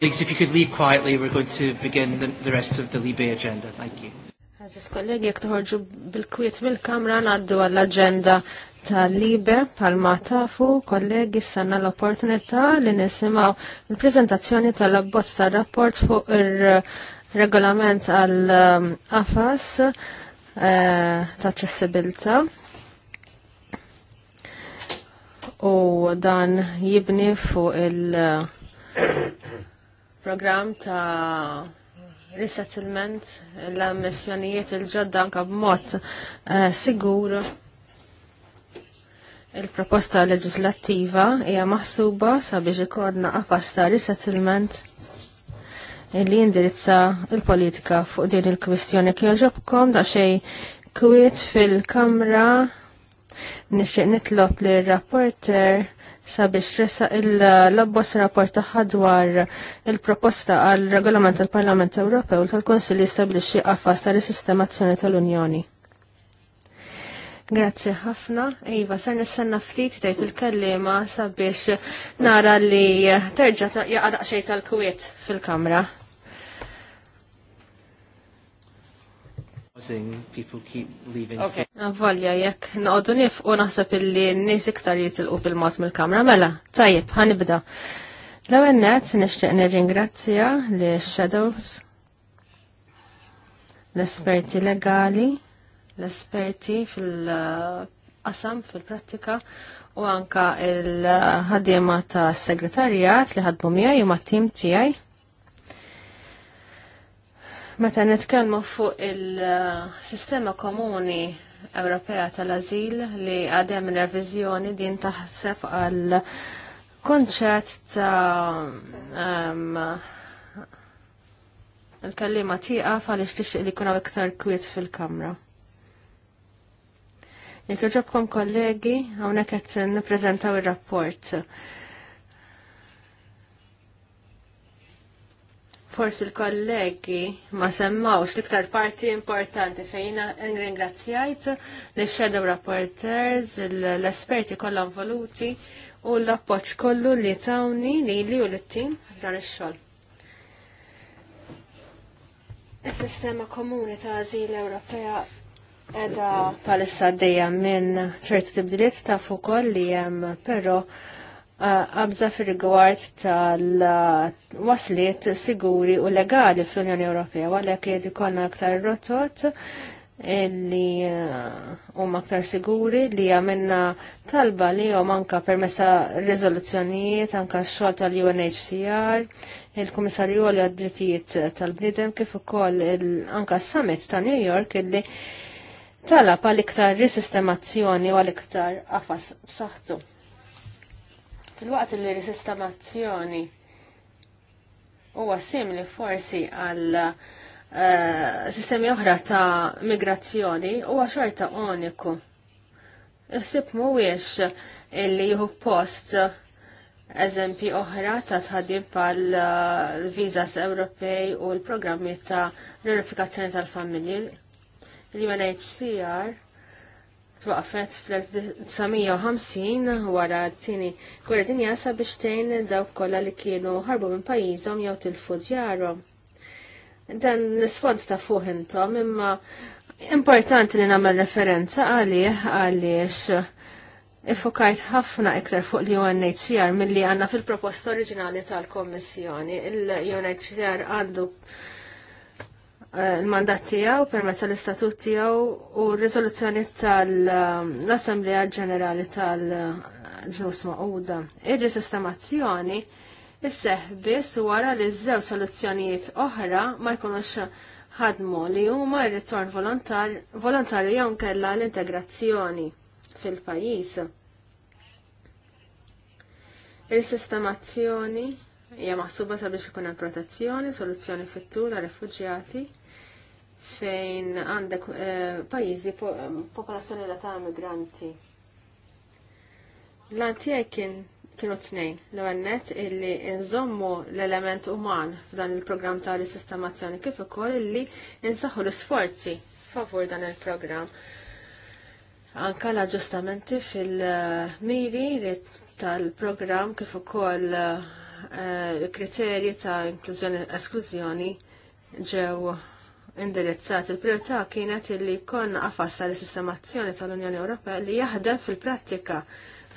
Colleagues, if you could leave quietly, we're going to begin the, the rest of the Libe agenda. Thank you. Għaziz kollegi, jek tħorġu bil-kwiet mill-kamra għaddu għall-agenda ta' Libe, palma tafu, kollegi, s sanna l opportunita li nisimaw il-prezentazzjoni tal-abbozz ta' rapport fuq il-regolament għal-AFAS eh, ta' ċessibilta u dan jibni fuq il- program ta' resettlement l ammissjonijiet il-ġodda anka b'mod eh, sigur il-proposta leġislattiva hija maħsuba sabiex ikorna qafas ta' resettlement li jindirizza l politika fuq din il-kwistjoni kif ġobkom da' xej kwiet fil-kamra nixtieq nitlob lir rapporter sabiex tressa il-labbos rapport tagħha dwar il-proposta għal regolament tal-Parlament Ewropew tal-Konsil jistabbilixxi għaffas tal-sistemazzjoni tal-Unjoni. Grazzi ħafna. Iva, sar nistenna ftit tgħid il-kellima sabiex nara li terġa' jaqadaq xejn tal-Kwiet fil-Kamra. people keep leaving. Okay. Valja, jekk noqdu nifqu naħseb illi n-nies iktar jitilqu bil-mod mill-kamra. Mela, tajjeb, ħanibda. L-ewwel net nixtieq nirringrazzja li shadows l-esperti legali, l-esperti fil-qasam fil-prattika u anka il-ħaddiema ta' segretarjat li ħadbu miegħi u mat-tim tiegħi Meta nitkellmu fuq il-sistema komuni Ewropea tal-Azil li għadem il-revizjoni din taħseb għal kunċett ta' um, l kallima tiqa għal ixtix li kuna iktar kwiet fil-kamra. Jek ġobkom kollegi, għawnek għet n-prezentaw il rapport Forsi l-kollegi ma semmawx l-iktar parti importanti fejna ringrazzjajt li shadow rapporters, l-esperti kollha involuti u l-appoġġ kollu li tawni li li u l-tim dan ix-xogħol. Is-sistema komuni ta' Azil Ewropea edha palissa dija minn ċerti tibdiliet ta' fuq li hemm però uh, fir-rigward tal-wasliet siguri u legali fl-Unjoni Ewropea, għalhekk jedi konna aktar rotot li uh, huma aktar siguri li għamilna talba li u manka permessa riżoluzzjonijiet anka x-xogħol tal-UNHCR, il-Kummissarju għal drittijiet tal bnidem kif ukoll anka s-summit ta' New York illi talab għal iktar risistemazzjoni u għal iktar għafas b'saħħtu Fil-waqt li l-sistemazzjoni huwa simili forsi għal eh, sistemi oħra ta' migrazzjoni huwa xorta uniku. Iħsib mhuwiex illi jieħu post eżempi oħra ta' tħaddim pal eh, vizas Ewropej u l-programmi ta' verifikazzjoni tal-familji. l-UNHCR twaqfet fl-1950 wara t-tini gwerra dinja sabiex tgħin dawk kollha li kienu ħarbu minn pajjiżhom jew tilfu djarhom. Dan l-isfond ta' fuq imma importanti li nagħmel referenza għalih għaliex Ifokajt ħafna iktar fuq l-UNHCR mill-li għanna fil-proposta oriġinali tal-Kommissjoni. Il-UNHCR għandu il mandat tiegħu permezz tal-istatut tiegħu u r-riżoluzzjoni tal-Assemblea Ġenerali tal-Ġnus Maquda. Ir-risistemazzjoni isseħ biss wara li żew soluzzjonijiet oħra ma jkunux ħadmu li huma r-ritorn volontarju jew kella l-integrazzjoni fil-pajjiż. Il-sistemazzjoni hija maħsuba sabiex ikun hemm protezzjoni, soluzzjoni fit-tul għar-refuġjati fejn għandek eh, pajjiżi eh, popolazzjoni la ta' migranti. L-antijaj kien kienu tnejn l għannet illi nżommu l-element uman f'dan il-programm ta' sistemazzjoni kif ukoll illi nsaħħu l-isforzi favur dan il-programm. Anka l-aġġustamenti fil-miri tal-programm kif ukoll eh, kriterji ta' inklużjoni esklużjoni ġew indirizzat. Il-priorità kienet illi konna qafas tal-sistemazzjoni tal-Unjoni Ewropea li jaħdem fil-prattika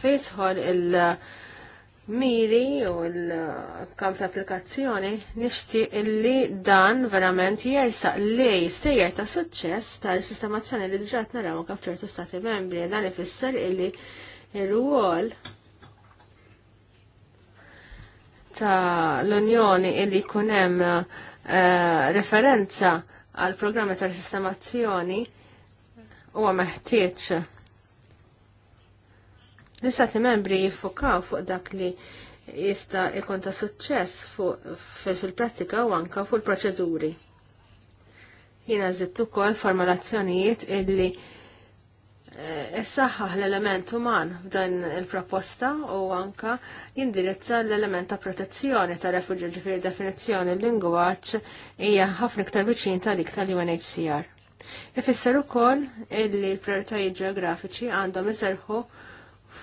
fejtħol il-miri u l-kamp ta' applikazzjoni nishti illi dan verament jersaq li stejjer ta' suċċess ta l sistemazzjoni li dġat naraw kap ċertu stati membri dan ifisser illi il ruol ta' l-Unjoni illi kunem uh, eh, referenza għal programmi tal-sistemazzjoni huwa meħtieġ l-istati membri jiffokaw fuq dak li jista ikun ta' suċċess fil-prattika u anka fuq il-proċeduri. Jina zittu ukoll formulazzjonijiet illi Eh, Saħħaħ l-element uman f'dan il-proposta u anka jindirizza l-element ta' protezzjoni ta' refugġi ġifiri definizzjoni l-lingwaċ hija ħafna iktar viċin tal dik tal-UNHCR. Ifisser ukoll illi l-prioritajiet ġeografiċi għandhom iserħu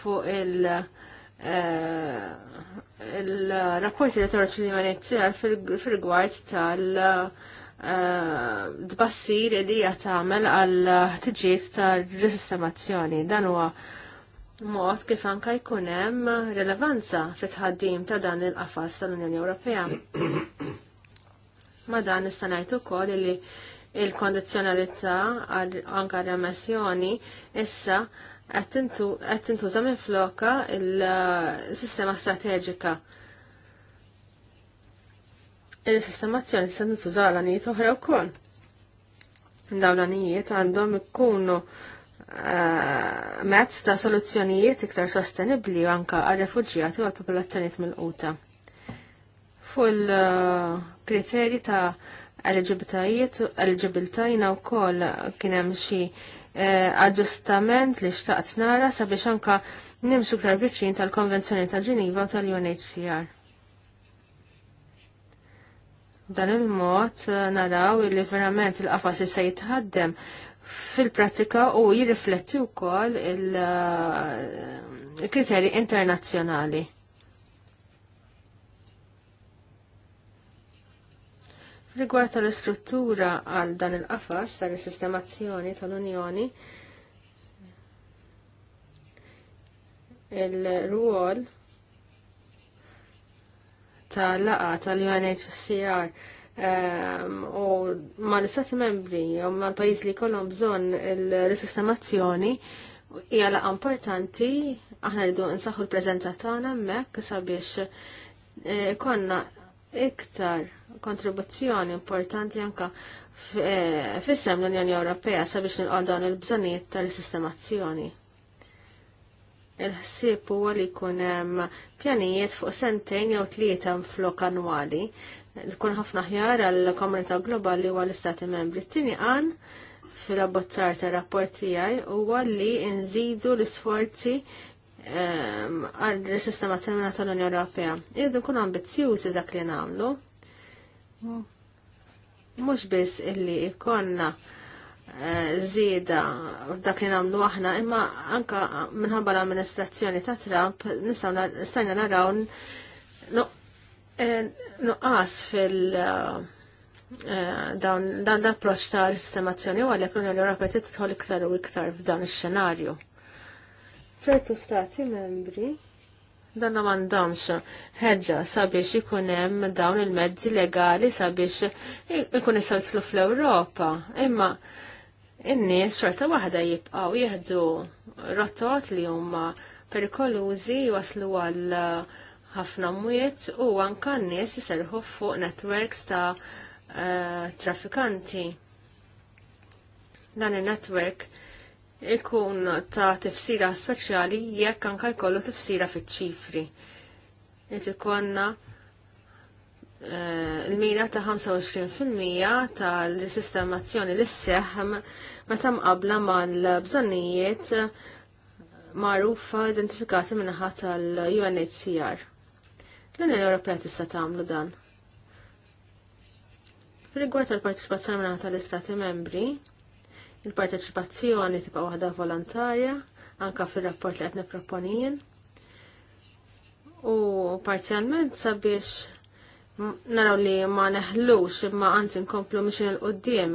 fuq il- eh, il-rapporti li torċ l-UNHCR fil-gwart tal- Eh, tbassir li hija tagħmel għal ta' tar-risistemazzjoni. Dan huwa mod kif anka jkun hemm rilevanza fit-tħaddim ta' dan il-qafas tal-Unjoni Ewropea. Ma dan nista' ngħid ukoll li il-kondizjonalità anka remessjoni issa qed tintuża floka il-sistema eh, strateġika il-sistemazzjoni se nituża l-għanijiet oħra wkoll. Dawn l nijiet għandhom ikkunu eh, mezz ta' soluzzjonijiet iktar sostenibli anke għal-refuġjati u għal-popolazzjoniet mill-quta. Fuq kriterji ta' eligibiltajna u koll kienem xi eh, aġġustament li xtaqt nara sabiex anka nimxu ktar biċin tal-Konvenzjoni tal ġiniva u tal-UNHCR. Dan il-mod eh, naraw li verament il-qafas se jitħaddem fil-pratika u jirrifletti wkoll eh, il-kriterji internazzjonali. Rigward tal-istruttura għal dan il-qafas tal-sistemazzjoni tal-Unjoni, il-ruol tal-laqa tal-UNHCR ehm, u ma l-istati membri u ma l-pajiz li kollhom bżonn il-risistemazzjoni hija laqa importanti aħna rridu nsaħħu l-preżenza tagħna hemmhekk sabiex eh, konna iktar kontribuzzjoni importanti anka eh, fissem l-Unjoni Ewropea sabiex nilqgħu dawn il-bżonnijiet tal-sistemazzjoni il-ħsieb huwa li jkun hemm pjanijiet fuq sentejn jew tlieta flok annwali. Tkun ħafna ħjar għall komunità globali u għall-Istati membri. Tini għan fil-abbozzar ta' rapport tiegħi huwa li nżidu l-isforzi ehm, għal sistema termina tal-Unjoni Ewropea. Irridu nkunu ambizzjużi dak li nagħmlu. Mhux biss illi ikonna zida f'dak li nagħmlu aħna, imma anka minħabba l-amministrazzjoni ta' Trump nistgħu stajna naraw e, nuqqas fil- e, e, dan l-approċ ta' sistemazzjoni u għalhekk l-Unjoni Ewropea tidħol iktar u iktar f'dan ix-xenarju. ċertu stati membri danna m'għandhomx ħedġa sabiex hemm dawn il-mezzi legali sabiex ikun jistawtlu fl-Europa. Imma in-nies sorta waħda jibqaw jieħdu rotot li huma perikolużi waslu għal eh, ħafna mwiet u anka n-nies jiserħu fuq networks ta' trafikanti. Eh, traffikanti. Dan il-network ikun ta' tifsira speċjali jekk anka jkollu tifsira fiċ-ċifri. Jitikonna Eh, il-mira ta' 25% tal-sistemazzjoni l tam meta ma mal-bżonnijiet magħrufa identifikati minnaħa tal-UNHCR. L-Unjoni Ewropea tista' tagħmlu dan. Rigward tal-parteċipazzjoni minnaħa tal-Istati membri, il-parteċipazzjoni tibqa' waħda volontarja anka fir-rapport li qed nipproponijin. U parzjalment sabiex naraw li ma neħlux imma anzi nkomplu miex il-qoddim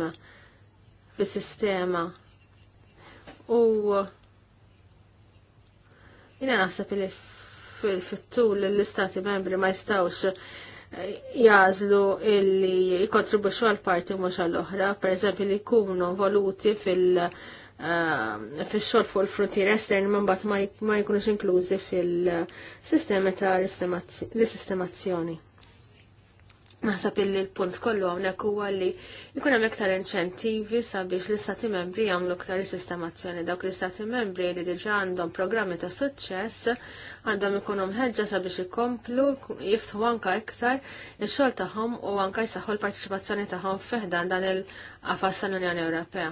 fis-sistema. U jina naħseb li fit-tul l-istati membri ma jistawx eh, jazlu illi jikontribuxu għal parti mux għal oħra per eżempju li jkunu voluti fil- eh, fil-xol fuq il-frontier estern man bat ma jkunux inklużi fil-sistema ta' l-sistemazzjoni. Naħseb illi l-punt kollu hawnhekk huwa li jkun hemm iktar inċentivi sabiex l-istati membri jagħmlu iktar sistemazzjoni dawk l-istati membri li diġà għandhom programmi ta' suċċess għandhom ikunhom ħeġġa sabiex ikomplu jiftħu anka iktar ix-xogħol tagħhom u anka jsaħħu l-partiċipazzjoni tagħhom fiħdan dan il-qafas tal-Unjoni Ewropea.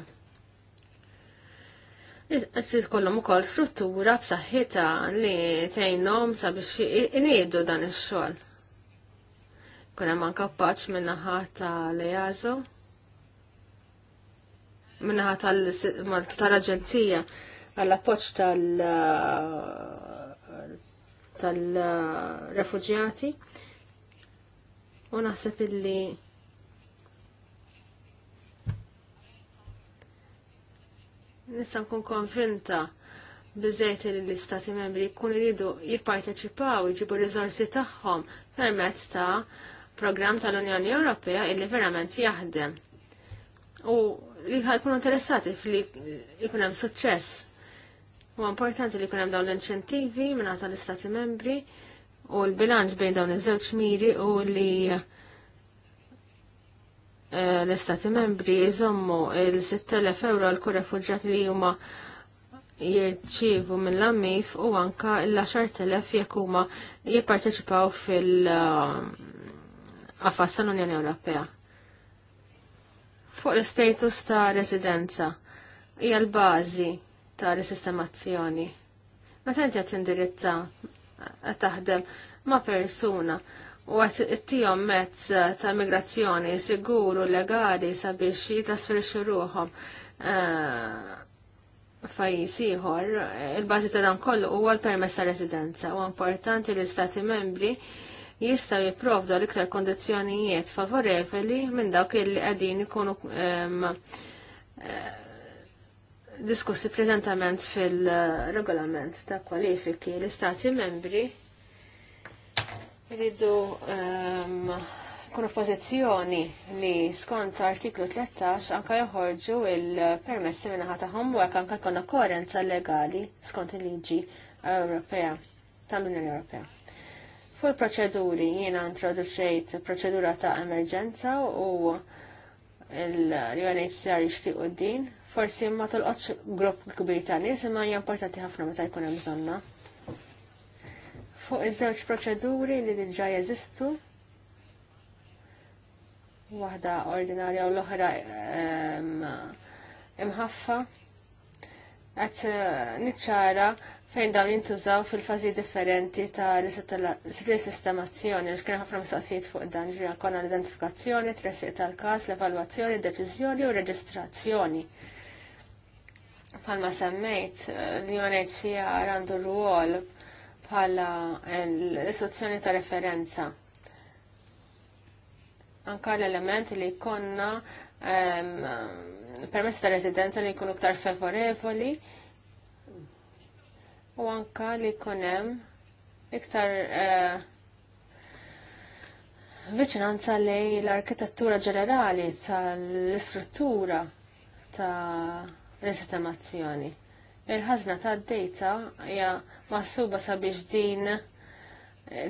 Għazziz kollom u koll struttura b'saħħita li tejnom sabiex iniedu dan il-xol. Kuna man kappaċ minnaħa ta' lejazo, minnaħa tal-agenzija għall-appoċ tal-refugjati. U naħseb illi nista' nkun konvinta bizzejt li l-istati membri jkun iridu jipparteċipaw, jġibu riżorsi tagħhom permezz ta' program tal-Unjoni Ewropea illi verament jaħdem. U li ħalkunu interessati fil ikun hemm suċċess. U importanti li jkun hemm dawn l-inċentivi minn tal-Istati membri u l-bilanċ bejn dawn iż-żewġ miri u li eh, l-Istati membri jżommu il-6000 euro l kur refuġġat li huma jirċivu mill-ammif u anka l-10,000 jekk huma jipparteċipaw fil- uh, għafas tal-Unjoni Ewropea. Fuq l-status ta' residenza hija l-bażi ta' resistemazzjoni. Meta inti qed indirizza qed taħdem ma' persuna u għat tijom mezz ta' migrazzjoni siguru, legali, sabiex jitrasferixxu ruħom eh, fajis ieħor, il-bażi ta' dan kollu huwa l-permess ta' residenza. U importanti li stati membri jista' jipprovda l-iktar kondizzjonijiet favorevoli minn dawk li qegħdin ikunu ehm, eh, diskussi preżentament fil-regolament ta' kwalifiki l-istati membri jridu um, ehm, kunu li skont artiklu 13 anka joħorġu il-permessi minnaħa taħom u għak anka jkonna korenza legali skont il-liġi Ewropea, tal-Unjoni Ewropea. Fu proċeduri jiena introduċejt proċedura ta' emerġenza u l-UNHCR jixtiequ din, forsi ma tolqotx grupp kbir ta' nies imma hija importanti ħafna meta jkun hemm bżonna. Fuq iż-żewġ proċeduri li diġà jeżistu, waħda ordinarja u l-oħra ehm, imħaffa, għat eh, nitċara fejn dawn jintużaw fil-fazi differenti ta' risistemazzjoni, li kien ħafna mistaqsijiet fuq dan ġri għakon l-identifikazzjoni, tresiq tal-kas, l evaluazzjoni deċiżjoni u reġistrazzjoni. Palma semmejt, l-UNHCR għandu l-għol bħala eh, l-istituzzjoni ta' referenza. Anka l-element li konna ehm, permess ta' residenza li jkunu iktar favorevoli u anka li kunem iktar eh, viċinanza lej l-arkitettura ġenerali tal-istruttura ta' l-istemazzjoni. Il-ħazna ta' data hija maħsuba sabiex din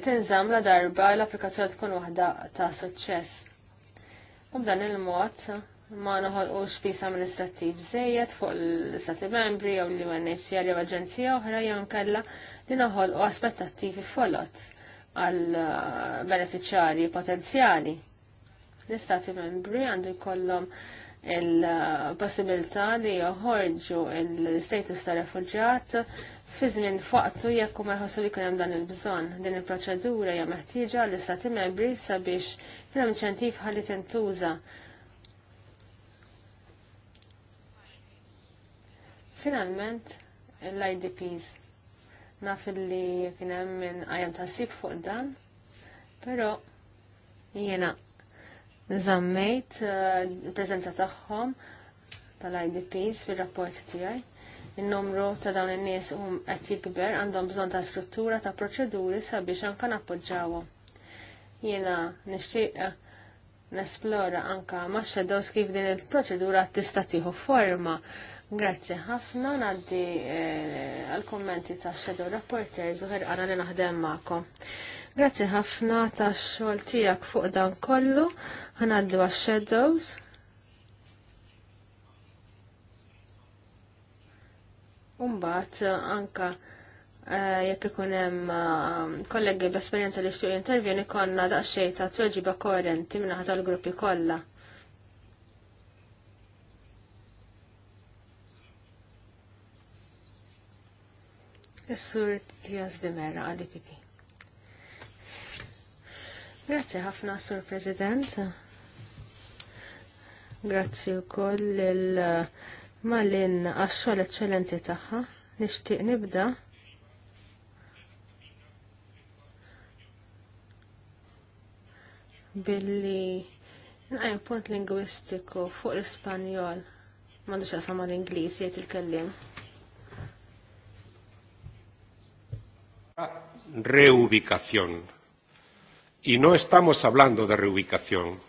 tinżam la darba l-applikazzjoni tkun waħda ta' suċċess. U b'dan il-mod ma noħolqux pis amministrattiv bżejet fuq l istati membri jew li UNHCR jew aġenzija oħra jew nkella li u aspettattivi folot għal eh, beneficjarji potenzjali. L-Istati membri għandu jkollhom il-possibilità li joħorġu il-status ta' refugġat fi żmien faqtu jekk huma jħossu li jkun hemm dan il-bżonn. Din il-proċedura hija meħtieġa l istati membri sabiex hemm inċentiv ħalli tintuża Finalment, l-IDPs. Naf li kienem minn għajam sib fuq dan, pero jena zammejt eh, il-prezenza tagħhom tal-IDPs fil-rapport tiegħi. Il-numru ta' dawn in-nies hum qed jikber għandhom bżonn ta' struttura ta' proċeduri sabiex anke nappoġġawhom. Jiena nixtieq eh, nesplora anka ma' shadows kif din il-proċedura tista' tieħu forma Grazzi ħafna għaddi eh, għal-kommenti ta' Shadow Reporters zuħer għara li naħdem ma'kom. Grazzi ħafna ta' xogħol tiegħek fuq dan kollu ħanaddu għax-Shadows. Umbat anka eh, jekk ikun hemm eh, kollegi b'esperjenza li xtuq intervjeni konna daqsxejn ta' tweġiba koerenti minn tal-gruppi kollha. Is-sur Tias Dimera għal-IPP. Grazie ħafna, Sur President. Grazie u koll il-Malin uh, għaxxol eccellenti taħħa. Nishtiq nibda. Billi nqajm punt lingwistiku fuq l-Ispanjol. Mandux għasama l inglisi jgħid il-kellim. Reubicación. Y no estamos hablando de reubicación.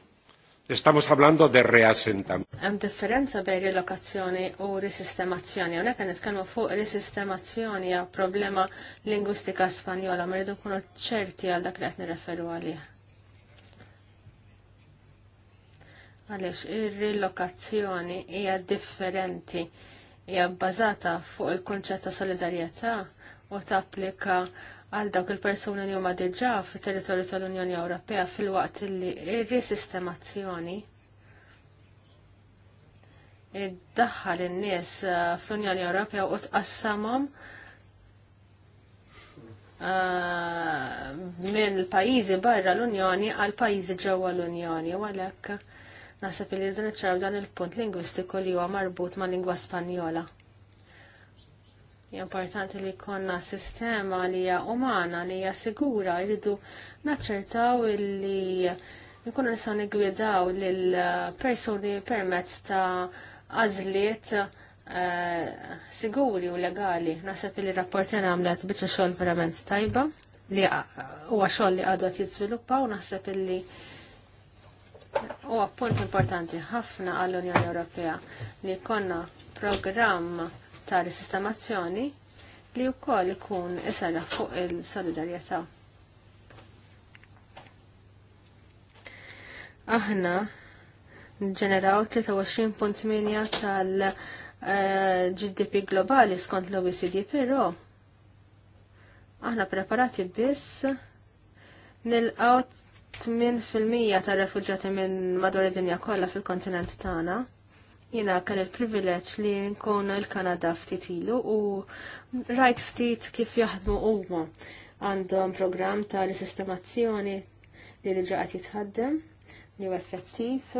Estamos hablando de reasentamiento. Hemm differenza bej rilokazzjoni u risistemazzjoni. Hawnhekk qed nitkellmu fuq risistemazzjoni hija problema lingwistika Spanjola mridu nkunu ċerti għal dak li qed nirreferu għalih. Għaliex ir-rilokazzjoni hija differenti hija bbażata fuq il-kunċett ta' solidarjetà u tapplika għal dawk il-persuni li huma diġà fit-territorju tal-Unjoni Ewropea fil-waqt li r risistemazzjoni id-daħħal in-nies uh, fl-Unjoni Ewropea u tqassamhom uh, minn pajjiżi barra l-Unjoni għal pajjiżi ġewwa l-Unjoni u għalhekk naħseb li rridu niċċaraw dan il-punt lingwistiku li huwa marbut ma' lingwa Spanjola Importanti li konna sistema li hija umana, li hija sigura, jridu naċċertaw li jkunu nistgħu nigwidaw lil persuni permezz ta' għażliet eh, siguri u legali. Nasab li rapportena għamlet biċċa xogħol verament tajba li huwa xogħol li għadu qed jiżviluppa u naħseb illi u punt importanti ħafna għall-Unjoni Ewropea li konna programm tal-sistemazzjoni li wkoll ikun isara fuq il-solidarjetà. Aħna ġeneraw 23.8 tal-GDP globali skont l-OECD, però aħna preparati biss nilqaw 8% tar refuġjati minn madwar id-dinja kollha fil-kontinent tagħna. Jina kell il-privileġġ li nkun il-Kanada ftit ilu u rajt ftit kif jaħdmu huma għandhom programm ta' sistemazzjoni li diġa qed jitħaddem li huwa effettiv.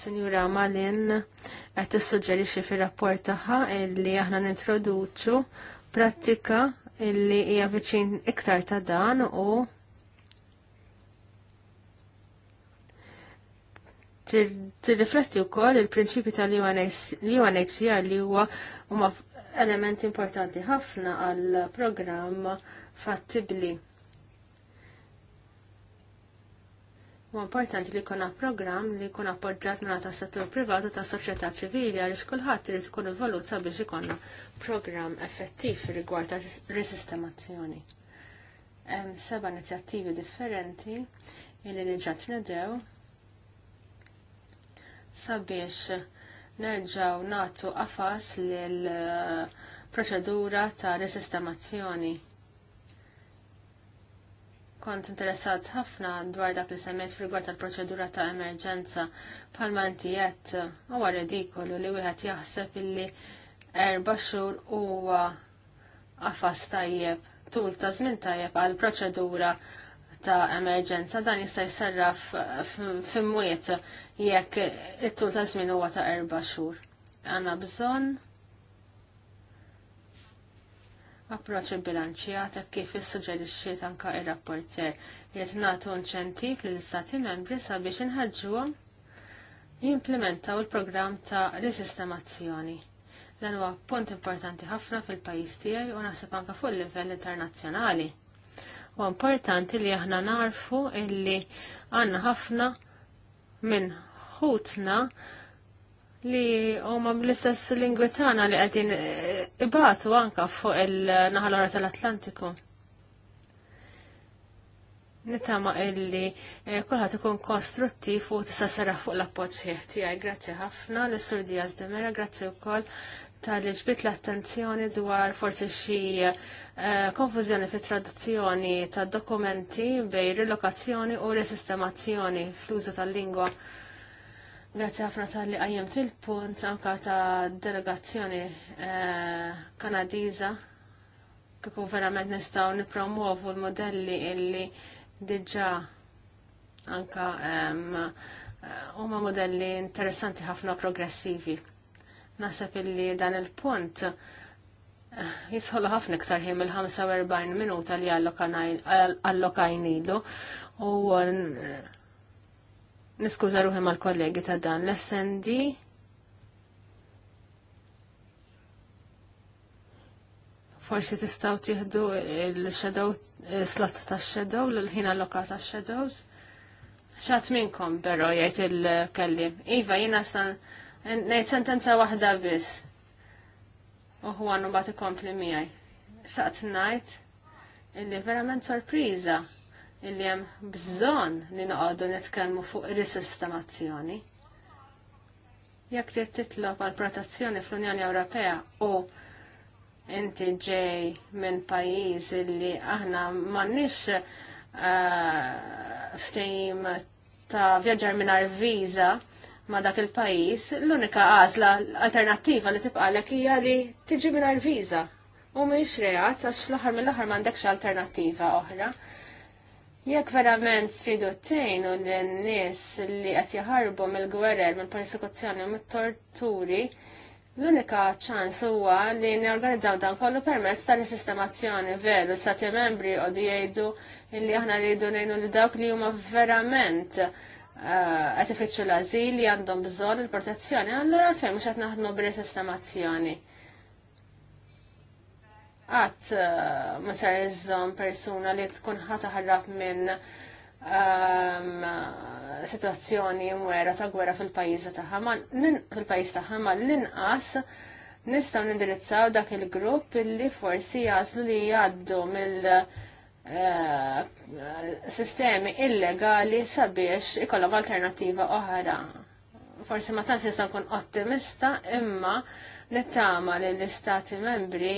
Sinjura Malin qed tissuġġerixxi fir-rapport tagħha li aħna nintroduċu prattika illi hija viċin iktar ta' dan u tirrifletti wkoll il-prinċipi tal-UNHCR li huwa huma element importanti ħafna għal programm fattibli. U importanti li kuna program li jkun appoġġjat minna ta' settur privatu ta' soċjetà ċivili għaliex kulħadd irid ikun involut sabiex ikonna programm effettiv rigward ta' risistemazzjoni. Hemm seba' inizjattivi differenti li diġà tnedew sabiex nerġaw natu qafas lil eh, proċedura ta' resistemazzjoni. Kont interessat ħafna dwar dak li semmet rigward tal-proċedura ta' emerġenza bħalma jett eh, huwa ridikolu li wieħed jaħseb illi erba' xhur huwa qafas tajjeb tul ta' żmien tajjeb għal proċedura ta' emerġenza dan jista' jserraf f'imwiet jekk it-tul ta' żmien huwa ta' erba' xhur. Għandna bżonn approċċ bilanċjat kif issuġġerixxi anke ir-rapporter jrid nagħtu inċentiv lill istati membri sabiex inħaġġuhom jimplementaw il-programm ta' risistemazzjoni. Dan huwa punt importanti ħafna fil-pajjiż tiegħi u naħseb anke fuq il livell internazzjonali. U importanti li aħna narfu illi għanna ħafna minn ħutna li huma bl-istess lingwi tagħna li qegħdin ibatu anka fuq il-naħalora tal-Atlantiku. Nitama illi eh, kulħadd ikun kostruttiv u tista' serraħ fuq l-appoġġ tiegħi. Grazzi ħafna l-Sur Diaz Demera, grazzi wkoll tal-li ġbit l-attenzjoni dwar forsi xi eh, konfużjoni fit traduzzjoni ta' dokumenti bej rilokazzjoni u resistemazzjoni fl-użu tal-lingwa. Grazie ħafna tal-li għajem til punt anka ta' delegazzjoni eh, kanadiza kiku verament nistaw nipromuovu l-modelli illi diġa anka eh, huma modelli interessanti ħafna progressivi. Naħseb illi dan il-punt eh, jisħolu ħafna iktar ħin il 45 minuta li allokajnilu u eh, niskuża ruħi mal-kollegi ta' dan l-SND. Forsi tistaw tieħdu il-shadow slot ta' shadow l ħina allokat ta' shadows. Xat minnkom però jgħid il-kellim. Iva, jiena san Nejt sentenza wahda biss. Uħu għannu bat ikompli miħaj. Saqt najt illi verament sorpriza illi jem bżon li noqodu nitkellmu fuq risistemazzjoni. Jekk li titlob għal protezzjoni fl-Unjoni Ewropea u inti ġej minn pajjiż illi aħna m'għandniex uh, ftehim ta' vjaġġar mingħajr viża ma' dak il-pajis, l-unika għazla alternativa li tibqalek hija li tiġi mingħajr viża. U miex reat għax fl-aħħar mill-aħħar m'għandekx alternattiva oħra. Jekk verament tridu u lin-nies li qed jaħarbu mill-gwerer, mill-persekuzzjoni u mit-torturi, l-unika ċans huwa li n-organizzaw dan kollu permezz tal-sistemazzjoni veru stati membri u jgħidu li aħna rridu ngħinu li dawk li huma verament Eh, qed ifittxu l-azil li għandhom bżonn il-protezzjoni, allura għalfejn mhux qed naħdmu bil-sistemazzjoni. Għat eh, musar sar iżżomm persuna li tkun ħataħarrab minn ehm, situazzjoni mwera ta' gwera fil ta' tagħha, fil-pajjiż tagħha ma l-inqas nistgħu nindirizzaw dak il-grupp li forsi jazlu li jgħaddu mill- Eh, sistemi illegali sabiex ikollhom alternativa oħra. Forsi ma tantx nista' nkun ottimista, imma nittama li l-istati membri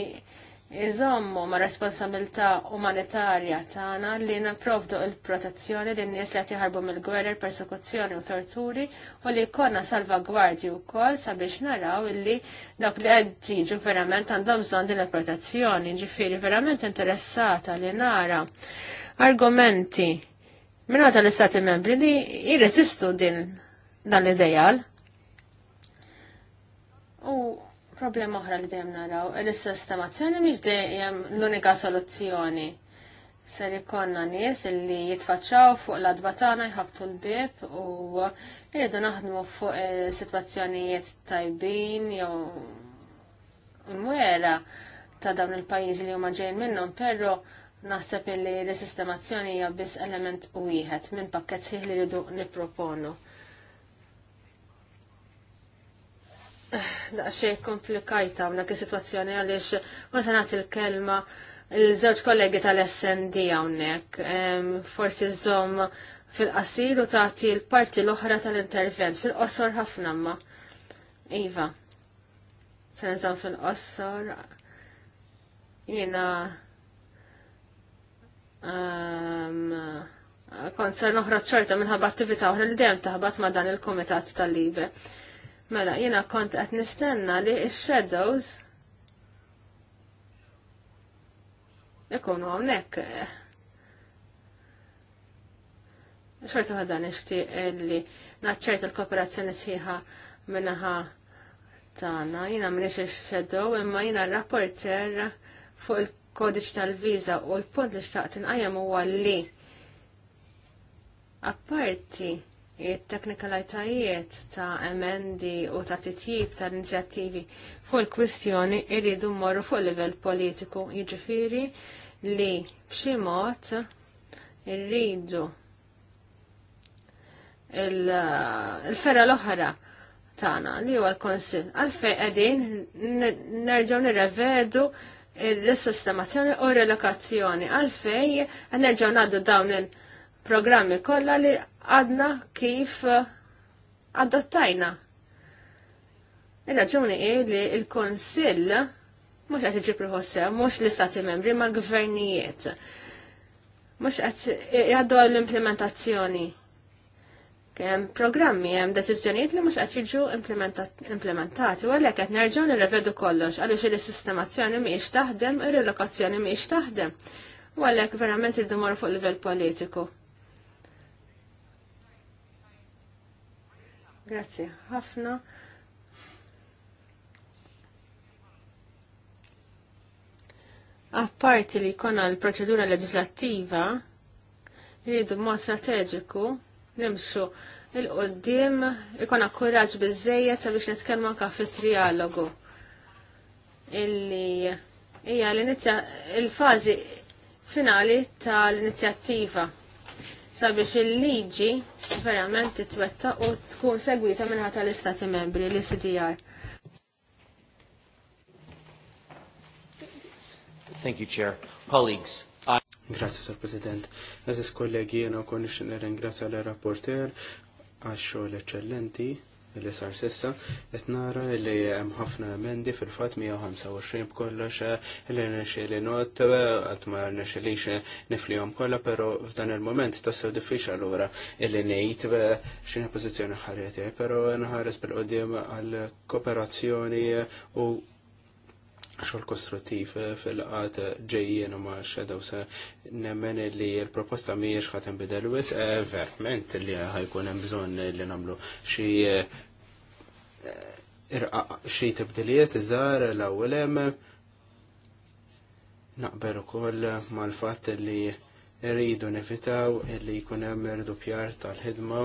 iżommu ma' responsabilità umanitarja tagħna li naprovdu il-protezzjoni lin nies li qed jaħarbu mill-gwerra, persekuzzjoni u torturi u li jkollna salvagwardji wkoll sabiex naraw illi dak li qed jiġu verament għandhom bżonn din il-protezzjoni. Ġifieri verament interessata li nara argumenti minn l-Istati membri li jirreżistu din dan l-idejal. Problema oħra li dejjem naraw, l-sistemazzjoni mhix dejjem l-unika soluzzjoni. Ser ikonna nies li jitfaċċaw fuq l-adba tagħna jħabtu l-bib u jridu naħdmu fuq sitwazzjonijiet tajbin jew mwera ta' dawn il-pajjiżi li huma ġejjin minnhom, però naħseb li l-sistemazzjoni hija biss element wieħed minn pakkett li rridu nipproponu. daqxie komplikajta għamna ki situazzjoni għalix għazanat il-kelma il-żewġ kollegi tal-SND għawnek. Forsi zom fil-qasir u taħti l-parti l-oħra tal-intervent fil-qosor ħafna ma. Iva, sanżom fil qossor Jena konzern oħra ċorta minħabba attività oħra li dejjem taħbat ma dan il-komitat tal-libe. Mela, jena kont qed nistenna li x-shadows ikunu hawnhekk. Xorta ħadda nixtieq li naċċert il-kooperazzjoni sħiħa minnaħa tagħna. Jiena minnix ix-shadow imma jiena rapporter fuq il-kodiċ tal-viża u l-punt li xtaqt inqajjem huwa li apparti il-teknikalajtajiet ta' emendi u ta' titjib ta' inizjattivi fuq il-kwistjoni irridu mmorru fuq livell politiku, jiġifieri li b'xi mod irridu il-ferra l-oħra tagħna li huwa l-Konsil għalfejn qegħdin nerġgħu nirrevedu l-sistemazzjoni u relokazzjoni għalfejn nerġgħu ngħaddu dawn il- programmi kollha li għadna kif eh, adottajna. Il-raġuni hi li l-Konsill mhux qed iġib ruħossem, mhux l-Istati Membri ma' l-Gvernijiet. Mhux qed jgħaddu l-implementazzjoni. Kem programmi, hemm deċiżjonijiet li mhux qed jiġu implementati, u għalhekk qed nerġgħu nirrevedu kollox għaliex il-sistemazzjoni mhijiex taħdem, il relokazzjoni mhijiex taħdem. U għalhekk verament irdu fuq fuq livell politiku. Grazzi ħafna. Apparti li jkollna l-proċedura leġislattiva, rridu mod strateġiku nimxu il-qoddim, ikon akkuraġ bizzejiet sabiex nitkellmu anka fit-trialogu. Illi hija l-fażi finali tal-inizjattiva sabiex il-liġi verament titwetta u tkun segwita minnħata l-istati membri, l-CDR. Thank you, Chair. Colleagues, I... Grazie, Sir President. Għazis kollegi, jena konni xin ringrazja l-rapporter għax xogħol eccellenti li sar sissa, qed nara li hemm ħafna emendi fil-fatt 125 b'kollox li nexxieli not qatt ma nexxielix niflihom kollha, pero f'dan il-moment tassew diffiċli allura illi ngħid x'inhi pożizzjoni ħarjeti, pero nħares bil-qudiem għal kooperazzjoni u xol kostruttiv fil-qat ġejjien ma xedaw se nemmen li l-proposta miex ħat nbidel wis eh, verment li ħajkun hemm bżonn li nagħmlu xi irqaq xi tibdiliet iżgħar l-ewwel hemm naqbel ukoll mal-fatt li rridu nevitaw illi jkun hemm pjar tal-ħidma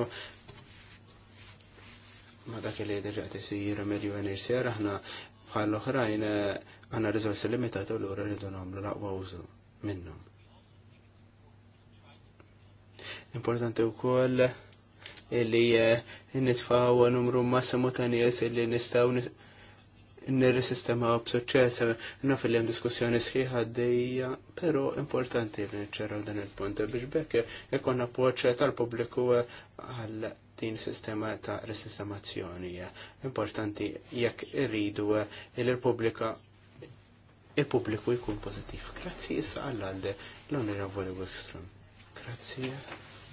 ma dak li diġa tisir miljoni sjer aħna bħal oħrajn għandna riżorsi limitati u l-ura rridu nagħmlu laqwa użu minnhom. Importanti wkoll illi eh, nitfaw numru massimu ta' nies li nistaw nirrisistema b'suċċess. Naf fil-lem diskussjoni sħiħa dejja, però importanti li nċerraw dan il-punt biex bekk ikonna poċċa tal-pubbliku għal din sistema ta' resistemazzjoni. Importanti jekk irridu il-publika pubblika il publiku jkun pozittiv. Grazzi issa għall-għalde l-Onorevoli Wikstrom. Grazzi.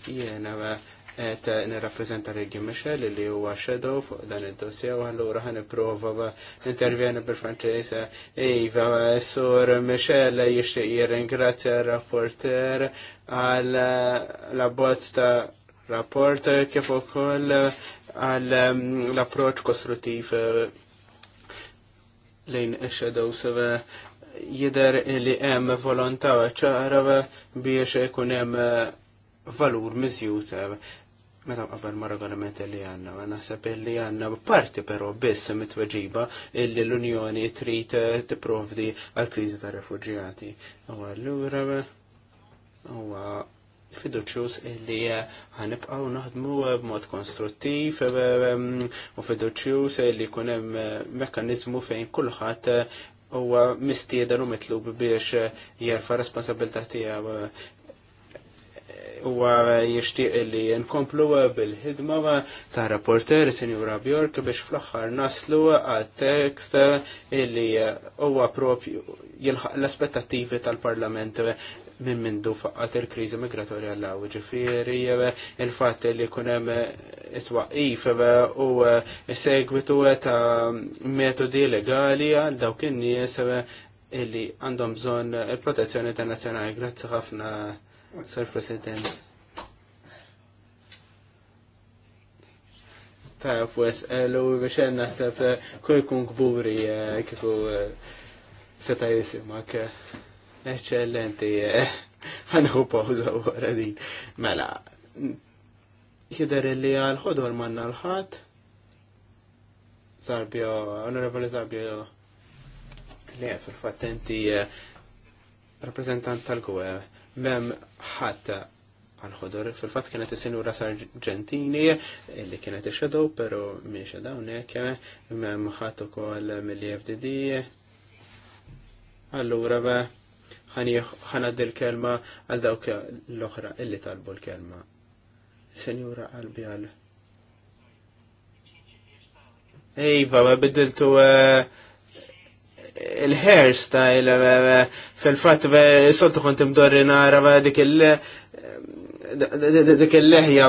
Jena, yeah, et nirrapprezenta Regi Michel li huwa shadow fuq dan id-dossier u allura ħan nipprova intervjeni bil-Franċis Iva Sur Michel jixtieq jirringrazzja r-rapporter għal la bozz ta' rapport kif ukoll għal mm, l-approċċ kostruttiv eh, lejn ix-shadow jider li hemm volontà ċara biex ikun hemm valur miżjut Mela qabel ma regolamenti li għanna, ma naħseb li għanna parti pero biss mitweġiba illi l-Unjoni trid eh, tipprovdi għal kriżi ta' refuġjati. U allura huwa fiduċjuż illi eh, ħanibqgħu naħdmu eh, b'mod konstruttiv ehm, u fiduċjuż illi jkun hemm mekkaniżmu fejn kulħadd huwa mistieden u mitlub biex jerfa' responsabilità tiegħu u jishtiq li nkomplu bil-ħidma ta' rapporter Sinjura Bjork biex fl-axħar naslu għal-tekst li huwa propju jilħaq l-aspettativi tal-Parlament minn mindu faqqat il-krizi migratorja l-għaw ġifiri, il-fat li kunem it-waqif u segwitu ta' metodi legali għal dawk in-nies illi għandhom bżon protezzjoni internazzjonali. Grazzi ħafna Sir President. Ta' pues, eh, l-u biex naħseb eh, kull kun kburi eh, kiku seta' jisimak. Eccellenti, għanħu pawza u għaradin. Mela, jider li għal-ħodur manna l-ħat. Zarbio, onorevole Zarbio, li fil-fattenti, rappresentant tal-gwe mem ħadd għal-ħodur. Fil-fat kienet is senjura Sargentini li kienet ix shadow pero miex dawnek, mem ħat ukoll mill-FDD. Allura ba, ħanad il-kelma għal dawk l-oħra illi talbu l-kelma. Senjura qalbi għal. Ejva ma biddiltu uh, eh, il-hairstyle eh, eh, fil-fatt eh, soltu kont imdorri nara dik il- dik il-leħja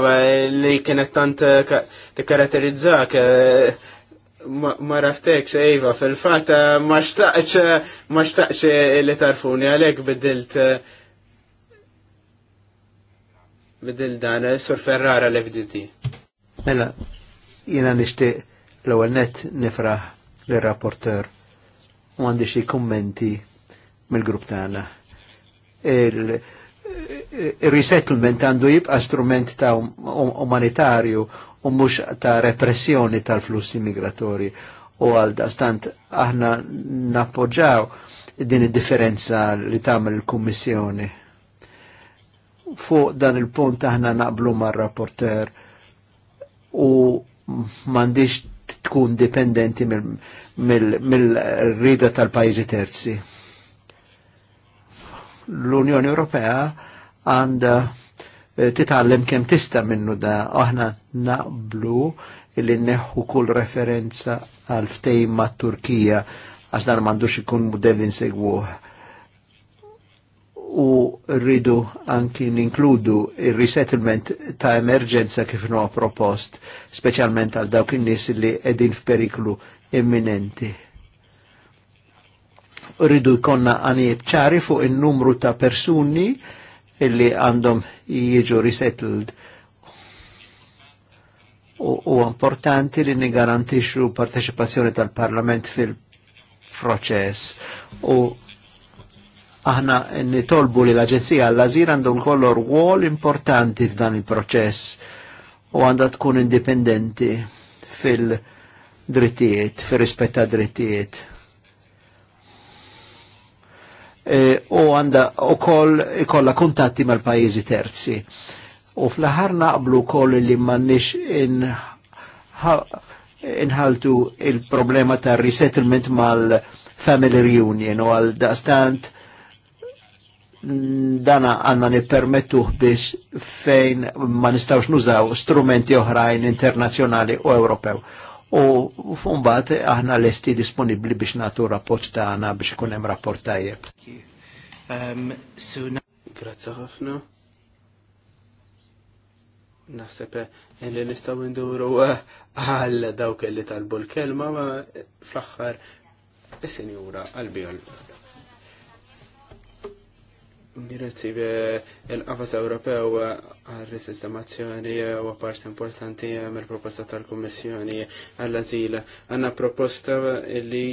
li kienet tant karatterizzak ma raftekx Eva fil-fatt ma xtaqx ma xtaqx li tarfuni għalek bidilt bidil dan sur Ferrara li bdilti. Mela, jina nishtiq l-ewwel net nifraħ l-rapporter u għandi xie kommenti mill-grupp tagħna. Il-resettlement għandu jibqa' strument ta' um-, um-, umanitarju u mhux ta' repressjoni tal-flussi migratori u għal stant aħna nappoġġaw din id-differenza li tagħmel il-Kummissjoni. Fuq dan il-punt aħna naqblu mar-rapporter u m'għandix tkun dipendenti mill-rida tal-pajzi terzi. L-Unjoni Ewropea għanda eh, titgħallem kemm tista' minnu da aħna naqblu illi neħu kull referenza għal ftejn mat-Turkija għax dan m'għandux ikun mudell insegwuh u rridu anki ninkludu il-resettlement ta' emerġenza kif nuha propost, speċjalment għal dawk in-nies li qegħdin f'periklu imminenti. Rridu jkollna għanijiet ċari fuq in-numru ta' persuni illi għandhom jiġu resettled. U, u importanti li nigarantixxu parteċipazzjoni tal-Parlament fil-proċess u aħna nitolbu li l-Aġenzija għall-Azir għandhom kollu rwol importanti f'dan il-proċess u għandha tkun indipendenti fil-drittijiet, fil ta' drittijiet. E, u għanda u koll ikolla kontatti mal-pajizi terzi. U fl-ħar naqblu koll li mannix in inħaltu il-problema ta' resettlement mal-family reunion u għal daqstant dana għanna nipermettuh biex fejn ma nistawx nużaw strumenti oħrajn internazjonali u Ewropew. U fumbat aħna l-esti disponibli biex natu rapport għana biex kunem rapport tajjeb. Um, so Grazie ħafna. Naħseb li nistaw induru uh, għal dawk li talbu l-kelma ma fl-axħar is-senjura għal-bjol. Direttivi il-qafas Ewropew għal-resistemazzjoni u parti importanti mill proposta tal-Kommissjoni għall-azil. Għanna proposta li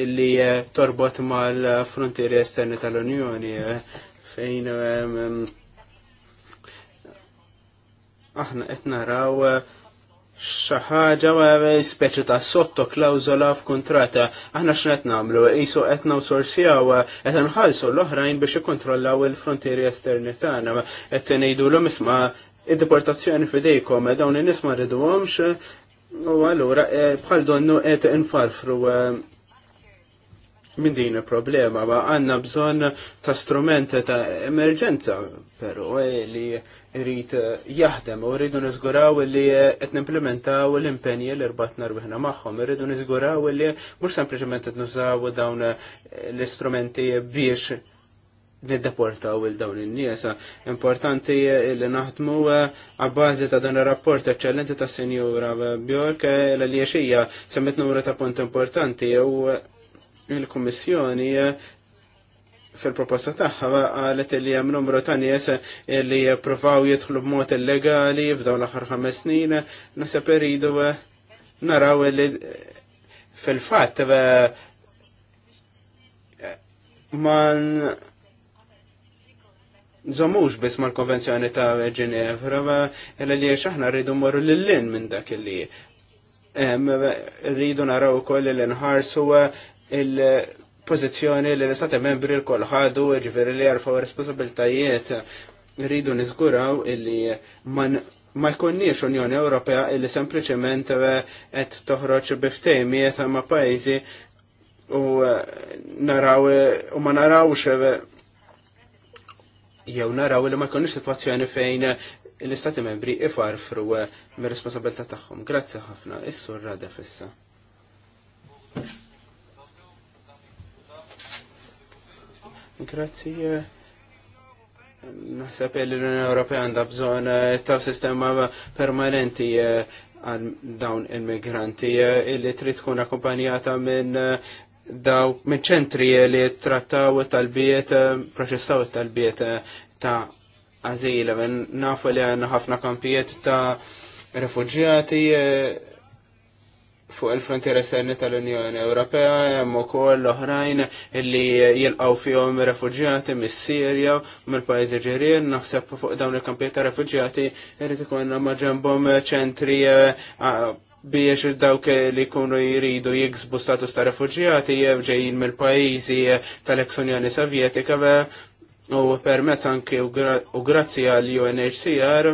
illi torbot mal-frontieri esterni tal-Unjoni fejn aħna qed naraw xaħġa speċi ta' sotto klawzola f'kuntrata. Aħna x'net namlu, isu qed nawsorsjaw qed nħallsu l-oħrajn biex ikkontrollaw il-frontieri esterni tagħna. Qed l isma' id-deportazzjoni f'idejkom dawn in-nies ma għomx, u allura eh, bħal donnu qed infarfru eh, minn din problema, ma għanna bżon ta' strumenti ta' emerġenza, pero eh, li rrit eh, jaħdem u rridu nizguraw li eh, qed nimplementaw l-impenji li rbat narbiħna magħhom, rridu nizguraw li mhux sempliċement qed nużaw dawn l-istrumenti biex niddeportaw il dawn in-nies. Importanti li naħdmu għabbażi ta' dan ir-rapport eċċellenti ta' Senjura Bjork li għaxija semmet numru ta' punt importanti u il-Kummissjoni eh, fil-proposta tagħha qalet li hemm numru ta' nies li jippruvaw jitħlu b'mod illegali f'dawn l-aħħar ħames snin, naħseb iridu eh, naraw li eh, fil-fatt zomux bis ma' mal-konvenzjoni ta' Ġenevra, li xaħna rridu morru l-lin minn dak li rridu naraw koll l-inħarsu il-pozizjoni li l-istati membri l kolħadu ħadu, li jarfaw responsabiltajiet rridu nizguraw illi man ma jkunniex Unjoni Ewropea illi sempliċement qed eh, toħroġ biftejmiet ma' pajjiżi u eh, naraw u ma narawx eh, jew naraw li ma jkunniex sitwazzjoni fejn l-istati membri ifarfru mir responsabilità tagħhom. Grazzi ħafna, issur rada fissa. Grazzi. Naħseb li l-Unjoni Ewropea għandha bżonn eh, ta' sistema permanenti eh, għal dawn il-migranti eh, illi trid tkun akkumpanjata minn daw minn ċentri li trattaw it-talbiet, proċessaw it-talbiet ta' għazila, nafu li għanna ħafna kampijiet ta' refugjati, fuq il-frontiera esterni tal-Unjoni Ewropea hemm ukoll l-oħrajn li jilqgħu fihom refuġjati mis-Sirja mill-pajjiżi ġirien naħseb fuq dawn il-kampijiet ta' refuġjati irid ikun ma' ġenbhom ċentri eh, biex dawk li jkunu jridu jiksbu status ta' refuġjati eh, ġejjin mill-pajjiżi eks eh, unjoni Sovjetika u permezz anke u grazzi għall-UNHCR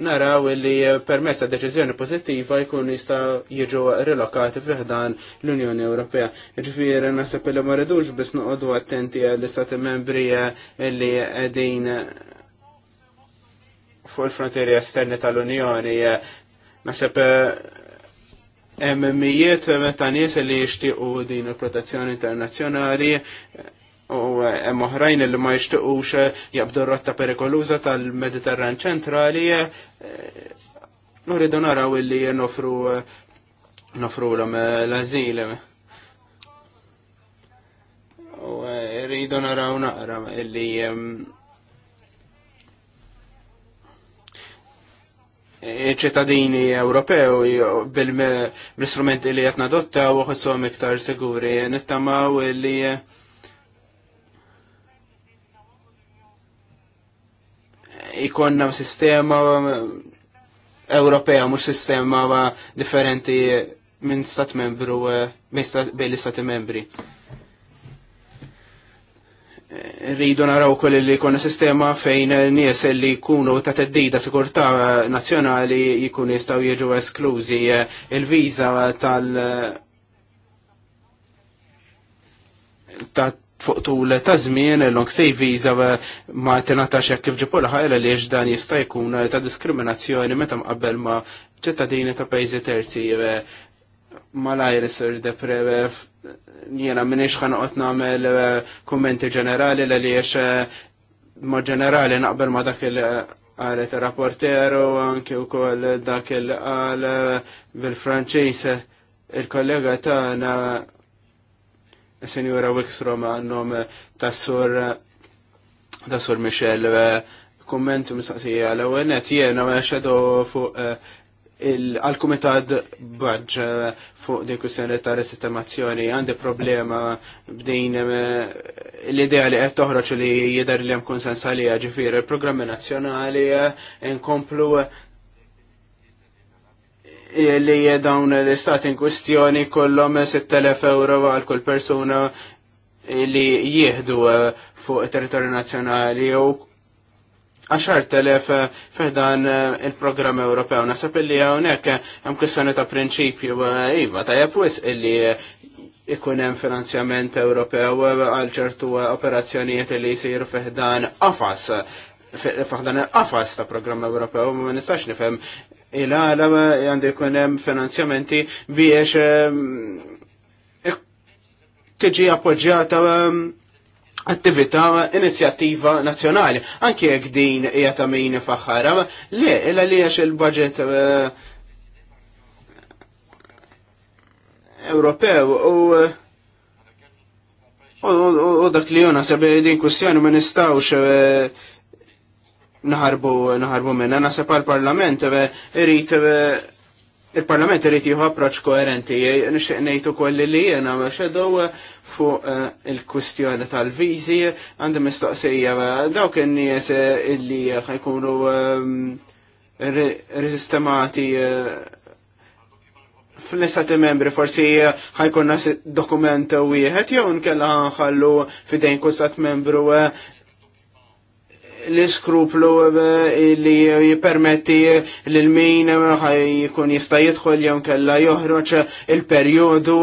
naraw li permessa deċiżjoni pozittiva jkun jista jiġu rilokati fiħdan l-Unjoni Ewropea. Ġifieri naħseb li ma rridux biss noqogħdu attenti għall-istati membri li qegħdin fuq il-frontieri esterni tal-Unjoni. Naħseb eh, emmijiet mijiet ta' nies li jixtiequ din il-protezzjoni internazzjonali u eh, hemm oħrajn li ma jixtiqux eh, jabdu rotta perikoluża tal-Mediterran ċentrali nuridu eh, naraw illi nofru nofru l l-azil. U rridu naraw naqra illi ċittadini Ewropew bil-istrumenti li jatna dotta u għassu iktar siguri. Nittamaw li ikonna sistema Ewropea, mhux sistema differenti minn stat membru, eh, bejn l-istati membri. Rridu naraw kull li jkun sistema fejn nies li jkunu ta' teddida sikurtà nazzjonali jkunu jistgħu jiġu esklużi eh, il-viża tal- ta' fuq tul ta' żmien long stay visa ma tenata hekk kif ġipu ħajla li dan jista' jkun ta' diskriminazzjoni meta mqabbel ma' ċittadini ta' pajjiżi terzi malajr sir depre jena minix ħanqot namel kommenti ġenerali li li ma ġenerali naqbel ma dak il għalet rapporter u anki u koll dak il għal eh, bil-Franċis il-kollega tana Senjora Wikstrom għannom eh, tassur eh, tassur Michel eh, kommentu mistaqsija l għennet jena għaxedu fuq għal komitad bħadġ fuq dik kwistjoni ta' resistemazzjoni għandi problema b'din l-idea li għed toħroċ li jidher li jem konsensali għagġifir il-programmi nazzjonali nkomplu li dawn l-istat in kwestjoni kollom 6.000 euro għal kull persuna li jieħdu eh, fuq territorju nazjonali u 10.000 eh, fiħdan eh, il-programm Ewropew. Nasab li hawnhekk hemm kwistjoni ta' prinċipju iva ta' jepwis li ikun hemm finanzjament Ewropew għal ċertu operazzjonijiet li jsiru fiħdan qafas fiħdan il-qafas ta' programm Ewropew ma nistax nifhem il-għala għandu jkun hemm finanzjamenti biex ehm, tiġi appoġġjata ehm, attività inizjattiva nazzjonali. Anki jekk din hija ta' min faħħara, le, illa li għax il-budget eh, Ewropew u U dak li jona sabi din kustjoni ma nistawx eh, naħarbu naħarbu minna. Nasib għal-parlament, eh, irrit eh, il-parlament irrit juħu approċ koerenti. Nixtieq ngħid ukoll li jena, xedow eh, fuq il kustjoni tal vizi għandhom mistoqsija dawk in-nies illi ħajkunu risistemati fl-istati membri forsi ħajkonna dokument jħet jew nkella ħallu fidejn kustat membru l-iskruplu eh, li jipermetti l-min jikun jista' jidħol jew kella joħroġ il-perjodu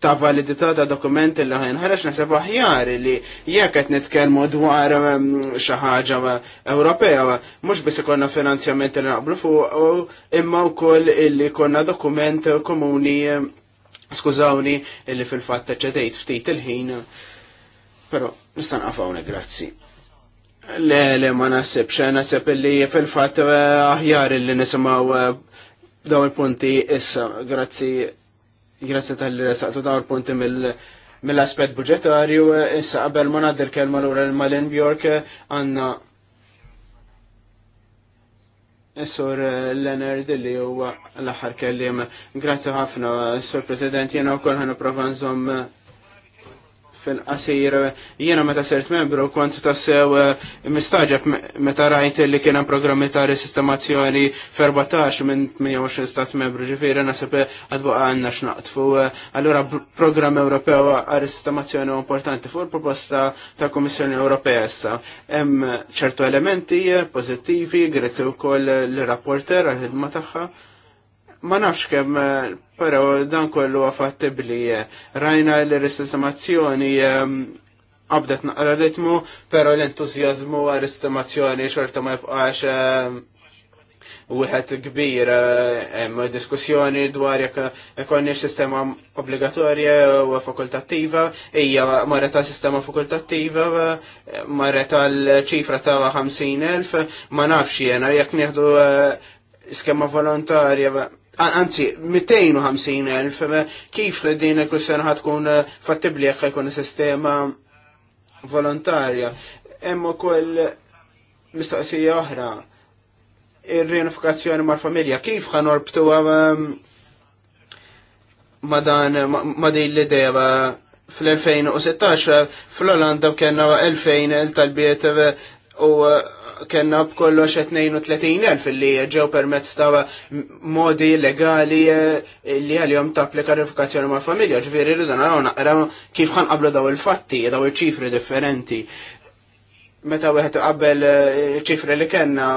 ta' validità ta' dokumenti li ħinħarex nasib aħjar li jekk qed nitkellmu dwar ehm, xi ħaġa Ewropea, mhux biss ikolna finanzjament li naqblu fuq imma wkoll illi konna dokument komuni skużawni illi fil-fatt ċedejt ftit il-ħin. Però nista' naqfa grazzi. Le, le, ma xe eh, nasib li fil-fat eh, aħjar li nisimaw eh, daw il-punti issa, grazzi, grazzi tal-li resaqtu daw il-punti mill-aspet budgetarju issa qabel ma nadir kelma l-ura l-Malin Bjork għanna Sur Leonard li huwa l-aħħar kellim. Grazzi ħafna, Sur President, jiena wkoll ħana nżomm fil-qasir jiena meta sert membru kont tassew eh, mistaġab meta rajt li kien hemm programmi ta' resistemazzjoni 14 minn 28 stat membru ġifieri nasib għadbu għanna x'naqtfu. Allura program Ewropew għar resistemazzjoni importanti fuq il-proposta ta' Kummissjoni Ewropea issa. Hemm ċertu elementi pożittivi, grazzi wkoll l-rapporter għal-ħidma tagħha ma nafx kemm eh, però dan kollu għafattibli eh. rajna l-ristamazzjoni għabdet ehm, naqra ritmu, pero l-entuzjazmu għar istimazzjoni xorta ma jibqax ehm, wieħed kbir eh, hemm diskussjoni dwar jekk ikonni sistema obbligatorja u fakultattiva, hija marret ta' sistema fakultattiva, marret għal ċifra ta' 50,000, ma nafx jiena jekk nieħdu skema volontarja anzi, 250.000, eh, kif li din il-kwistjoni ħatkun eh, fattibli jekk sistema volontarja. Hemm ukoll mistoqsija oħra ir-reunifikazzjoni mal-familja, kif ħan orbtu eh, ma dan ma din l-idea fl-2016 fl-Olanda kena 2000 tal-bieta u kena b'kollox 32.000 fil-li ġew permezz ta' modi legali eh, li għal-jom ta' prekariffikazzjoni ma' familja, ġviri rridan, dan għaraw kif għan qablu daw il-fatti, daw il-ċifri differenti. Meta wieħed qabel eh, ċifri li kena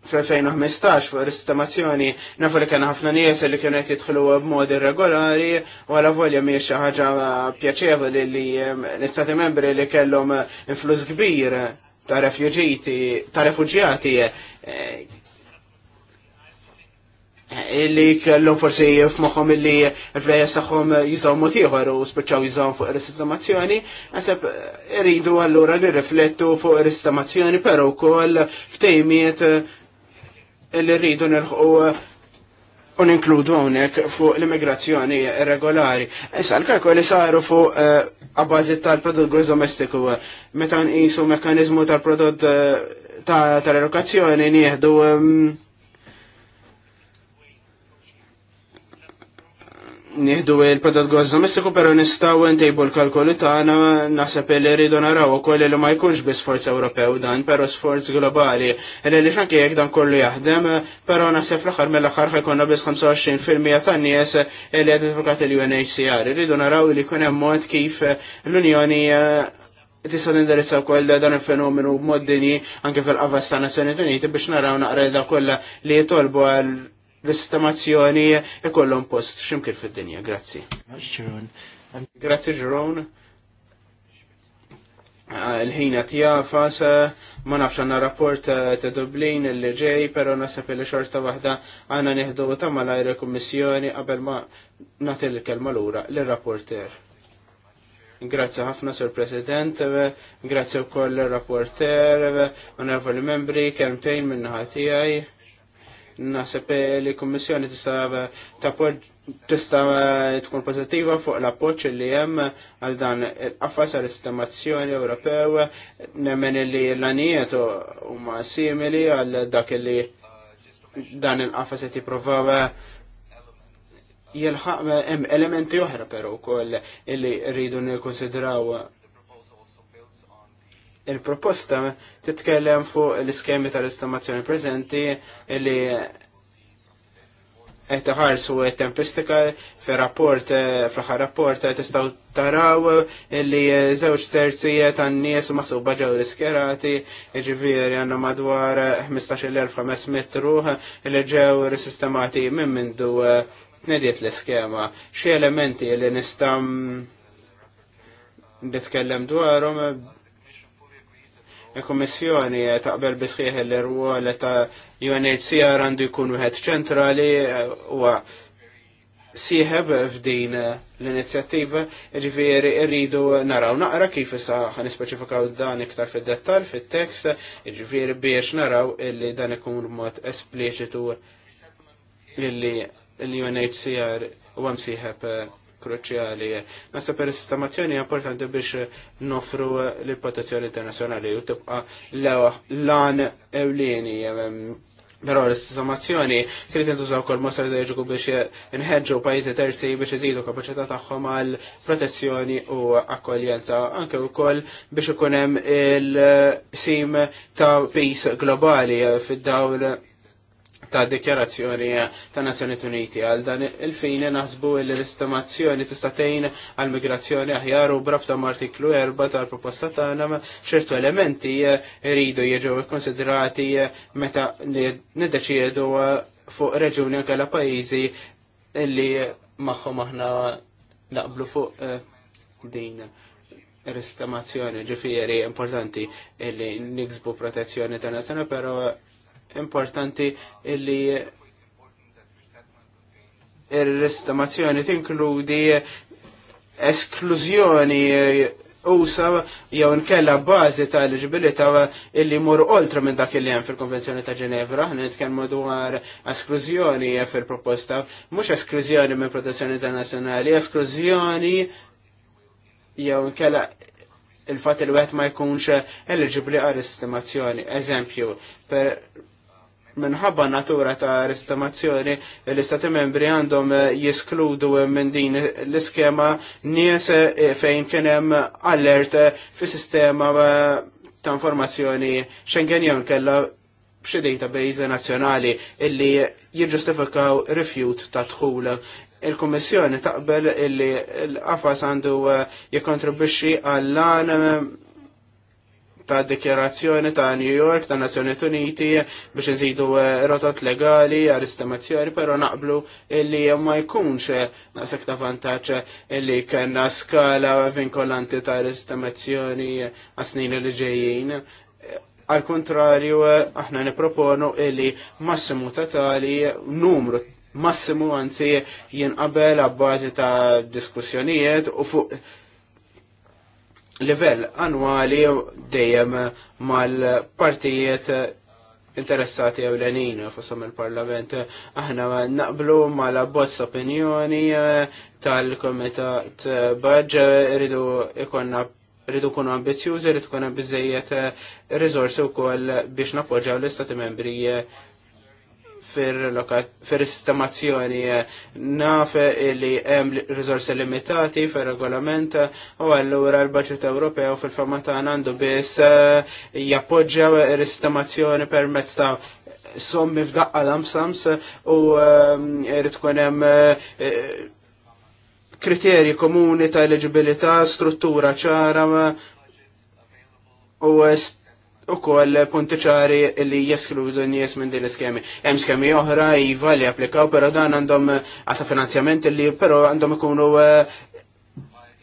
fl-2015 fuq ristamazzjoni nafu li kien ħafna nies li kienu qed jidħlu b'modi regolari u għala volja mhijiex xi ħaġa pjaċevoli li eh, l-istati membri li kellhom influss kbir ta' refugjati, ta' eh, refugjati eh, illi kellhom forsi f'moħħom illi l-flejes tagħhom jiżgħu mod ieħor u spiċċaw jiżgħu fuq ir-sistemazzjoni, għasab eh, iridu allura nirriflettu fuq ir-sistemazzjoni però wkoll ftejmiet illi rridu nirħu u ninkludu hawnhekk fuq l-immigrazzjoni regolari. Issa l-kalkol li saru fuq għabbażi eh, tal-prodott gross domestiku meta nqisu mekkaniżmu tal-prodott eh, tal-erokazzjoni nieħdu ehm, nieħdu il-prodott gross domestiku, pero nistaw n-tejbu l-kalkolu tagħna naħseb li rridu naraw ukoll li ma jkunx bi sforz Ewropew dan, pero sforz globali. Illi li xanki jekk dan kollu jaħdem, pero nasa fl-aħħar mill-aħħar ħajkonna biss 25% tan-nies li advokat il-UNHCR. Rridu naraw li jkun hemm mod kif l-Unjoni eh, tista' nindirizza wkoll dan il-fenomenu b'mod dinji anke fil-qafas ta' Nazzjonijiet Uniti biex naraw naqra da kollha li jitolbu għal l-istamazzjoni ikollhom post x'imkien fid-dinja. Grazzi. Grazzi Ġeron. Il-ħina tjafas ma nafx għanna rapport eh, ta' Dublin il ġej, pero nasab li xorta waħda għanna nieħdu ta' malajr kommissjoni qabel ma nagħti l-kelma lura l-rapporter. Grazie ħafna, Sur President, grazie u koll l-rapporter, l membri, kelmtejn minna ħatijaj. Nasib li kommissjoni tista' tista' tkun pozittiva fuq l-appoċ li hemm għal dan il-qafas għal istimazzjoni Ewropew nemmen li l-anijiet huma simili għal dak li dan il-qafas qed jipprovaw jilħaq hemm elementi oħra però wkoll li rridu nikkonsidraw il-proposta titkellem fuq l-iskemi tal-istamazzjoni prezenti li qed iħarsu qed tempistika fi rapport eh, fl-aħħar rapport eh, tistgħu taraw li żewġ terzijiet tan-nies maħsuba ġew riskerati, jiġifieri għandna madwar 15,500 ruħ li ġew risistemati minn mindu eh, tnediet l-iskema. Xi elementi li nistam mm, nitkellem dwarhom il-Kommissjoni taqbel bisħieħ l-rwol ta' UNHCR għandu jkun wieħed ċentrali eh, u sieħeb f'din l-inizjattiva, ġifiri rridu naraw naqra kif issa ħan ispeċifikaw dan iktar fid-dettall fit-tekst, ġifiri biex naraw illi dan ikun mod espliċitu illi l-UNHCR u għamsiħeb kruċjali. Nasa per sistemazzjoni importanti biex nofru l-protezzjoni internazjonali u tibqa l-lan ewlieni. Però l-istamazzjoni trid intużaw kol mod strateġiku biex inħeġġu pajjiżi terzi biex iżidu kapaċità tagħhom għal protezzjoni u akkoljenza anke wkoll biex ikun hemm il-sim ta' peace globali fid-dawl ta' dikjarazzjoni ta' Nazzjonijiet Uniti għal dan il fejn naħsbu li l-istimazzjoni tista' tgħin għall migrazzjoni aħjar u brabta artiklu 4 tal-proposta tagħna ċertu elementi jridu jiġu konsiderati meta niddeċiedu fuq reġuni anke pajjiżi illi magħhom aħna naqblu fuq eh, din ristamazzjoni ġifieri importanti li niksbu protezzjoni ta' nazzjoni, pero importanti illi il-restamazzjoni tinkludi esklużjoni usa jew nkella bażi ta' eligibilità illi jmur oltre minn dak li hemm fil-Konvenzjoni ta' Ġenevra, aħna nitkellmu dwar esklużjoni fil-proposta, mhux esklużjoni minn protezzjoni internazzjonali, esklużjoni jew nkella il fat li wieħed ma jkunx eligibli għal istimazzjoni Eżempju, per minħabba natura ta' ristamazzjoni l-istati membri għandhom eh, jiskludu eh, minn din l-iskema nies eh, fejn kienem allert fi sistema ta' informazzjoni Schengen jew kella ta' bejze nazzjonali illi jiġġustifikaw rifjut ta' dħul. Il-Kummissjoni taqbel illi l-qafas għandu jikontribuxi għall għan ta' dikjerazzjoni ta' New York, ta' Nazzjoni Uniti biex nżidu eh, rotot legali għal istemazzjoni, pero naqblu illi ma jkunx eh, naqsek ta' vantaġġ illi kena skala vinkolanti ta' istimazzjoni eh, għasnin li ġejjin. Al kontrarju, aħna niproponu illi massimu ta' tali numru massimu għanzi jinqabel għabbażi ta' diskussjonijiet u fuq livell annwali dejjem mal-partijiet interessati għaw l-għanin il-parlament. Aħna naqblu mal la bozz opinjoni eh, tal-komitat eh, bħagġa rridu ikonna rridu kunu ambizjużi, rridu kunu bizzejiet eh, rizorsi u koll biex napoġaw l-istati membri fir-sistemazzjoni naf li hemm risorsi limitati fir-regolament u allura l budget Ewropew fil famata tagħna għandu biss eh, jappoġġja r-sistemazzjoni permezz ta' sommi f'daqqa l-amsams u rrid ehm, tkun hemm eh, kriterji komuni ta' eligibilità, struttura ċara u u koll punti ċari li jeskludu dun nies minn din l-iskemi. Hemm skemi oħra iva li applikaw, pero dan għandhom għata finanzjament li pero għandhom ikunu eh,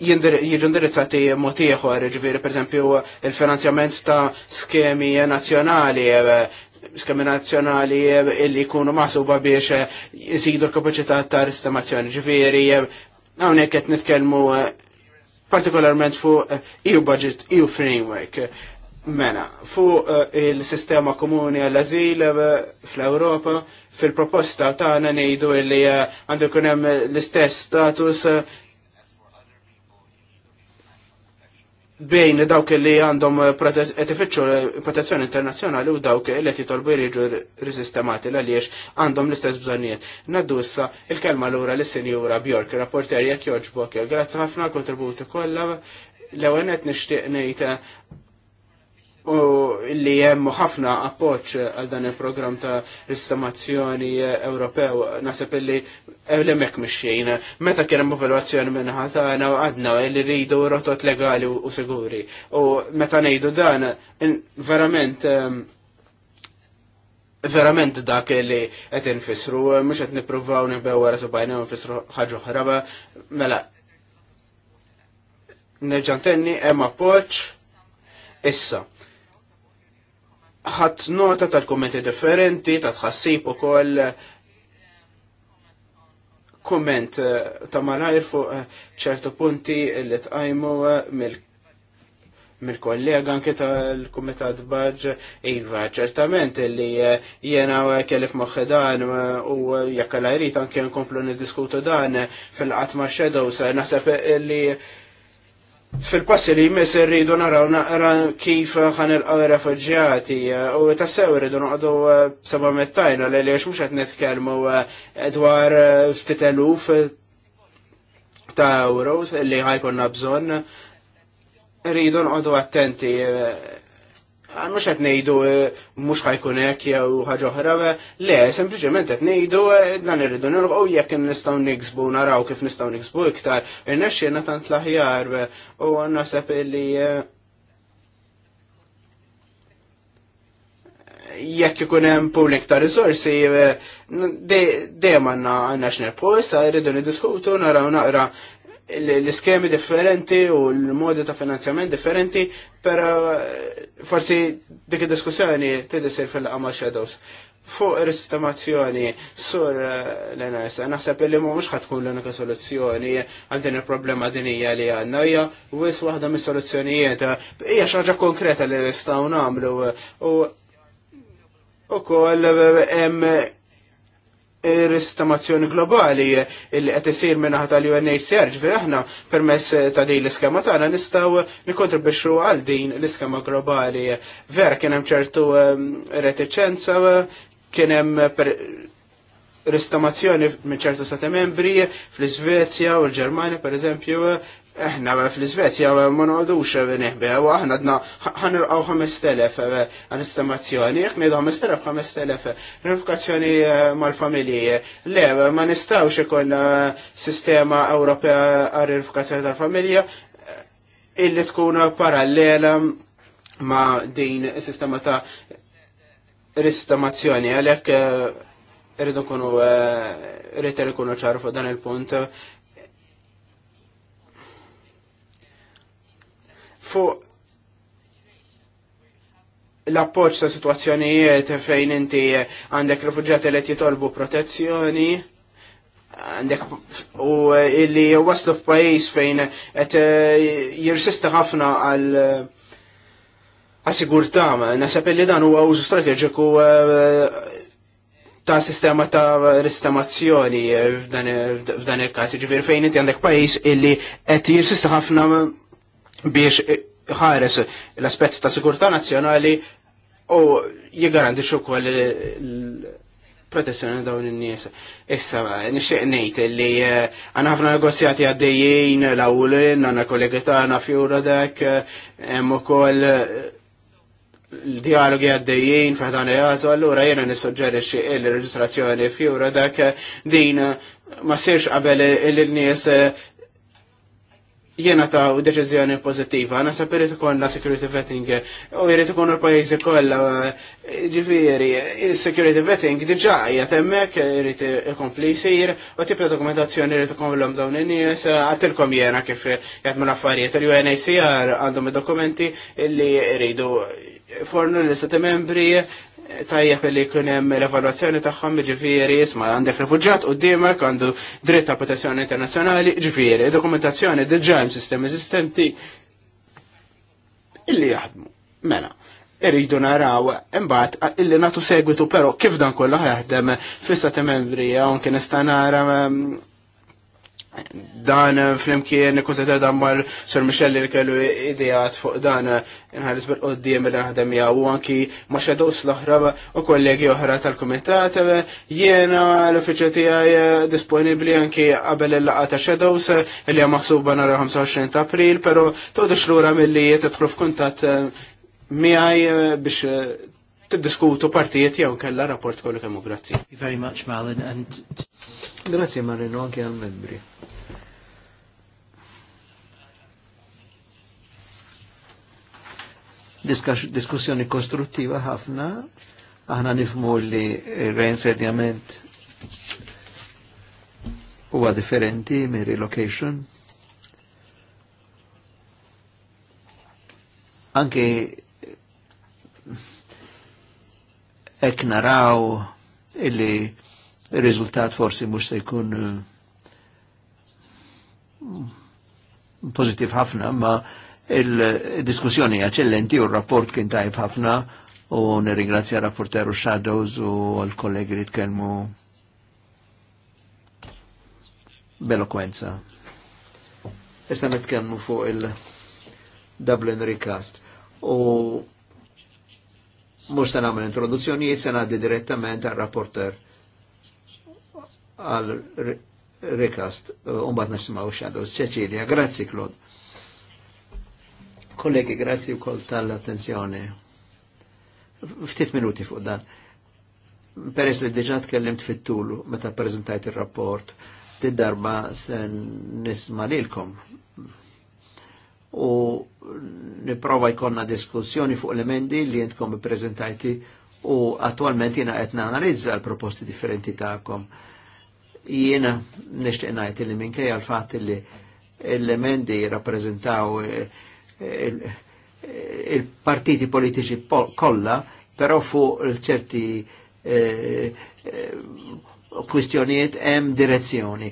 jiġu indirizzati mod ġviri ġifieri pereżempju il-finanzjament ta' skemi nazzjonali eh, skemi nazzjonali eh, illi jkunu maħsuba biex jisidu l-kapacità ta' ristamazzjoni. Ġifieri hawnhekk qed nitkellmu partikolarment fuq EU budget, EU framework. Mena, fuq eh, il-sistema komuni għall-azil eh, fl-Europa, fil-proposta tagħna ngħidu li eh, għandu jkun hemm l-istess status bejn dawk li għandhom etifiċu protezzjoni internazzjonali u dawk li qed jitolbu jriġu risistemati għaliex għandhom l-istess bżonnijiet. Naddu issa il-kelma lura lis sinjura Bjork, rapporterja jekk Grazzi ħafna kontributi kollha. L-ewwel nixtieq ngħid u li hemm ħafna appoġġ għal dan il-programm ta' ristamazzjoni Ewropew nasib li l emmek mixxejn. Meta kien hemm evalwazzjoni minnħa tagħna għadna li rridu rotot legali u siguri. U meta ngħidu dan verament verament dak li qed infisru, mhux qed nippruvaw nibgħu wara subajna nfissru ħaġa oħra, mela nerġa' tenni hemm appoġġ issa ħadd nota tal kommenti differenti, ta' tħassib ukoll eh, komment eh, ta' malajr fuq eh, ċertu punti li tqajmu mill-kollega anke tal-Kumitat Baġ Iva, ċertament li jena kellif moħħi dan u jekk la jrid anke nkomplu niddiskutu dan fil qatma ma' sa naħseb li Fil-passi li jmiss rridu naraw naqra kif ħan il-qaw refugjati u tassew rridu naqdu uh, seba mettajna li li xmux għet netkelmu uh, dwar uh, ftit eluf ta' euro li ħajkonna bżon rridu naqdu attenti mux għet nejdu e, mux ħajkun hekk jew ħaġa e, le, sempliċement qed ngħidu e, dan irridu u jek nistgħu nixbu, naraw kif nistgħu nixbu iktar, irnexxielna tant l-aħjar u naħseb li jekk ikun hemm pooling ta' rizorsi, dejjem għandna għandna x'nerpu issa rridu nidiskutu, naraw naqra l-iskemi differenti u l-modi ta' finanzjament differenti, pero eh, forsi dik id-diskussjoni tidisir fil qamal shadows. Fuq ir-sistemazzjoni, sur eh, l-NS, naħseb li mhux ħatkun l-unika soluzzjoni għal din il-problema dinija li għandna hija wis waħda mis-soluzzjonijiet hija xi ħaġa konkreta li nistgħu nagħmlu u ukoll eh, hemm ir ristamazzjoni globali li qed isir minn tal UNHCR ġifier aħna permess ta' din l-iskema tagħna nistgħu nikkontribwixxu għal din l-iskema globali. Vera kien hemm ċertu ehm, reticenza, kien hemm ristamazzjoni minn ċertu stati membri fl-Svezja u l-Ġermanja pereżempju. Eħna fl-Svezja ma noqdux neħbew, aħna dna ħanirqaw 5000 għal-istamazzjoni, jek nejdu 5000 5000 mal-familji. Le, ma nistawx ikun eh, sistema Ewropea għal rinifikazzjoni tal-familja eh, illi tkun parallela ma din sistema ta' ristamazzjoni, għalek eh, irridu kunu, irridu kunu ċarfu dan il-punt fuq l-appoċ ta' situazzjonijiet fejn inti għandek rifugġati li jitolbu protezzjoni, għandek u illi waslu f'pajis fejn qed eh, jirsista ħafna għal eh, għas-sigurtà, nasab li dan huwa użu strateġiku eh, ta' sistema ta' ristamazzjoni f'dan il-każ, ġifier fejn inti għandek pajjiż illi qed jirsista ħafna biex ħares l-aspett ta' sigurtà nazzjonali u jigarantix ukoll protezzjoni dawn in-nies. Issa, nixtieq ngħid li eh, għana ħafna negozjati għaddejjin l-awlin, għana kollegi tagħna fjura dak, eh, hemm ukoll eh, l-dialogi għaddejjien f'ħdan jazu, għallura jena xie il-reġistrazzjoni fjura dak din ma sirx qabel il-nies jena ta' u deċizjoni pozittiva. Għana sapirit ikon la security vetting u jirrit ikon il-pajizi kolla ġifiri, security vetting diġa jatemmek, emmek jirrit ikompli plisir u tip ta' dokumentazzjoni jirrit ikon l-om dawn n-nies għattilkom jena kif jgħat minn affarijiet. Il-UNHCR għandhom dokumenti illi jridu fornu l-istati membri tajjeb li kien hemm l-evalwazzjoni tagħhom ġifieri isma' għandek rifuġġat qudiemek għandu dritt ta' protezzjoni internazzjonali, ġifieri dokumentazzjoni diġà hemm sistemi eżistenti illi jaħdmu. Mela, irridu naraw imbagħad illi nagħtu segwitu però kif dan kollha jaħdem fl-istati membri hawn kien nista' nara dan eh, flimkien kuzetet dan mar Sir Michel li kellu idejat fuq dan eh, inħares bil-qoddim li naħdem jaw u anki ma xedus l-oħra u kollegi oħra tal-komitat eh, jiena l uffiċċju tiegħi disponibbli anki qabel il laqgħa ta' shadows li hija maħsuba nhar 25 ta' April, però tgħodux xlura milli tidħlu f'kuntatt miegħi biex tiddiskutu partijiet jew kella rapport kollu hu grazzi. Very much Malin and Grazzi Marino anke għal-membri. diskussjoni kostruttiva ħafna, aħna nifmu li reinsedjament huwa differenti minn relocation. Anke ek naraw illi il-rizultat forsi mux se jkun mm, pozitiv ħafna, ma' il-diskussjoni eccellenti u rapport kien tajb ħafna u nirringrazzja rapporteru Shadows u l-kollegi li tkellmu b'elokwenza. Issa nitkellmu fuq il-Dublin Recast u mux se nagħmel introduzzjonijiet se ngħaddi direttament għal rapporter għal recast u mbagħad nisimgħu Shadows. Cecilia, grazzi Claude. Kollegi, grazzi u koll tal-attenzjoni. Ftit minuti fuq dan. Peres li diġat tkellimt fit-tulu meta prezentajt il-rapport, tid-darba sen nisma lilkom. U niprofa jkonna diskussjoni fuq l-emendi li jentkom prezentajti u attualment jina qed n-analizza l-proposti differenti ta'kom. Jiena nishtiq ngħid li minkej għal fatt li l-emendi rappresentaw. eh, il-partiti il politiċi kollha, però fuq ċerti eh, eh, kwistjoniet hemm direzzjoni u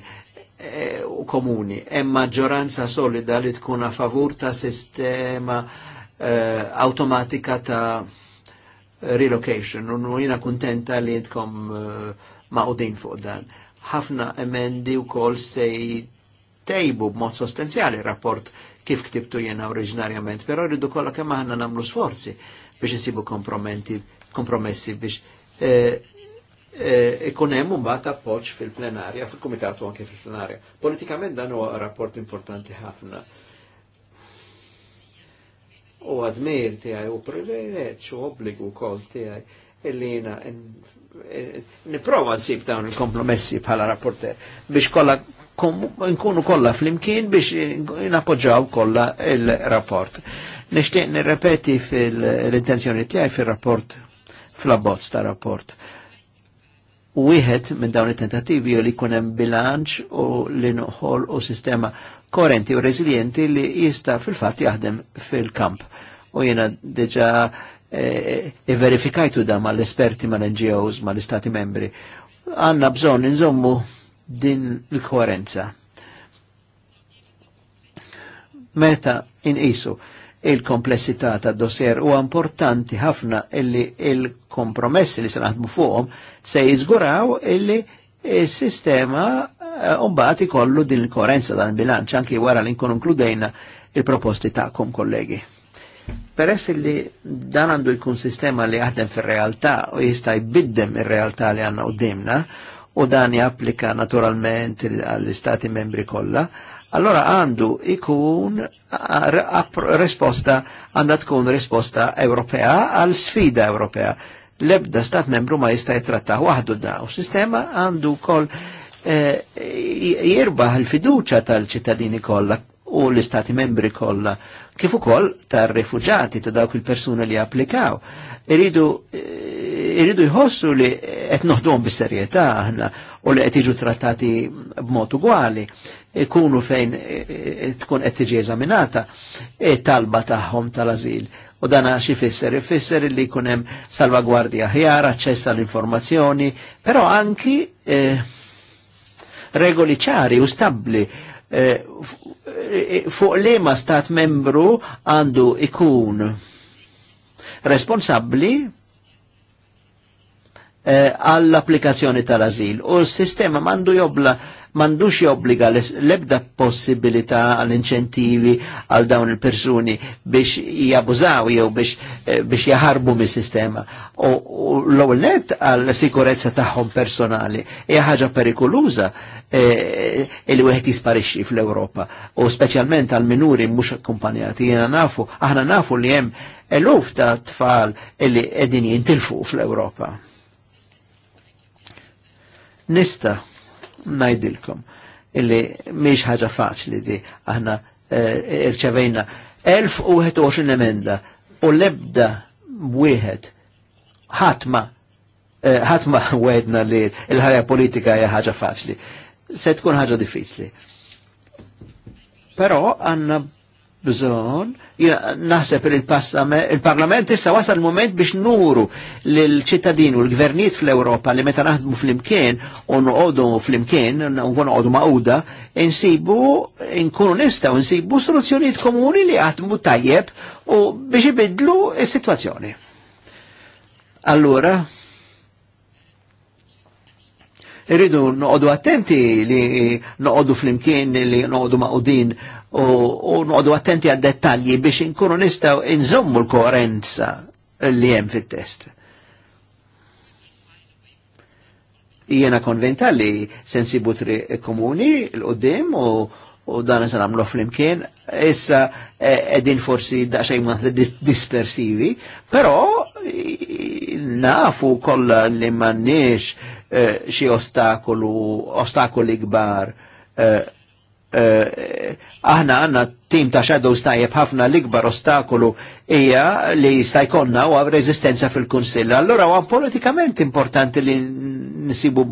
eh, komuni, hemm maġġoranza solida li tkun a favur ta' sistema automatika ta' relocation, u jina kontenta li jitkom eh, fuq dan. Ħafna emendi u kol sej tejbu b'mod sostenzjali rapport kif ktibtu jena oriġinarjament, pero rridu kollha kemm aħna nagħmlu sforzi biex insibu kompromessi biex eh, eh, ikun hemm mbagħad appoġġ fil-plenarja, fil-kumitatu anke fil-plenarja. Politikament dan huwa rapport importanti ħafna. U għadmir tiegħi u privileġġ u obbligu wkoll tiegħi illi jiena niprova nsib dawn il-kompromessi bħala rapporter biex kollha nkunu kollha flimkien biex inappoġġaw kollha il-rapport. Nixtieq nirrepeti fil-intenzjoni tiegħi fil-rapport fl-abbozz ta' rapport. Wieħed minn dawn it-tentattivi li jkun hemm bilanċ u li noħol u sistema korenti u reżiljenti li jista' fil-fatt jaħdem fil-kamp. U jiena diġà i-verifikajtu eh, da ma l-esperti ma l-NGOs, ma l-istati membri. Għanna bżon nżommu din l koherenza Meta inqisu il-komplessità ta' dossier u importanti ħafna illi il-kompromessi li se naħdmu fuqhom se jiżguraw illi il-sistema umbaħt eh, ikollu din l-koherenza dan il-bilanċ anki wara li nkun inkludejna il-proposti ta'kom kollegi. Peress li dan għandu jkun sistema li jaħdem fil-realtà u jista' jbiddem il-realtà li għanna u dimna, u dan japplika naturalment għall-istati membri kollha, allora għandu ikun risposta, għandha tkun risposta Ewropea għal sfida Ewropea. Lebda stat membru ma jista' jitrattaħ waħdu da u sistema għandu kol eh, jirbaħ il-fiduċa tal-ċittadini kollha u l-istati membri kollha kif ukoll tar-rifuġati ta' dawk il-persuna li applikaw. Iridu eh, irridu jħossu li qed noħduhom bis-serjetà aħna u li qed jiġu trattati b'mod ugwali, ikunu fejn e, e, tkun qed tiġi eżaminata e, talba tagħhom tal-ażil. U dan xi ifisser ifisser li jkun hemm salvagwardja ħjar, aċċess tal-informazzjoni, però anki regoli ċari u stabbli fuq liema stat membru għandu ikun responsabbli Eh, għall-applikazzjoni eh, tal-azil. U s-sistema mandu jobla mandux jobbliga l-ebda possibilità għall-inċentivi għal dawn il-persuni biex jabużaw jew biex, eh, biex jaharbu mis sistema U, l-ewwel net għall-sikurezza tagħhom personali hija ħaġa perikoluża eh, li wieħed jisparixxi fl-Ewropa u speċjalment għal minuri mhux akkumpanjati jiena nafu aħna nafu li hemm eluf ta' tfal li qegħdin jintilfu fl-Ewropa. Nista najdilkom illi miex ħaġa faċli di aħna eh, irċavejna 1021 emenda u lebda wieħed ħatma eh, ħatma wedna li l-ħajja politika hija ħaġa faċli. Se tkun ħaġa diffiċli. Però għanna bżon, naħseb il-Parlament issa wasal il-moment biex nuru l-ċittadin u l-gvernijiet fl-Europa li meta naħdmu fl-imkien u noqogħdu fl-imkien, nkunu noqogħdu maqgħuda, insibu nkunu nistgħu insibu soluzzjonijiet komuni li għatmu tajjeb u biex ibidlu s-sitwazzjoni. Allura, irridu noqodu attenti li noqodu fl-imkien li noqodu maqudin u noqdu attenti għad dettalji biex inkunu nistaw inżommu l koherenza li jem fit-test. Jena konventa li sensibu tri komuni l-qoddim u u dan se fl-imkien, issa e, edin forsi daqsxejn ma dispersivi, però nafu kolla li m'għandniex e, xie ostakolu, ostakoli gbar e, Eh, aħna għanna tim ta' shadows tajjeb ħafna l-ikbar ostakolu hija li stajkonna u għav rezistenza fil-Kunsill. Allora għan politikament importanti li nisibu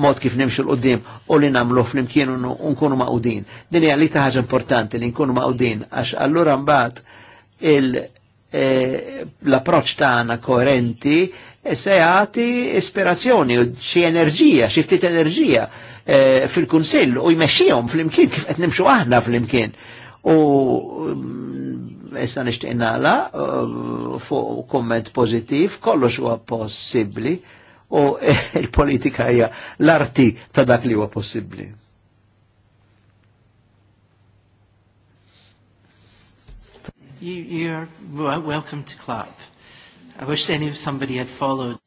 mod kif nimxu l qoddim u li nagħmlu flimkien u nkunu maqudin. Din hija li ħaġa importanti li nkunu maqudin għax allura mbagħad eh, l-approċċ tagħna koerenti eh, se jagħti ispirazzjoni u xi enerġija, xi ftit enerġija Eh, fil-Kunsill u jmexxihom fl-imkien kif qed nimxu aħna fl-imkien. U mm, issa nixtieq nagħla eh, fuq komment pożittiv, kollox huwa possibbli u il-politika hija l-arti ta' dak li huwa possibbli. You, you're welcome to clap. I wish any of somebody had followed.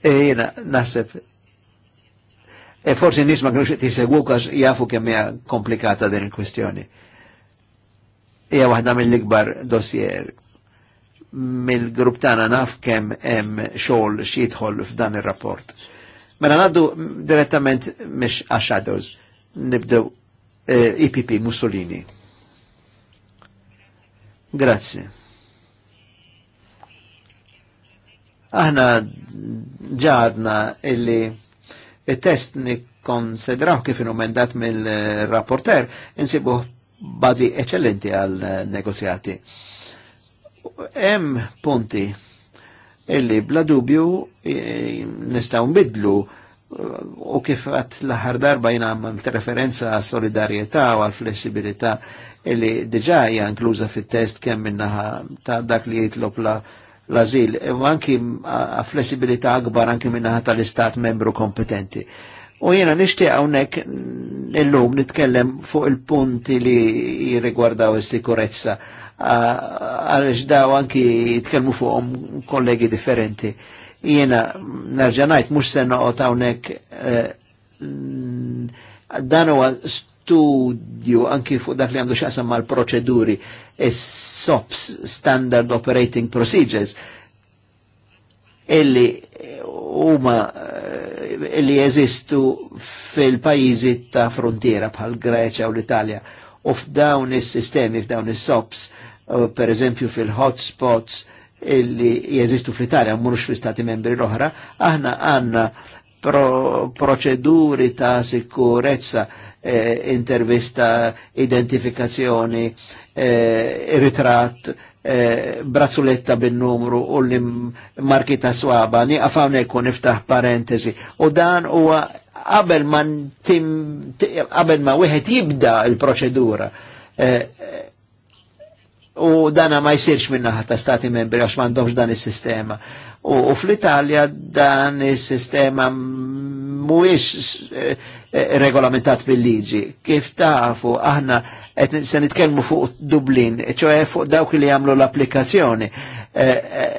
Eh, jena, nasib, e eh, forsi nisma ma kienux tisegwu jafu kemm hija komplikata din il-kwistjoni. Ija wahda mill-ikbar dossier. Mill-grupp tana naf kemm hemm xol xietħol f'dan ir-rapport. Mela ngħaddu direttament mhix għaxadoz. shadows Nibdew IPP eh, e Mussolini. Grazie. Aħna ġadna illi il-test nikkonsidraw kif inumendat mill-rapporter insibu bazi eccellenti għal negozjati. Hem punti illi bla dubju nistaw nbidlu u kif għat l-ħar darba jina għamilt referenza għal solidarieta u għal flessibilita illi diġa hija inkluża fit-test kemm minnaħa ta' dak li jitlob la' l-azil, u e anki flessibilità akbar anki minnaħat tal-istat membru kompetenti. U jena nishtiq hawnhekk illum nitkellem fuq il-punti li jirigwardaw is-sikurezza għaliex daw anki jitkellmu fuq um kollegi differenti. Jena narġanajt mux mhux se noqgħod hawnhekk eh, dan huwa studju anki fuq dak li għandu xaqsam mal-proċeduri SOPs, Standard Operating Procedures, illi huma eh, illi jeżistu fil-pajizi ta' frontiera bħal Grecia u l-Italja u f'dawn is-sistemi, f'dawn is-SOPs, eh, per eżempju fil-hotspots illi jeżistu fl-Italja, mhux fl-Stati membri l-oħra, aħna għandna proċeduri ta' sikurezza eh, intervista, identifikazzjoni, eh, ritratt, eh, brazzuletta bin numru u l-marki ta' swaba, ni hawnhekk kun iftaħ parentesi. U dan huwa qabel ma tim qabel ma wieħed jibda l-proċedura. Eh, u dana ma jsirx minna ta' stati membri għax m'għandhomx dan is-sistema. U, u fl-Italja dan is-sistema mhuwiex eh, eh, regolamentat bil-liġi. Kif tafu aħna qed se nitkellmu fuq Dublin, ċoħe fuq dawk li jagħmlu l-applikazzjoni. Eh,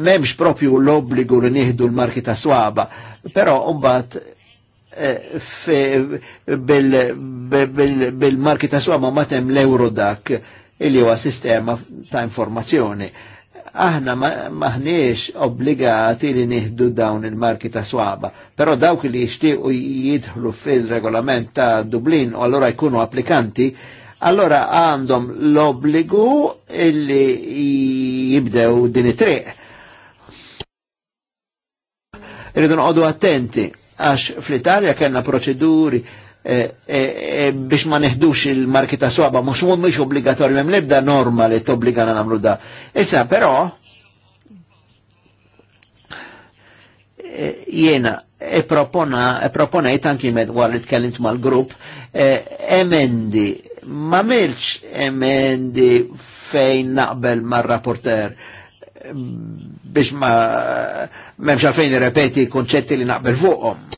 M'hemmx propju l-obbligu li nieħdu l-marki ta' swaba, però mbagħad bil-marki ta' swaba matem l-euro dak il huwa sistema ta' informazzjoni aħna maħniex obbligati li nieħdu dawn il-marki ta' swaba, però dawk li jixtiequ jidħlu fil-regolament ta' Dublin u allora jkunu applikanti, allora għandhom l-obbligu illi jibdew din it-triq. Irridu noqogħdu attenti għax fl-Italja kellna proċeduri E, e, e, biex ma neħdux il-marki ta' swaba, mux mu mux obbligatorju, mem lebda norma li t-obbligana namlu da. Issa, però, jena, e propona, e proponajt anki med għar li tkellimt mal-grupp, emendi, ma milċ emendi fejn naqbel mar-rapporter biex ma memx għalfejn repeti konċetti li naqbel fuqom.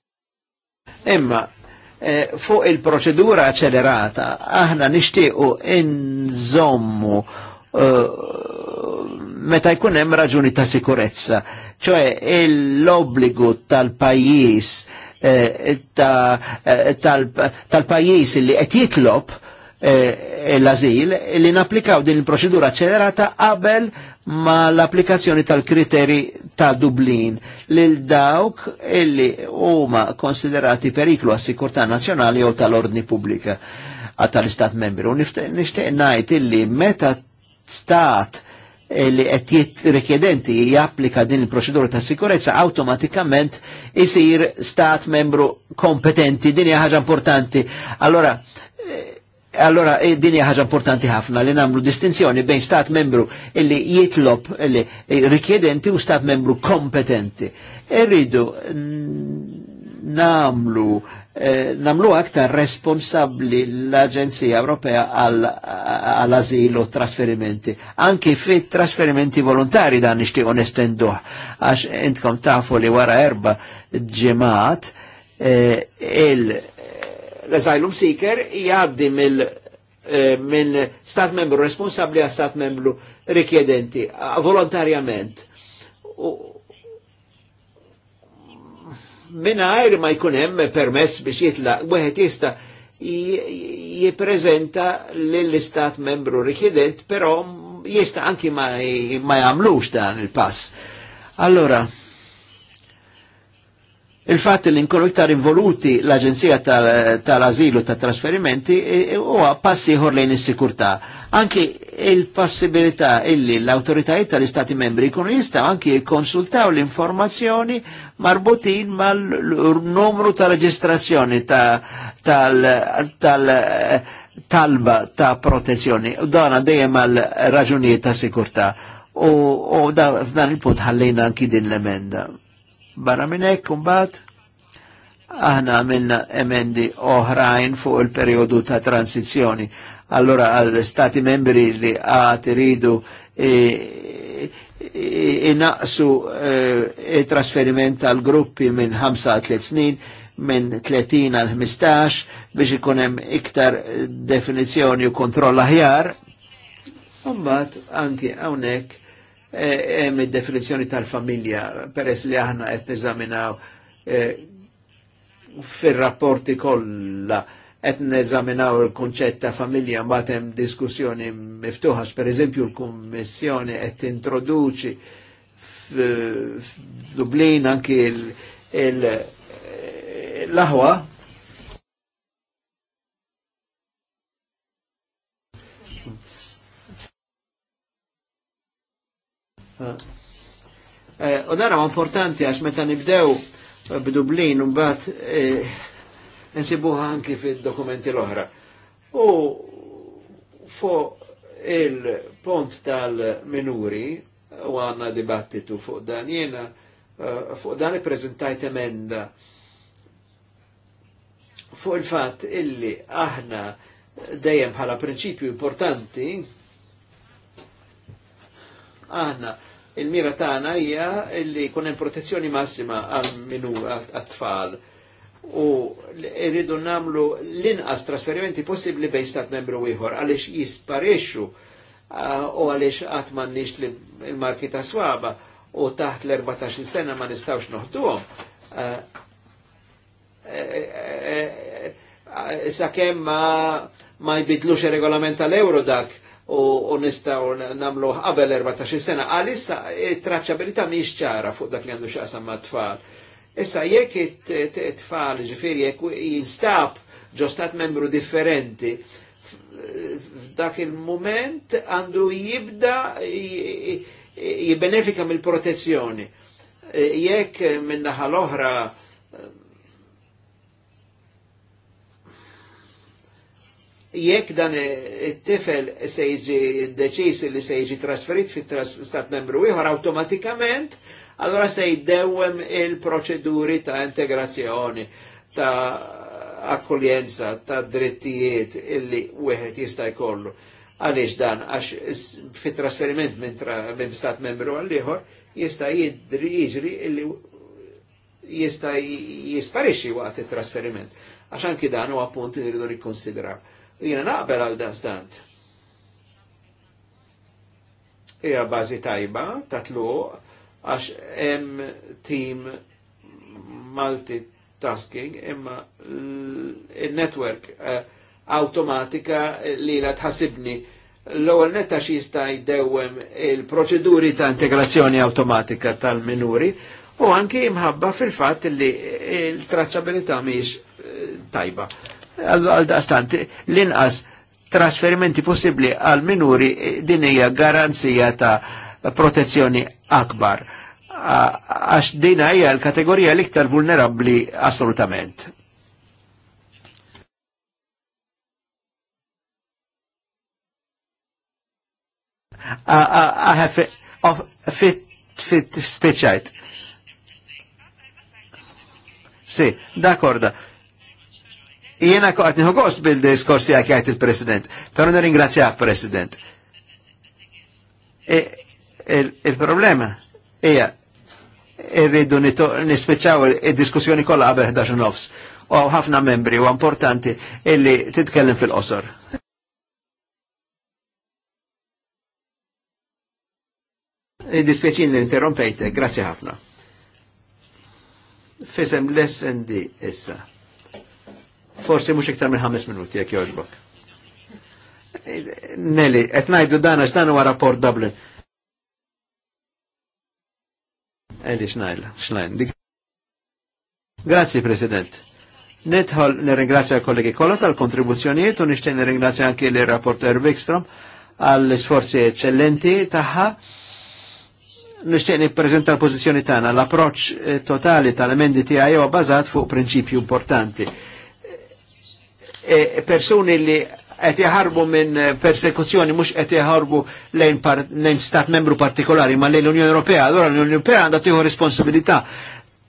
Imma, Eh, fuq il-proċedura accelerata aħna nixtiequ inżommu zommu eh, meta jkun hemm raġuni ta' sikurezza, ċoe l-obbligu tal-pajjiż eh, tal-pajjiż li qed jitlob l-azil li napplikaw din il-proċedura accelerata qabel ma l-applikazzjoni tal-kriteri ta' Dublin lil dawk illi huma konsiderati periklu għas sikurtà nazzjonali jew tal-ordni pubblika tal-Istat membri. U nixtieq ngħid illi meta stat li qed rikjedenti japplika din il-proċedura ta' sikurezza automatikament isir stat membru kompetenti, din hija ħaġa importanti. Allora, Allora, e din hija ħaġa importanti ħafna li nagħmlu distinzjoni bejn stat membru illi jitlob illi eh, rikjedenti u stat membru kompetenti. Irridu namlu eh, namlu aktar responsabli l-Aġenzija Ewropea għall-azil u trasferimenti. Anki fit trasferimenti volontari dan nixtieq onestenduh, għax intkom tafu li wara erba ġemat eh, il- l-asylum seeker jgħaddi mill eh, minn stat membru responsabli għal stat membru rikjedenti volontarjament. Minajr ma jkunem permess biex jitla, għuħet jista' jiprezenta l-istat membru rikjedent, però jista anki ma, ma jamlux dan il-pass. Allora, Il-fatt li nkunu iktar involuti l-Aġenzija tal-Azilu ta' trasferimenti e- e- huwa passi ieħor lejn is-sikurtà. Anki il-possibilità illi l-awtoritajiet tal-Istati membri jkunu jistgħu anki jikkonsultaw l-informazzjoni marbutin mal-numru ta' reġistrazzjoni tal-talba ta' protezzjoni. Dona dejjem għal raġunijiet ta' sikurtà. U dan il-punt ħallejna anki din l-emenda Barra minnek, kumbat, aħna għamilna emendi oħrajn fuq il-periodu ta' transizjoni. Allora għall-stati membri li għat iridu e, e, inaqsu il-trasferiment e, tal gruppi minn 5 għal 3 snin, minn 30 għal 15 biex ikunem iktar definizjoni u kontroll aħjar. Umbat, anki għawnek, Eh, hemm id-definizzjoni tal-familja peress li aħna qed neżaminaw eh, fir-rapporti kollha qed neżaminaw il-kunċett ta' familja mbagħad hemm diskussjoni miftuħa pereżempju l-Kummissjoni qed introduċi f'Dublin anki eh, l-aħwa Eh, u dara ma importanti għax meta nibdew eh, b'Dublin u mbagħad eh, nsibuha anki fid-dokumenti l-oħra. U fuq il-pont tal-minuri u għanna dibattitu fuq dan jena fuq dan i-prezentajt emenda fuq il-fat illi aħna dejjem bħala prinċipju importanti aħna il-mira tagħna hija li jkun hemm protezzjoni massima għal minu għat-tfal u rridu namlu l-inqas trasferimenti possibbli bejn stat membru ieħor għaliex jisparexxu u għaliex qatt m'għandniex il-marki ta' swaba u taħt l-14 sena ma nistgħux noħduhom. sakemm kemm ma jbidlux ir-regolament tal-euro dak u nistaw namlu qabel 14 sena. Għalissa e, traċabilita miex ċara fuq dak li għandu xaqsam ma' tfal. Issa jekk it-tfal ġifiri jekk jinstab ġostat membru differenti, f'dak il-moment għandu jibda jibbenefika mill-protezzjoni. E, jekk minnaħa l-oħra jekk dan it-tifel se jiġi deċis li se jiġi trasferit fit stat membru ieħor automatikament, allora se jdewwem il-proċeduri ta' integrazzjoni, ta' akkuljenza, ta' drittijiet illi wieħed jista' jkollu. Għaliex dan, għax fit trasferiment minn min stat membru għal ieħor jista' jiġri illi jista' jisparixxi waqt it-trasferiment. Għax anki dan huwa punt li rridu nikkonsidraw Jena naqbel għal dan stant. Ija bazi tajba, tatlu, għax em team multitasking, imma il-network eh, automatika li la tħassibni l-ewwel netta xista jista' jdewwem il-proċeduri ta' integrazzjoni automatika tal-minuri u anki imħabba fil-fatt li il-traċċabilità miex eh, tajba għal daqstant l-inqas trasferimenti possibli għal minuri din hija garanzija ta' protezzjoni akbar għax din hija l-kategorija l-iktar vulnerabbli assolutament. I have of fit fit speċajt. Si, d'accordo. Jena għat nħu għost bil-diskors tijak għajt il-President, pero nirringrazzja President. E, il-problema ija, irridu nispeċaw il-diskussjoni kolla qabel 11 nofs. U ħafna membri u importanti illi titkellem fil-qosor. Dispieċin interrompejte, grazie ħafna. Fisem l-SND issa forsi mhux iktar minn ħames minuti jekk jogħġbok. Neli, qed ngħidu dan għax dan huwa rapport Dublin. Eli xnajla, xnajn. Grazzi, President. Nitħol nirringrazzja kollegi kollha tal-kontribuzzjonijiet u nixtieq nirringrazzja anki l rapporter Wikstrom għall sforzi eccellenti tagħha. Nixtieq nippreżenta l-pożizzjoni tagħna. L-approċċ eh, totali tal-emendi tiegħi huwa bażat fuq prinċipju importanti E, persuni li qed jaħarbu minn persekuzzjoni mhux qed jaħarbu lejn, lejn stat membru partikolari ma lejn l-Unjoni Ewropea, allura l-Unjoni Ewropea għandha tieħu responsabilità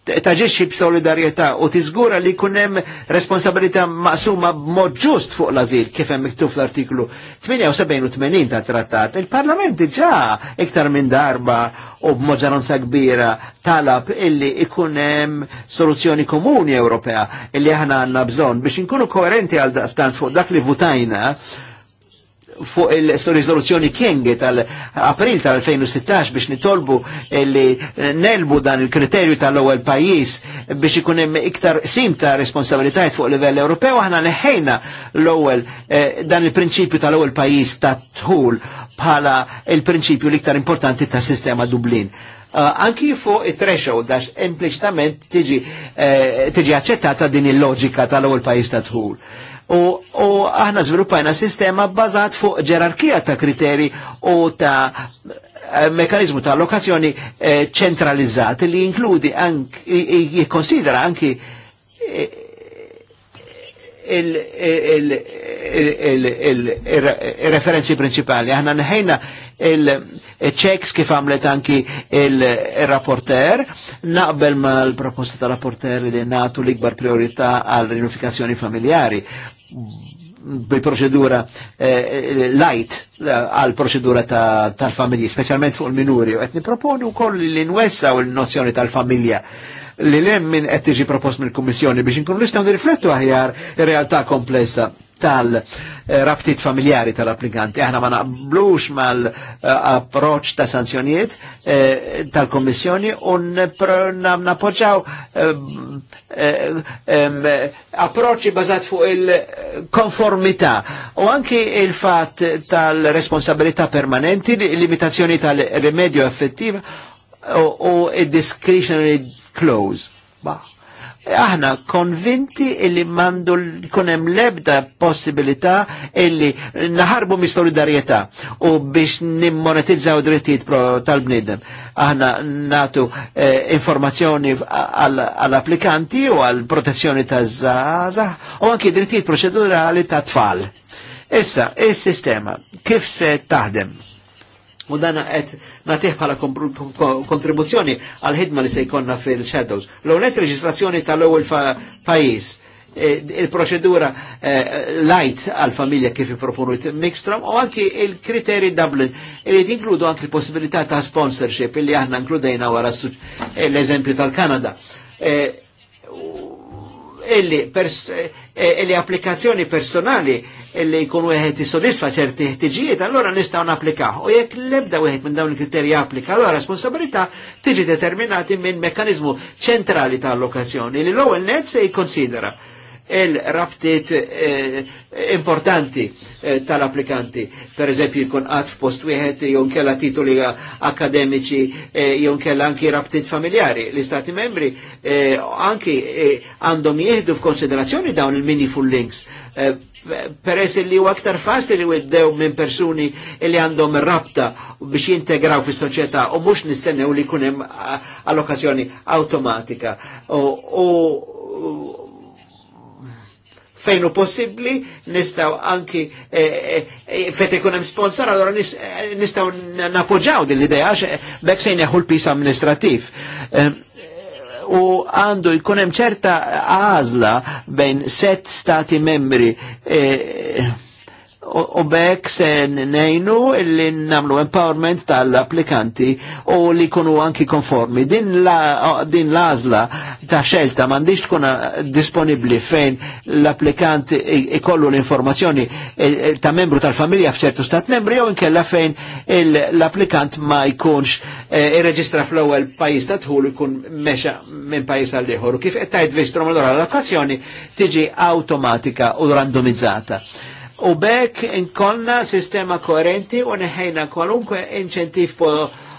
taġiċi b'solidarietà u tiżgura li hemm responsabilità maqsuma b'mod ġust fuq l-azil kif hemm miktub fl-artiklu 78 u 80 tat-trattat. Il-Parlament diġà iktar minn darba u b'maġġoranza kbira talab illi ikun hemm soluzzjoni komuni Ewropea illi aħna għandna bżonn biex inkunu koerenti għal daqstant fuq dak li votajna fuq il-risoluzzjoni King tal-April tal-2016 biex nitolbu li nelbu dan il-kriterju tal-ewwel pajjiż biex ikun hemm iktar simta responsabilitajiet responsabilitajt fuq livell Ewropew aħna neħejna l-ewwel eh, dan il-prinċipju tal-ewwel pajjiż tat tħul bħala il-prinċipju l-iktar importanti ta' sistema Dublin. Uh, anki fuq it-threshold għax impliċtament tiġi uh, tiġi accettata din il-loġika tal-ewwel pajjiż ta' tħul. U, u aħna żviluppajna sistema bbażat fuq ġerarkija ta' kriteri u ta' eh, mekanizmu ta' allokazzjoni eh, ċentralizzat li jinkludi anki anki il-referenzi principali. Aħna nħejna il-checks kif għamlet anki il-rapporter, naqbel ma l-proposta tal-rapporter li natu l-ikbar priorità għal-rinifikazzjoni familjari bi procedura eh, light eh, għal-proċedura tal-familji, specialment fuq il-minuri. għetni proponu koll l-inwessa u l-nozzjoni tal-familja. tal familja Eh, li lem minn qed propost mill kommissjoni biex inkunu nistgħu nirriflettu riflettu ir-realtà komplessa tal-rabtit familjari tal-applikanti. Aħna ma naqblux mal-approċ ta' sanzjonijiet eh, tal-Kommissjoni un napoġaw eh, eh, approċi bazat fuq il konformita u anki il-fat tal-responsabilità permanenti, limitazzjoni tal remedio effettiva u discretionary close. Ba. Aħna konvinti illi mandu kunem lebda possibilità illi naħarbu mis solidarietà u biex nimmonetizzaw drittijiet tal-bnidem. Aħna natu eh, informazzjoni għall-applikanti u għall-protezzjoni ta' zaza u anki drittijiet proċedurali ta' tfal. Issa, il-sistema, kif se taħdem? u dana qed natiħ pala kontribuzzjoni għal ħidma li sejkonna fil-shadows. l għonet reġistrazzjoni tal-ewwel pajis, e, il-proċedura e, light għal-familja kif proponu Mixtram u anki il-kriteri Dublin li inkludu anki l-possibilità ta' sponsorship li aħna inkludejna wara l-eżempju tal-Kanada e, illi E, e, le applikazzjoni personali e li jkun wieħed jissodisfa ċerti ħtiġijiet, allora nistgħu napplikaw. U jekk l'ebda wieħed minn dawn il-kriterji applika, allora responsabilità tiġi determinati minn mekkaniżmu ċentrali ta' allokazzjoni li l-ewwel net se jikkonsidera il-rabtiet eh, importanti eh, tal-applikanti. Per eżempju, jkun għad f'post wieħed jew kella titoli akademiċi eh, kella anki rabtiet familjari. L-Istati membri eh, anki għandhom jieħdu f'konsiderazzjoni dawn il-meaningful links Per peress li u aktar fasti li u iddew minn persuni li għandhom rabta biex jintegraw fi soċieta u mux nistenne u li kunem allokazzjoni automatika fejn possibli, nistaw anki eh, eh, eh, fet ikun hemm sponsor, allora nistaw napoġġaw din l-idea għax bekk se jneħu l-pis amministrativ. Ehm, u għandu jkun hemm ċerta għażla bejn set stati membri. E, u bekk se nejnu li namlu empowerment tal-applikanti u li kunu anki konformi. Din, la, lazla ta' xelta mandiġ tkun eh, disponibli fejn l-applikant ikollu l-informazzjoni eh, eh, ta' membru tal-familja f'ċertu stat membri jew inkella fejn l-applikant ma jkunx irreġistra fl-ewwel pajjiż ta' tħul ikun mexa minn pajjiż għal ieħor. Kif qed tajt vistrom l-allokazzjoni tiġi automatika u randomizzata u bekk inkolna sistema koerenti u neħejna kwalunkwe inċentiv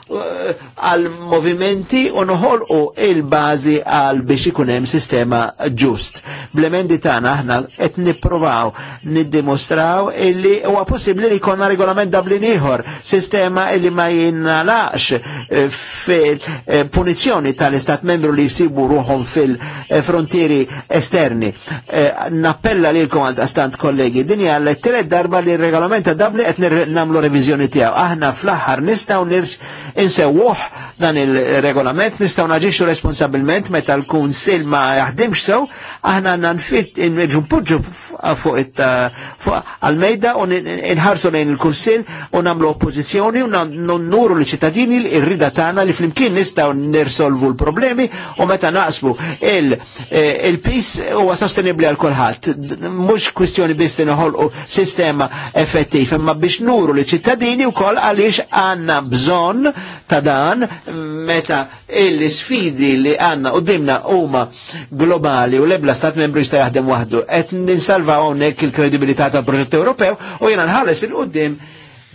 Eh, għal movimenti u noħolqu il-bazi għal biex ikun hemm sistema ġust. Blemendi tagħna aħna qed niprovaw, niddimostraw illi huwa possibbli li jkollna regolament Dublin ieħor, sistema illi ma jinnalax eh, fil-punizzjoni eh, tal-istat membru li jsibu ruħhom fil-frontieri esterni. Nappella l għal stant kollegi, Dinja l-tielet darba li r-regolament ta' et qed nagħmlu reviżjoni tiegħu. Aħna fl-aħħar nistgħu insewwuh dan il-regolament nistgħu naġixxu responsabilment meta l-kunsill ma jaħdimx sew aħna nanfit npoġġu fuq għal-mejda eh, u nħarsu lejn il-kunsill u nagħmlu oppożizzjoni u nuru l-ċittadini l-irrida tagħna li flimkien nistgħu nirsolvu l-problemi u meta naqsbu il-pis eh, huwa sostenibbli għal kulħadd. Mhux kwistjoni biss u sistema effettiv, imma biex nuru li ċittadini wkoll għaliex għandna bżonn ta' dan meta l-sfidi li għanna u dimna huma globali u lebla stat membru jista' jaħdem waħdu. Qed ninsalvaw hawnhekk il-kredibilità tal proġett Ewropew u jiena nħares il-qudiem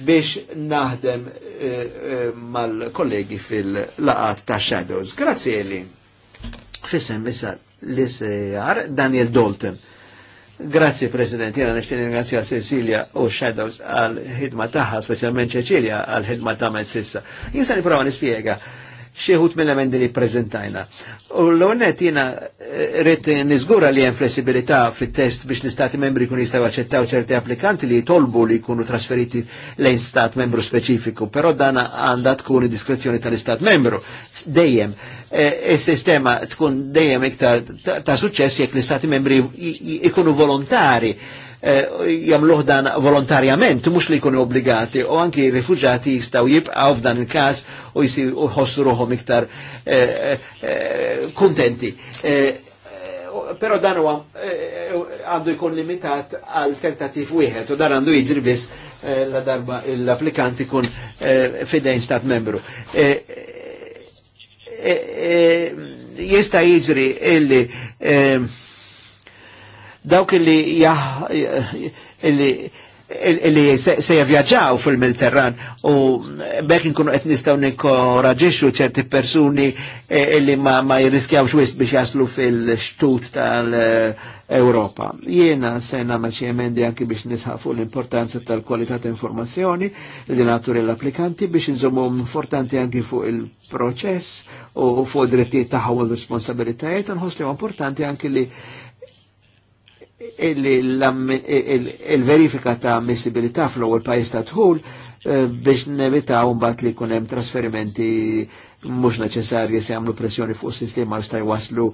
biex naħdem eh, eh, mal-kollegi fil-laqat ta' Shadows. Grazie li. Fissem issa l-isjar Daniel Dalton. Grazie President, jena nishtin ringrazzja Cecilia u Shadows għal-ħidma taħħa, specialment Cecilia għal-ħidma taħħa sissa. Jinsa niprofa nispiega xieħut mill-emendi li prezentajna. U l-onet jina eh, rrit nizgura li jen flessibilità fit-test biex l-istati membri kun jistaw accettaw ċerti applikanti li jitolbu li jkunu trasferiti lejn stat membru specifiku, però dana għanda tkun diskrezzjoni tal-istat membru. Dejjem, eh, il-sistema tkun dejjem iktar ta' suċess jekk l-istati membri ikunu volontari Eh, jamluħ dan volontarjament, mux li jkunu obbligati, u anki rifugġati jistgħu jibqaw f'dan il kas u jisi ħossu ruħhom iktar eh, eh, kuntenti pero dan u għandu jkun limitat għal tentativ wieħed u dan għandu jiġri la darba l applikanti kun fidejn stat membru. Jista' jiġri illi dawk li jah, illi illi se jivjaġaw fil milterran u bekk nkunu qed nistgħu nikkoraġixxu ċerti persuni eh, illi ma, ma jirriskjaw xwist biex jaslu fil-xtut tal-Europa. Jiena se nagħmel xi emendi anki biex nisħafu l-importanza tal-kwalità ta' informazzjoni li naturi l-applikanti biex inżommhom importanti anki fuq il-proċess u fuq drittijiet tagħhom u l-responsabilitajiet u nħossli importanti anki li il-verifika ta' ammissibilità fl-ewwel pajjiż ta' dħul eh, biex nevitaw mbagħad li jkun hemm trasferimenti mhux neċessarji se jagħmlu pressjoni fuq sistema għal jista' waslu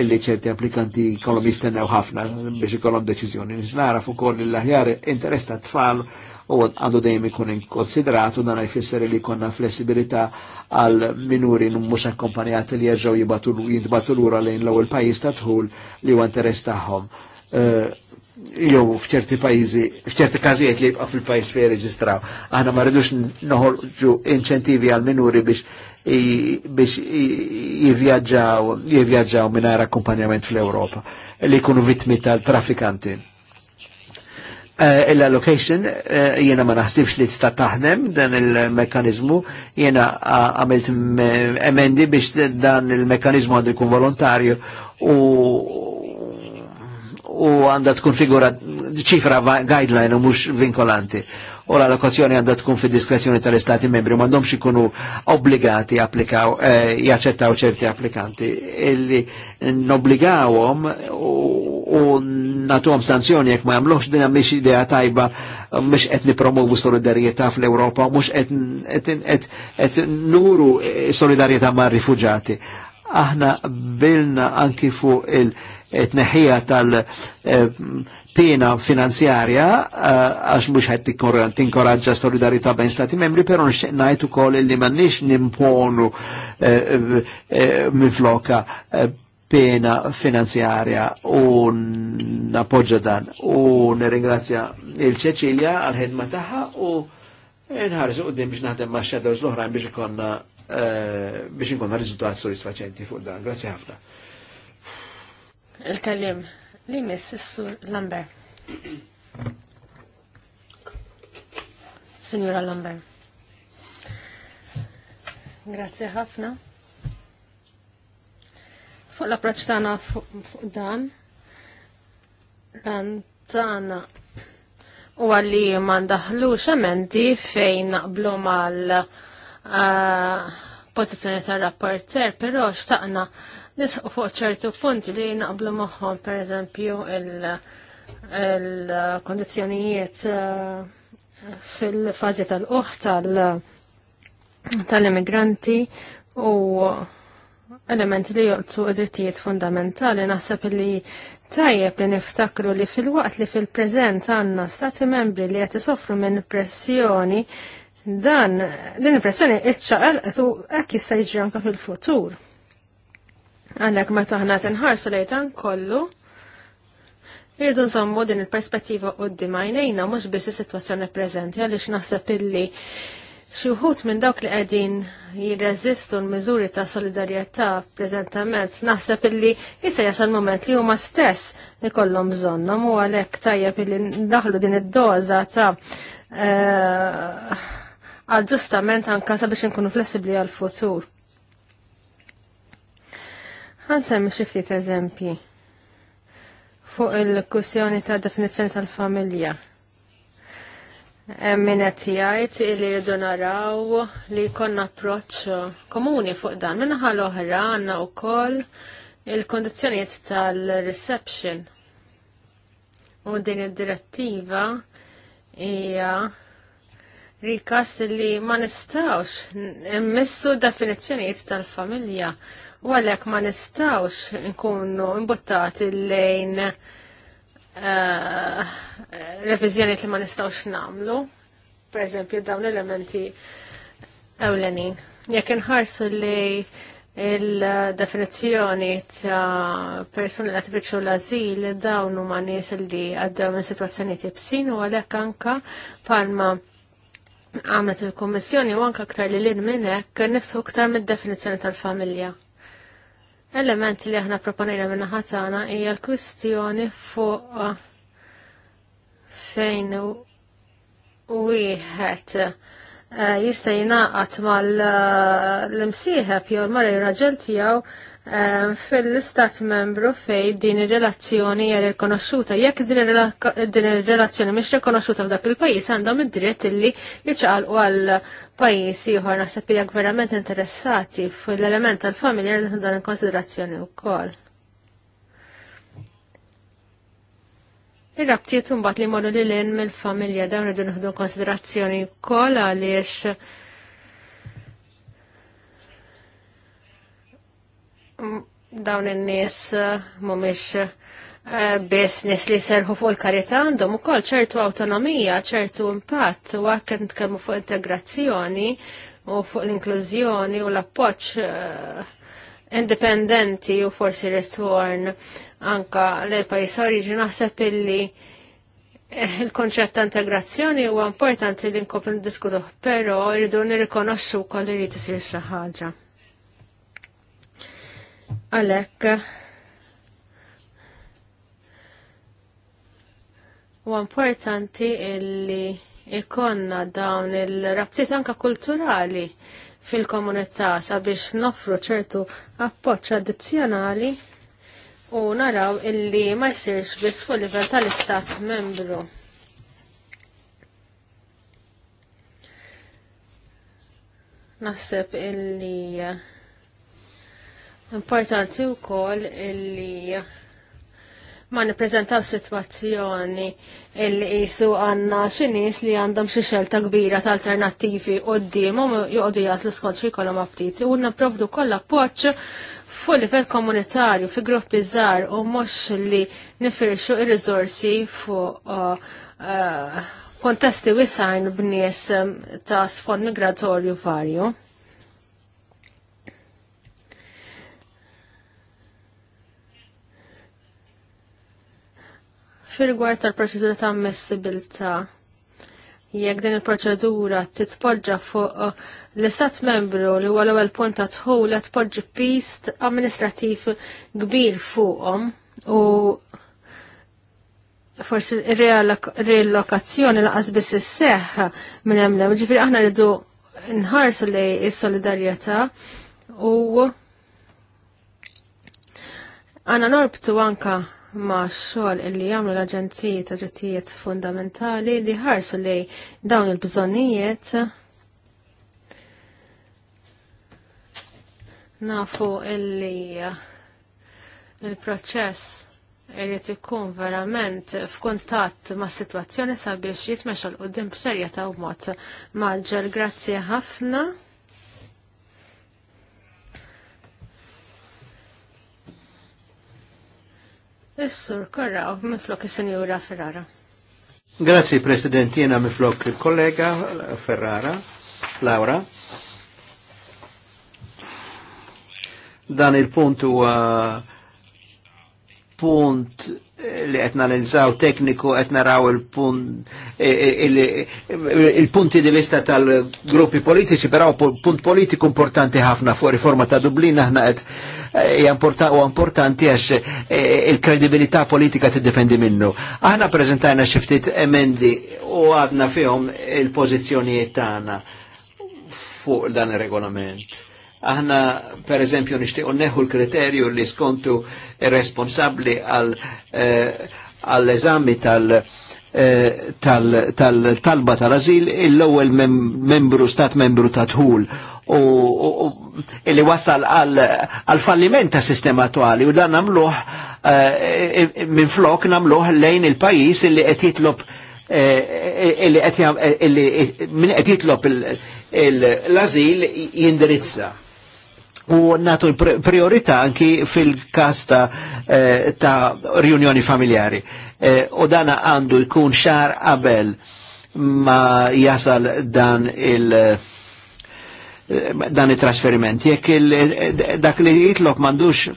illi ċerti applikanti jkollhom jistennew ħafna biex ikollhom deċiżjoni. Naraf ukoll l-aħjar interess ta' tfal u għandu dejjem ikun inkonsidratu dan jfisser li konna flessibilità għal minuri mhux akkompanjati li jerġgħu jibatu jintbatu lura lejn l-ewwel pajjiż ta' dħul li huwa interess tagħhom. Eh, jew f'ċerti pajjiżi, f'ċerti każijiet li jibqa' fil-pajjiż fejn jirreġistraw. Aħna ma rridux noħolġu inċentivi għal minuri biex biex jivvjaġġaw jivvjaġġaw mingħajr akkumpanjament fl-Ewropa li jkunu vittmi tal-traffikanti. Eh, Il-allocation eh, jiena ma naħsibx li tista' taħdem dan il-mekkaniżmu, jiena għamilt emendi biex dan il-mekkaniżmu għandu jkun volontarju u u għanda tkun figura ċifra guideline u mux vinkolanti. U l-allokazzjoni għanda tkun fi diskrezzjoni tal-Istati membri, ma domx ikunu obbligati applikaw, eh, jaċettaw ċerti applikanti. Illi n-obbligawom u natuħom sanzjoni jek ma jamlux dina mish idea tajba mish etni promovu solidarieta fl-Europa, mish et nuru eh, solidarieta ma' rifugjati Aħna bilna anki fuq il- etneħija tal-pena eh, finanzjarja eh, għax mux għed tinkoraġġa solidarita bejn stati membri, però nixtieq ngħid ukoll li m'għandniex nimponu eh, mifloka pena finanzjarja u napoġġa dan u nirringrazzja il-Ċeċilja għal-ħedma taħħa u nħarġu qudiem biex naħdem ma' shadows l-oħrajn biex ikonna biex ikonna rizultat soddisfaċenti fuq dan. Grazie ħafna. Il-kellim li miss Lambert. Signora Lambert. Grazie ħafna. Fuq l-approċ tagħna fuq dan, dan tagħna u għalli ma ndaħlux fejn naqblu mal uh, pożizzjoni tar-rapporter, però xtaqna nisqu fuq ċertu punti li naqblu magħhom pereżempju il kondizjonijiet eh, fil-fażi tal-uħ tal-immigranti u elementi li joqtu id-drittijiet fundamentali naħseb li Tajjeb li niftakru li fil-waqt li fil-preżent għanna stati membri li qed soffru minn pressjoni Dan, din impressjoni iċċaqal għetu għek jista' jiġri anka fil-futur. Għandek ma taħna tinħarsu lejtan kollu, Irridu nżommu din il-perspettiva u d-dimajnejna mux biss il-situazzjoni prezenti għalix naħseb illi xuħut minn dawk li għedin jirreżistu l-mizuri ta' solidarietà prezentament naħseb illi jista jasal moment li huma stess ikollhom bżonnhom u għalhekk tajjeb illi daħlu din id-doza ta' eh, għal ġustament kasa sabiex nkunu flessibli għal futur. Għansemmi xiftit eżempji fuq il-kussjoni ta' definizjoni tal-familja. Minnet jgħajt li jridu naraw li konna approċċ komuni fuq dan. Minna l-oħra għanna u koll il-kondizjoniet tal-reception. U din id-direttiva hija rikas li ma nistawx immissu definizzjonijiet tal-familja u għalhekk ma nistawx nkunu imbuttati lejn eh, revizjoniet li ma nistawx namlu, per eżempju dawn elementi ewlenin. Jekk inħarsu li il-definizjoni ta' persuni li għatibitxu l-azil dawn huma nies li għaddew minn situazzjoni tibsin u għalhekk anka palma għamlet il-Kommissjoni u anka aktar li l-in minnek nifsu aktar mid-definizjoni tal-familja. Element li aħna proponejna minna ħatana hija l-kwistjoni fuq fejn wieħed eh, jista' jingħaqad mal eh, l-imsieħeb jew l-mara raġel tiegħu Ehm, fil-istat membru fej din ir-relazzjoni hija rikonoxxuta. Jekk din ir-relazzjoni mhix rikonoxxuta f'dak il-pajjiż għandhom id-dritt illi u għal pajjiż ieħor naħseb jak verament interessati fil-element tal-familja li dan il konsiderazzjoni wkoll. Ir-rabtiet mbagħad li morru lil mill-familja dawn irdu nieħdu konsiderazzjoni wkoll għaliex dawn in-nies eh, mhumiex eh, business li serħu fuq il-karita għandhom ukoll ċertu awtonomija, ċertu impatt u għak kemmu fuq integrazzjoni u fuq l-inklużjoni u l-appoċ eh, indipendenti u forsi return anka l-pajis oriġi naħseb illi il-konċett ta' integrazzjoni huwa importanti li nkoplu diskutu però rridu nirrikonoxxu wkoll irid isir xi ħaġa. Għalhekk huwa importanti illi ikonna dawn il-rabtiet anka kulturali fil-komunità sabiex nofru ċertu appoġġ addizzjonali u naraw illi ma jsirx biss fuq livell tal-istat membru. Naħseb illi Importanti wkoll illi ma nippreżentaw sitwazzjoni illi qisu għandna xi nies li għandhom xi xelta kbira ta' alternattivi juqdu joqogħdu l skont xi jkollhom aptit u nipprovdu kolla appoġġ fuq livell komunitarju fi gruppi żgħar u mhux li nifirxu ir rizorsi fuq uh, uh, kontesti wisajn b'nies um, ta' sfond migratorju varju. Fil-gwar tal-proċedura ta' ammissibilità, jekk din il-proċedura titpoġġa fuq l-Istat membru li huwa l-ewwel punt ta' tħul tpoġġi pist amministrattiv kbir fuqhom u forsi rilokazzjoni laqas biss is-seħħ minn hemm ġifieri aħna rridu nħarsu li s-solidarjetà u għana norbtu anka ma' xogħol illi jagħmlu l-Aġenziji ta' Drittijiet Fundamentali li ħarsu li dawn il-bżonnijiet nafu illi il-proċess irid ikun verament f'kuntatt ma' situazzjoni sabiex jitmexxa l qudiem b'serjetà u mod maġġel. Grazzi ħafna. Is-sur korraw, miflok is-senjura Ferrara. Grazzi, President, jena miflok il-kollega Ferrara, Laura. Dan il-punt huwa punt li qed inżaw tekniku qed naraw il-punti di vista tal-gruppi politiċi, però punt politiku importanti ħafna fuq riforma ta' Dublin aħna għet eh, u importanti għax eh, il-kredibilità politika dependi minnu. Aħna preżentajna xi ftit emendi u għadna fihom il-pożizzjonijiet tagħna fuq dan ir-regolament Aħna, per eżempju, nishtiqu neħu l-kriterju li skontu responsabli għall-eżami eh, tal- eh, tal-talba tal-azil il-lowel membru, stat membru ta' tħul u li wasal għal falliment ta' sistema attuali u dan namluħ eh, minn flok namluħ lejn il-pajis illi qed jitlob illi qed jitlob l-azil jindirizza u natu l anki fil kasta ta', eh, riunjoni familjari. Eh, u dana għandu jkun xar qabel ma jasal dan il- eh, dan il-trasferiment. Jekk il, dak li jitlok mandux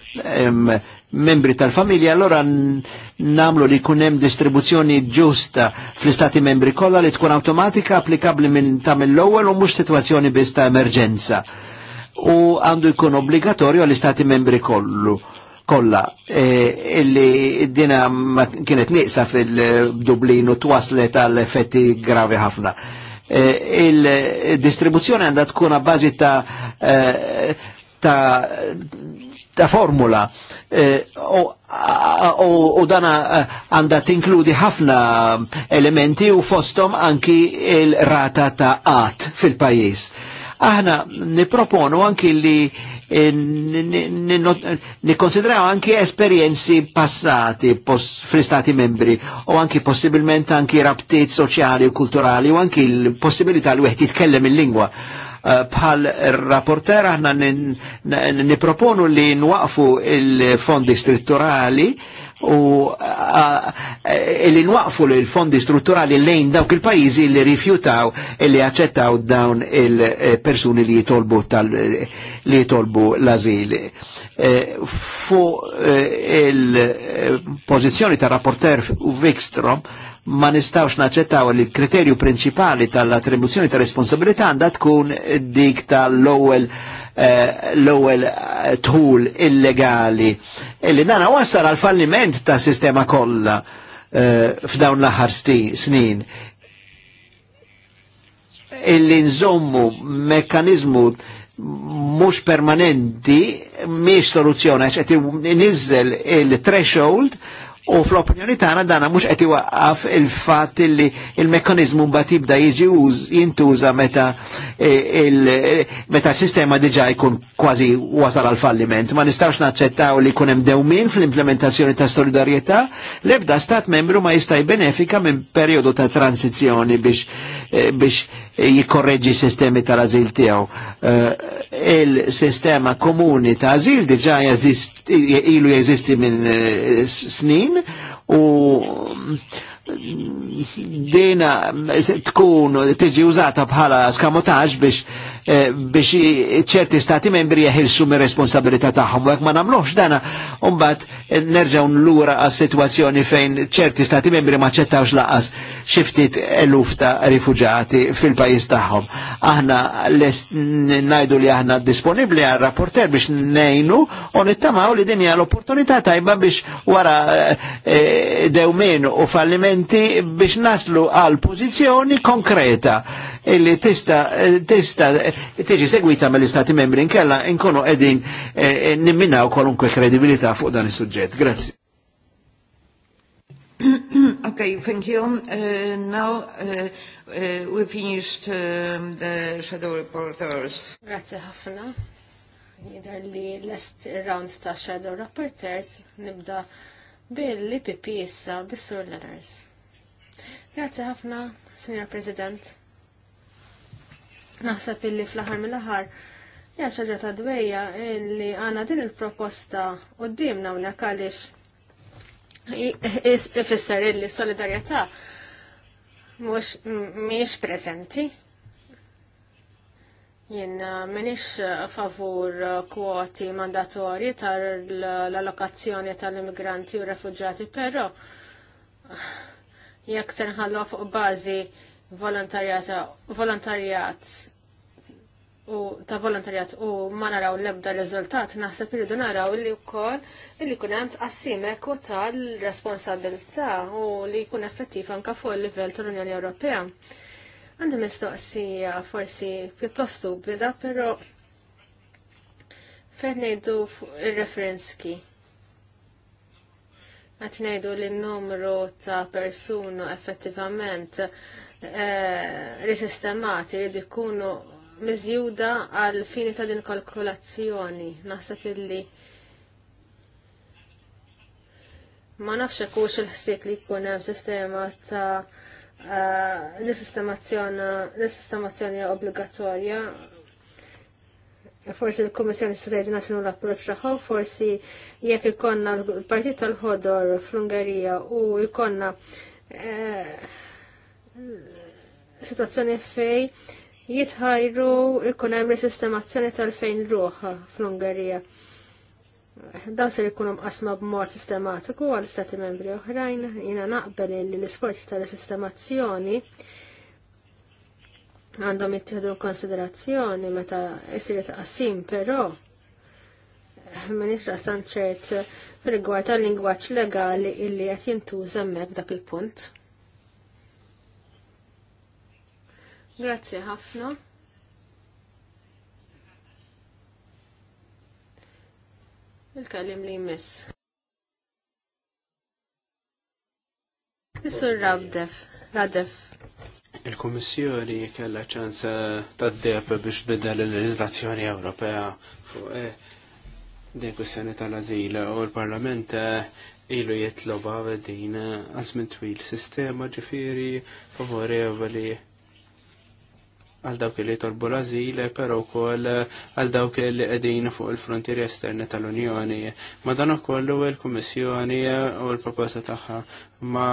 membri tal-familja, allora namlu li kunem distribuzzjoni ġusta fl-istati membri kollha li tkun automatika applikabli minn tam l ewwel u mhux sitwazzjoni bista ta' emerġenza u għandu jkun obbligatorju għall-istati membri kollu kolla e, illi dina kienet niqsa fil-Dublinu twaslet għal effetti gravi ħafna. E, Il-distribuzzjoni għandha tkun a bażi ta' e, ta' ta' formula e, u dana għanda tinkludi ħafna elementi u fostom anki il-rata ta' għat fil-pajis. Aħna niproponu anki li eh, nikonsidraw anki esperienzi passati fristati membri u anki possibilment anki rabtiet soċjali u kulturali u anki l-possibilità li weħti jitkellem il-lingwa eh, bħal rapporter aħna niproponu li nwaqfu il-fondi strutturali u li nwaqfu l fondi strutturali lejn dawk il-pajizi li rifjutaw li accettaw dawn il-persuni li jitolbu tal li jitolbu l-azil. E, fu e, il-pozizjoni ta' rapporter Wikstrom ma nistawx naċċettaw li kriterju principali tal-attribuzzjoni ta' responsabilità għandha tkun dik tal-ewwel Eh, l-ewwel eh, tħul illegali illi nana wassal għal falliment ta' sistema kollha eh, f'dawn l-aħħar snin illi nżommu mekkaniżmu mhux permanenti miex soluzzjoni għax qed il-threshold U fl-opinjoni tagħna dana mhux qed iwaqqaf il-fatt li il-mekkaniżmu mbagħad jibda jiġi jintuża meta e, meta sistema diġà jkun kważi wasal għal falliment. Ma nistgħux naċċettaw li jkun hemm dewmin fl-implementazzjoni ta' solidarjetà l-ebda stat membru ma jista' jbenefika minn perjodu ta' transizzjoni biex e, biex jikkorreġġi sistemi tal-ażil tiegħu. Uh, il-sistema komuni ta' azil diġa ilu jeżisti minn eh, snin u mm, dina eh, tkun tiġi użata bħala skamotaġ biex eh, biex ċerti stati membri jeħilsu mir responsabilità tagħhom u jekk ma namluħx dana mbagħad nerġaw n-lura għas situazzjoni fejn ċerti stati membri ma ċettawx laqas xiftit eluf ta' rifugġati fil-pajis tagħhom. Aħna najdu li aħna disponibli għal rapporter biex nejnu u nittamaw li dinja l-opportunità tajba biex wara eh, eh, dewmin u fallimenti biex naslu għal pożizzjoni konkreta illi tista eh, tista eh, tiġi segwita mill-Istati membri nkella nkunu edin eh, eh nimminaw kolunkwe kredibilità fuq dan is sujġet Grazie. okay, thank you. Um, uh, now uh, uh, we finished um, the shadow reporters. Grazie ħafna. Either li last round ta' shadow reporters nibda billi pipi issa bis-sur letters. Grazie ħafna, Signor President. Naħseb illi fl-aħħar mill-aħħar hija xaġa ta' dwejja illi għana din il-proposta qudiemna hawnhekk u għaliex ifisser illi solidarjetà mhux mhijiex prezenti. Jien m'iniex favur kwoti mandatorji tal-allokazzjoni tal-immigranti u refuġjati, però jekk se senħallu fuq bażi volontarjat u ta' volontarjat u ma naraw l-ebda riżultat naħseb irridu naraw li wkoll li jkun hemm tqassimek u tal-responsabilità u li jkun effettiv anke fuq il-livell tal-Unjoni Ewropea. Għandi mistoqsija forsi pjuttost stupida, però fejn ngħidu ir-referenski. Qed ngħidu li n-numru ta' persuna effettivament Eh, risistemati li dikunu miżjuda għal fini ta' din kalkulazzjoni. Naħseb illi ma nafx hekk il-ħsieb li jkun hemm sistema ta' l-sistemazzjoni eh, obbligatorja forsi l-Komissjoni s-sedajna xinu l-approċ taħħom, forsi jekk ikonna l-Partit tal-ħodor fl-Ungerija u ikonna eh, situazzjoni fej jitħajru ikun hemm resistemazzjoni tal-fejn ruħ fl-Ungerija. Dan ser ikunu mqasma b'mod sistematiku għal stati membri oħrajn, jiena naqbel li l-isforzi tal-sistemazzjoni għandhom jittieħdu konsiderazzjoni meta jsir taqsim, però ministra ċert rigward tal-lingwaġġ legali illi qed jintuża hemmhekk dak il-punt. Grazzi ħafna. Il-kallim li jmiss. Missur Radef, Radef. Il-Kommissjoni kella ċansa eh, ta' d-deb biex bidda il-legislazzjoni Ewropea fuq eh, din kussjoni tal-azil u l-Parlament eh, ilu jitloba din għazmin twil sistema ġifiri favorevoli għal dawk li torbu l-azil, pero wkoll għal dawk li qegħdin fuq il-frontieri esterni tal-Unjoni. Ma dan ukoll il-Kummissjoni u l-proposta tagħha ma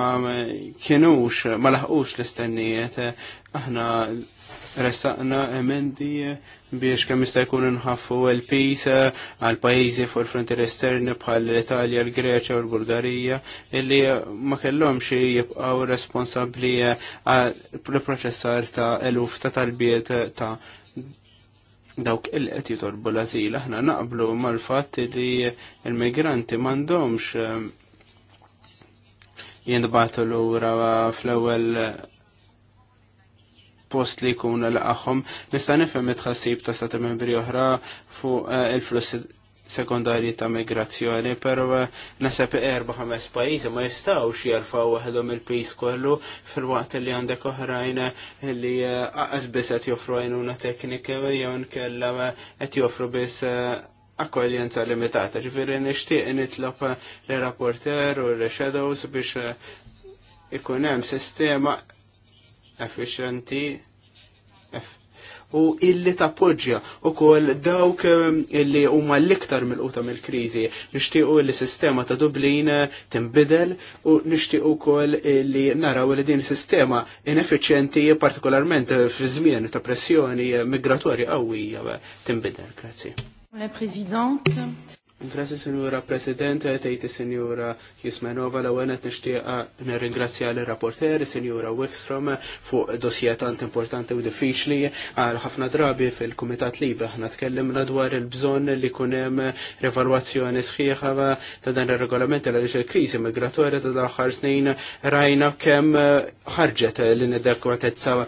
kienux, ma laħqux l-istennijiet aħna ressaqna emendi biex kemm jista' jkun inħaffu l-pis eh, għal pajjiżi fuq il-frontier esterni bħal l-Italja, l-Greċja u l-Bulgarija illi ma kellhomx jibqgħu responsabbli eh, għal proċessar ta' eluf ta' talbiet ta' dawk il qed jitolbu l-azil. Aħna naqblu mal-fatt li l-migranti m'għandhomx eh, jinbatu lura fl-ewwel post li jkun l-aħħom, Nista' nifhem it-tħassib ta' stati membri oħra fuq eh, il-fluss sekundarji ta' migrazzjoni, pero eh, nasab erba ħames pajjiżi ma jistgħux jerfgħu waħedhom il-pis kollu fil-waqt li għandek oħrajn li aqas eh, biss qed joffru għajnuna teknika jew nkella qed joffru biss akkoljenza limitata. Ġifieri nixtieq nitlob l-rapporter u l-shadows biex ikun hemm sistema efficienti u illi tappoġġja u kol dawk ehm, illi huma l-iktar mill-quta mill-krizi. Nixtiequ li sistema ta' Dublin eh, timbidel u nixtiequ kol illi naraw li din sistema ineffiċenti partikolarment fi żmien ta' pressjoni migratorja qawwija eh, timbidel. Grazie. Grazie Sinjura Presidente, tejti sinjura Jismenova, la għenet nishtiqa nirringrazzja l rapporter Sinjura Wickstrom fuq dossier tant importanti u diffiċli għal ħafna drabi fil-Kumitat Libe. Ħna tkellimna dwar il-bżon li kunem revaluazzjoni sħiħa ta' dan il-regolament l il-krizi migratorja ta' daħħar snin rajna kemm ħarġet l-inadekwatezza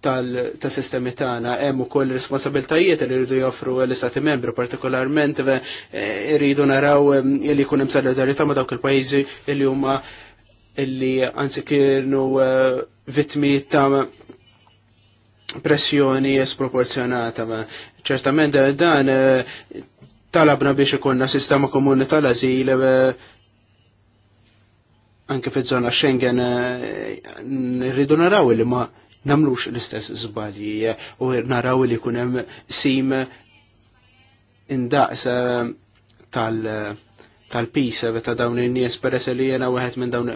ta' sistemi tagħna hemm ukoll responsabiltajiet li rridu joffru l-istati membri partikolarment eh, rridu naraw li jkun hemm solidarità ma' dawk il-pajjiżi li huma li anzi kienu eh, vittmi ta' pressjoni sproporzjonata. Ċertament eh, dan talabna biex ikunna sistema komuni tal-azil anke fiż Schengen rridu naraw li ma' namlux l-istess zbalji u naraw li kunem sim indaqs eh, tal- tal-pisa eh, ta' dawn in-nies peress li jena wieħed minn dawn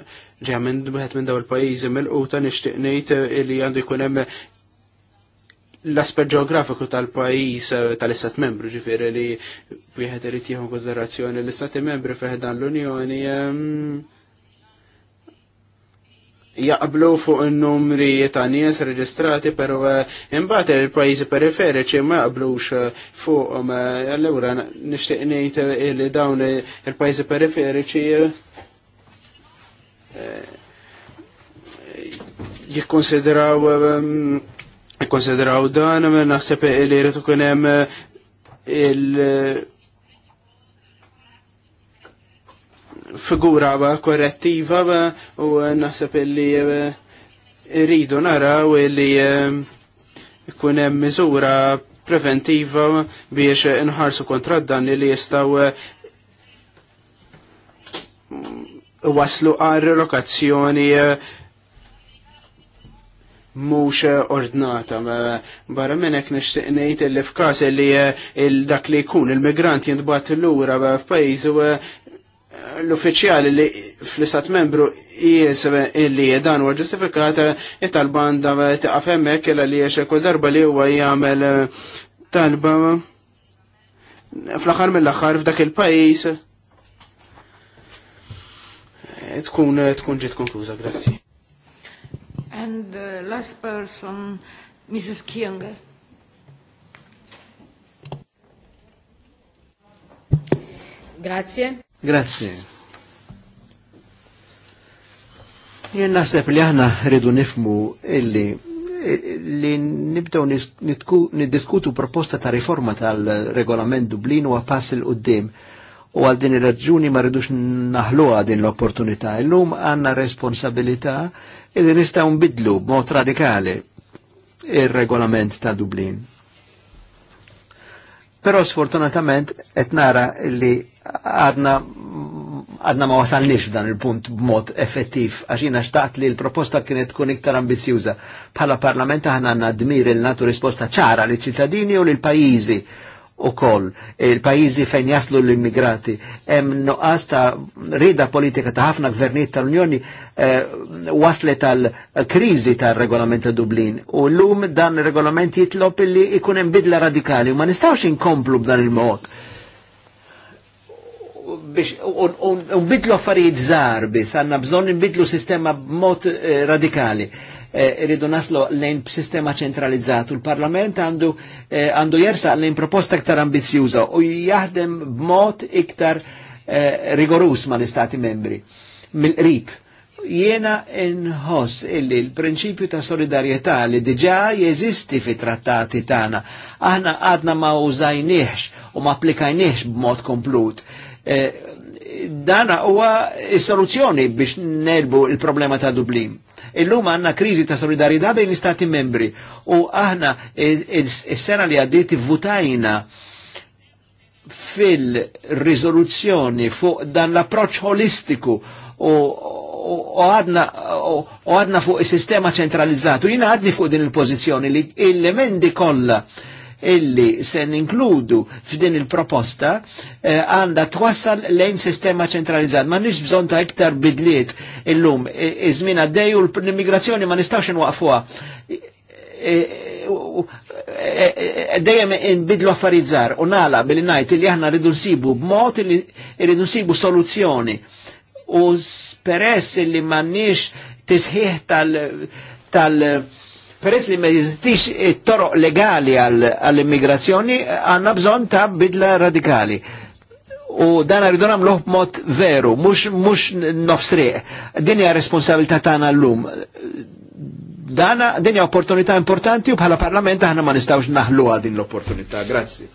ġew minn wieħed minn dawn il-pajjiżi mill-quta nixtieq ngħid eh, li għandu jkun hemm l aspett ġeografiku tal pajjiż tal-istat membru ġifieri li wieħed irid jieħu konsiderazzjoni l-istati membri fih dan l-Unjoni ehm, jaqblu fuq il-numri ta' nies reġistrati, pero eh, imbagħad il-pajjiżi periferiċi ma jaqblux eh, fuq eh, allura nixtieq ngħid li dawn il-pajjiżi periferiċi jikkonsidraw jikkonsidraw dan naħseb li jrid ikun hemm il- figura korrettiva u naħseb illi eh, rridu u illi eh, ikun hemm miżura preventiva biex inħarsu kontra dan li jistaw eh, waslu għar lokazzjoni mux ordnata. Barra minnek nishtiq nejt li f'kas li dak li jkun il-migrant jindbat l-ura f'pajizu l-uffiċjali li fl-istat membru jisem illi dan huwa ġustifikat it-talbanda tiqaf hemmhekk illa li jiex kull darba li huwa jagħmel eh, talba fl-aħħar mill-aħħar f'dak il-pajjiż. Eh, tkun eh, tkun ġiet konkluża, grazzi. And the uh, last person, Mrs. Kienga. Grazie. Grazie. Jien naħseb li aħna rridu nifmu illi li nibdew niddiskutu proposta ta' riforma tal-regolament Dublin huwa pass il qudiem u għal din ir-raġuni ma rridux naħluha din l-opportunità. Illum għandna responsabilità illi nistgħu nbidlu b'mod radikali ir-regolament ta' Dublin. Però sfortunatament qed nara li għadna għadna ma wasalniex dan il-punt b'mod effettiv, għax jina xtaqt li l-proposta kienet tkun iktar ambizjuża. Bħala parlament aħna għandna dmir il-natu risposta ċara li ċittadini u l pajjiżi u koll, il-pajizi fejn jaslu l-immigrati, hemm noqas ta' rida politika ta' ħafna gvernijiet tal-Unjoni eh, waslet tal-krizi tal-regolament ta' Dublin. U l-lum dan il-regolament jitlob li ikun hemm bidla radikali u ma nistawx inkomplu b'dan il-mod biex unbidlu affarijiet żgħar biss għandna bżonn nbidlu sistema b'mod eh, radikali. Eh, Rridu naslu lejn sistema ċentralizzat u l-Parlament għandu eh, għandu jersa lejn proposta iktar ambizjuża u jaħdem b'mod iktar rigorus mal-Istati membri mill-qrib. Jiena nħoss illi l-prinċipju ta' solidarietà li diġa jeżisti fi trattati tagħna. Aħna għadna ma użajniex u ma applikajniex b'mod komplut. Eh, dana huwa soluzzjoni biex nelbu il-problema ta' Dublin. Illum għanna krizi ta' solidarità bejn l-Istati membri u aħna is-sena li għaddiet votajna fil-rizoluzzjoni fuq dan l-approċ holistiku u għadna fuq il-sistema ċentralizzatu. Jina għadni fuq din il-pozizjoni li il-lemendi kolla illi se ninkludu f'din il-proposta eh, għanda twassal lejn sistema ċentralizzat. Ma nix bżon ta' iktar bidliet illum. Iżmin għaddej u l-immigrazzjoni ma nistax nwaqfuha. Dejjem inbidlu affarizzar u nala billi ngħid li aħna rridu nsibu b'mod li rridu nsibu soluzzjoni. U peress li ma nix tisħiħ tal- tal- peress li ma jizdix it-toroq legali għall immigrazjoni għanna bżon ta' bidla radikali. U dan rridu nagħmluh b'mod veru, mux, mhux nofsriq. Din hija responsabilità tagħna llum. Dana din hija opportunità importanti u bħala Parlament aħna ma nistgħux naħlu din l-opportunità. Grazzi.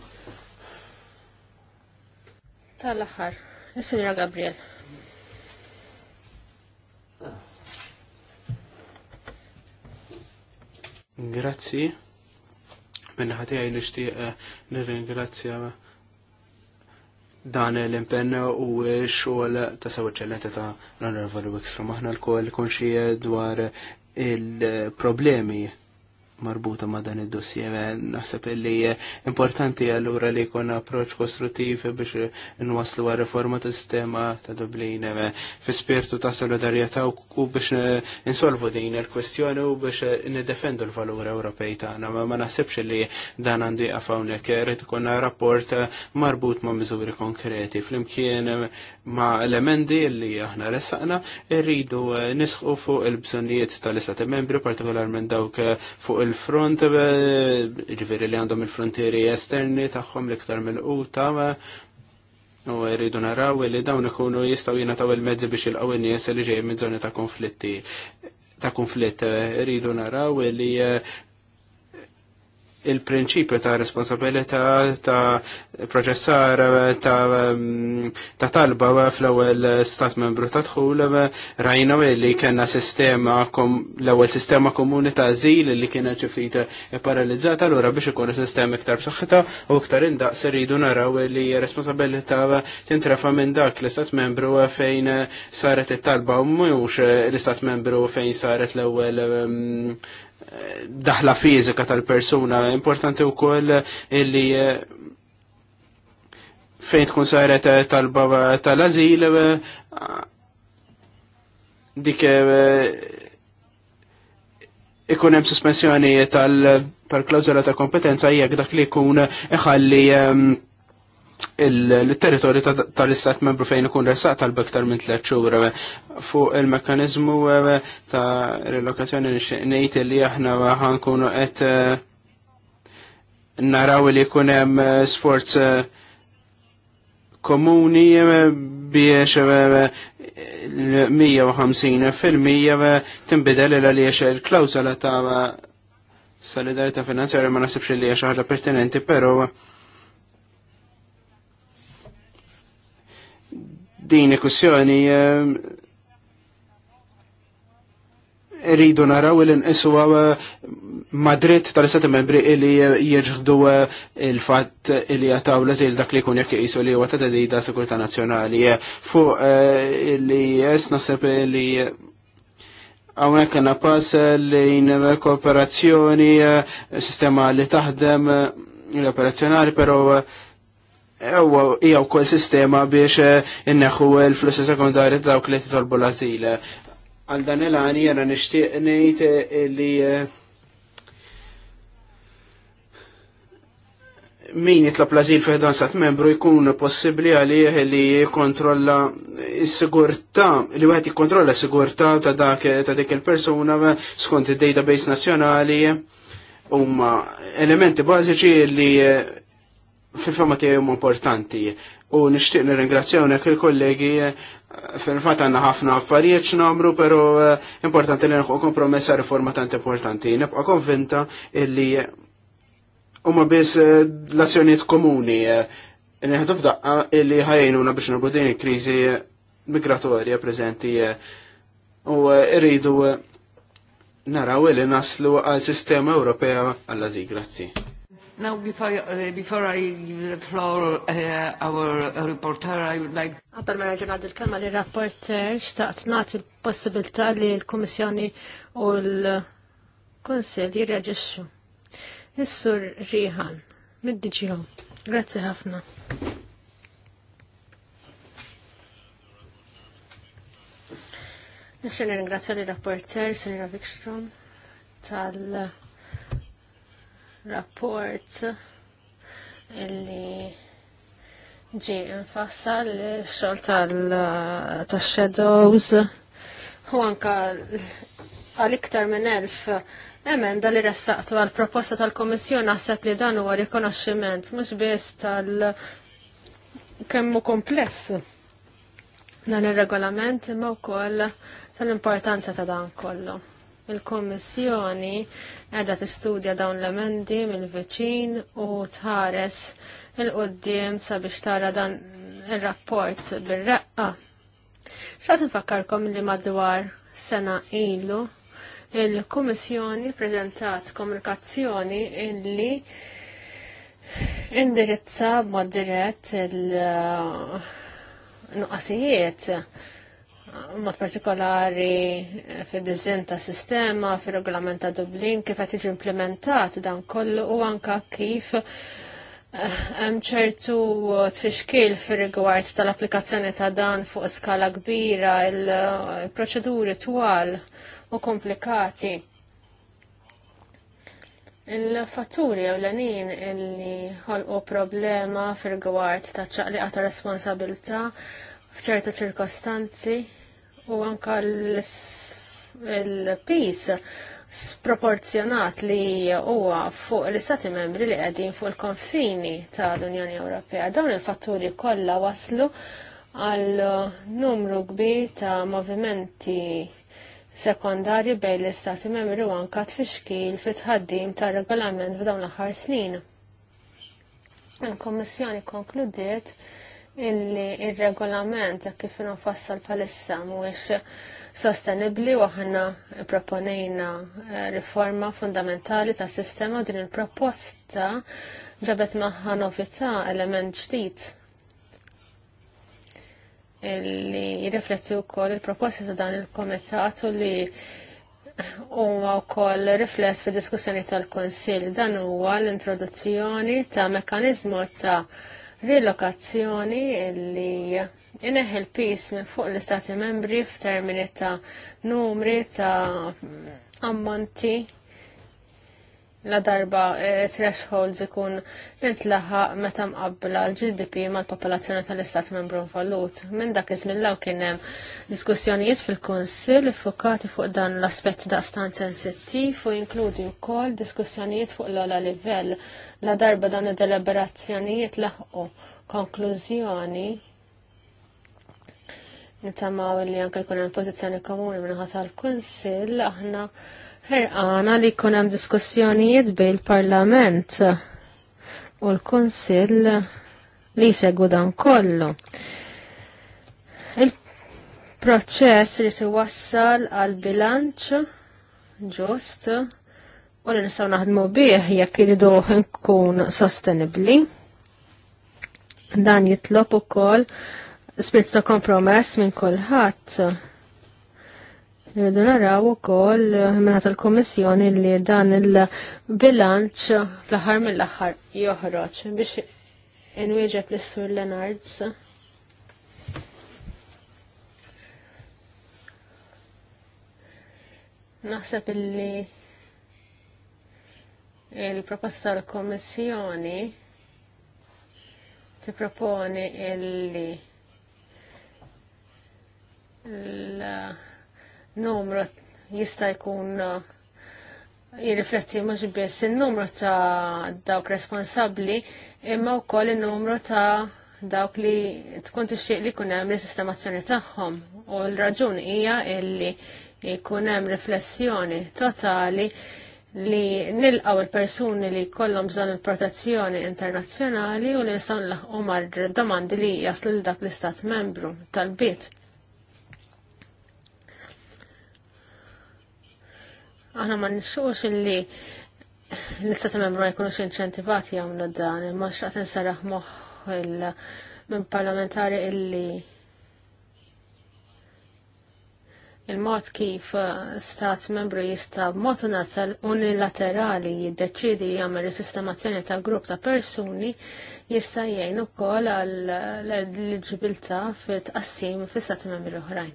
Tal-aħħar, is-Sinjora Gabriel. Grazzi. Minna ħatijaj nishtiq eh, nirringrazzja dan l-impenn u xogħol ta' sew eċċellenti ta' l onorvalu Wikstrom. maħna l-koll konxie dwar il-problemi marbuta ma' dan id-dossier. Naħseb li importanti allura li jkun approċ kostruttiv biex nwaslu għal reforma ta' sistema ta' Dublin eh, fi spirtu ta' solidarjetà u biex insolvu din il-kwestjoni u biex nidefendu l-valur Ewropej tagħna. Ma naħsibx li dan għandi għafawnek rrid ikun rapport marbut ma' miżuri konkreti. Flimkien ma' elementi li aħna ressaqna irridu nisħu fuq il-bżonnijiet tal-istati membri, partikolarment dawk fuq il fil-front, ġifiri li għandhom il-frontieri esterni tagħhom l-iktar mill-quta, u rridu naraw li dawn ikunu jistgħu jingħataw il-mezzi biex il-qaw nies li ġej minn zoni ta' konflitti ta' konflitt rridu naraw li il-prinċipju ta' responsabilità ta' proċessar ta', um, ta talba fl-ewwel stat membru ta' dħul rajna li kena sistema l-ewwel sistema komuni ta' żil li kienet xi paralizzata allura biex ikun sistema iktar b'saħħitha u iktar indaqs iridu naraw li responsabilità tintrefa minn dak l-istat membru fejn saret it-talba u mhux l-istat membru fejn saret l-ewwel um, daħla fizika tal-persuna. Importanti u koll illi eh, fejn tkun saret eh, tal-baba tal-azil eh, dik ikun hemm sospensjoni tal-klawżola ta' kompetenza jekk dak li jkun iħalli il-territorju tal-istat membru fejn ikun resaq tal-bektar minn tliet xhur fuq il-mekkaniżmu eh, ta' relokazzjoni ngħid li aħna ħankunu qed eh, naraw li jkun hemm eh, sforz komuni biex 150 fil-mija timbidel għaliex il-klawzola ta' solidarita finanzjarja ma nasibx li hija xi ħaġa pertinenti, però din il-kussjoni eh, rridu naraw il inqisu għaw eh, Madrid tal istat membri illi eh, jirġdu il-fat illi jataw l-azil dak li kun jek jisu li għata d-dida sekurta nazjonali fuq illi jess nasib illi għawnek għanna pass lejn kooperazzjoni, sistema li taħdem l-operazzjonali, pero hija wkoll sistema biex eh, inneħħu l-flussi sekundari dawk li titolbu l-azil. Għal dan il-għani jena nixtieq ngħid eh, li eh, min jitlob l-azil fi sat membru jkun possibbli għalih li jikkontrolla s-sigurtà li wieħed jikkontrolla s-sigurtà ta' dak ta' dik il-persuna skont id-database nazzjonali huma elementi bażiċi li fil-fema tiegħi huma importanti. U nixtieq nek il-kollegi eh, fil-fatt għandna ħafna affarijiet namru, pero eh, importanti li nħu kompromessa riforma tant importanti. Nibqa' konvinta illi huma biss eh, l-azzjonijiet komuni Nħedu f'daqqa illi ħajjnuna biex nirbu din il-kriżi migratorja preżenti u rridu naraw illi naslu għal sistema Ewropea għall-azil. Grazzi. Now, before, uh, before I give the floor uh, our reporter, I would like... Għabbar mela ġenad il kalma li rapporter xtaqt il possibilta li l-Komissjoni u l-Konsil jirreġiċu. is Rihan, mid Grazie ħafna. Nixxen ringrazzja li rapporter, Selina Wikstrom, tal- rapport illi ġi infassal xol tal-shadows u anka għal-iktar minn elf emenda li ressaqtu għal-proposta tal-Komissjon naħseb li dan huwa rikonoxximent mhux biss tal- kemmu kompless dan ir-regolament imma wkoll tal-importanza ta' dan kollu. Il-Kommissjoni għedha tistudja dawn l-emendi mill-veċin u tħares il-qoddim sabiex tara dan il-rapport bil-reqqa. Xat nfakkarkom li madwar sena ilu il-Kommissjoni prezentat komunikazzjoni illi indirizza b'mod dirett il-nuqqasijiet mod partikolari eh, fil dizzin ta' sistema, fil-regolament ta' Dublin, kif qed implementat dan kollu u anka kif eh, hemm ċertu tfixkil fir-rigward tal-applikazzjoni ta' dan fuq skala kbira, il-proċeduri twal u komplikati. Il-fatturi ewlenin illi ħolqu problema fir-rigward ta' ċaqliqa ta' responsabilta' f'ċerta ċirkostanzi u anka l-pis sproporzjonat li huwa fuq l-istati membri li qegħdin fuq il-konfini tal-Unjoni Ewropea. Dawn il-fatturi kollha waslu għal numru kbir ta' movimenti sekondarji bejn l-istati membri u anka tfixkil fit tħaddim ta' regolament f'dawn l-aħħar snin. Il-Kommissjoni konkludiet illi il-regolament kif fassal palissa mhuwiex sostenibli waħna aħna proponejna eh, riforma fundamentali ta' sistema din il-proposta ġabet maħħa novità element ġdid illi jirrifletti wkoll il-proposta ta' dan il-komitat li huwa wkoll rifless fi diskussjoni tal-Konsil dan huwa l-introduzzjoni ta' mekkaniżmu ta' rilokazzjoni li jeneħ il-pis minn fuq l-Istati membri f'termini ta' numri ta' ammonti la darba eh, thresholds ikun nitlaħa meta mqabbla l-GDP mal-popolazzjoni tal-Istat membru involut. Minn dak iż-żmien kien hemm diskussjonijiet fil-Kunsill iffukati fuq dan l-aspett daqstan sensittiv u jinkludi wkoll diskussjonijiet fuq l-ola livell la darba dawn id-deliberazzjonijiet laħqu konklużjoni nitamaw li anke jkun hemm pożizzjoni komuni minħata tal-Kunsill aħna ħerqana li jkun hemm diskussjonijiet bejn il-Parlament u l-Kunsill li jsegwu dan kollu. Il-proċess li iwassal għal bilanċ ġust u li nistgħu naħdmu bih jekk iridu nkun sostenibbli. Dan jitlob ukoll spirit ta' kompromess minn kulħadd Rridu naraw ukoll eh, minna tal komissjoni li dan il-bilanċ fl-aħħar mill-aħħar joħroġ biex inwieġeb l sur Lenards. Naħseb illi il-proposta tal-Kommissjoni proponi illi l numru jista' jkun eh, jirrifletti mhux biss in-numru ta' dawk responsabbli imma wkoll in-numru ta' dawk li tkun tixtieq li jkun hemm l-sistemazzjoni tagħhom u l-raġun hija illi jkun hemm riflessjoni totali li nilqaw il-persuni li kollhom bżonn il-protezzjoni internazzjonali u li nistgħu nlaħqu mar domandi li jaslu l dak l-istat membru tal-bit. Aħna ma nixxux illi l-istati membru ma jkunux inċentivati jagħmlu dan, imma xaqt nsarraħ moħħ minn parlamentari illi il-mod kif uh, stat membru jista b'mod unilaterali jiddeċidi jagħmel sistemazzjoni ta' grupp ta' persuni jista' jgħin ukoll għal l fit-tqassim fi istati membri oħrajn.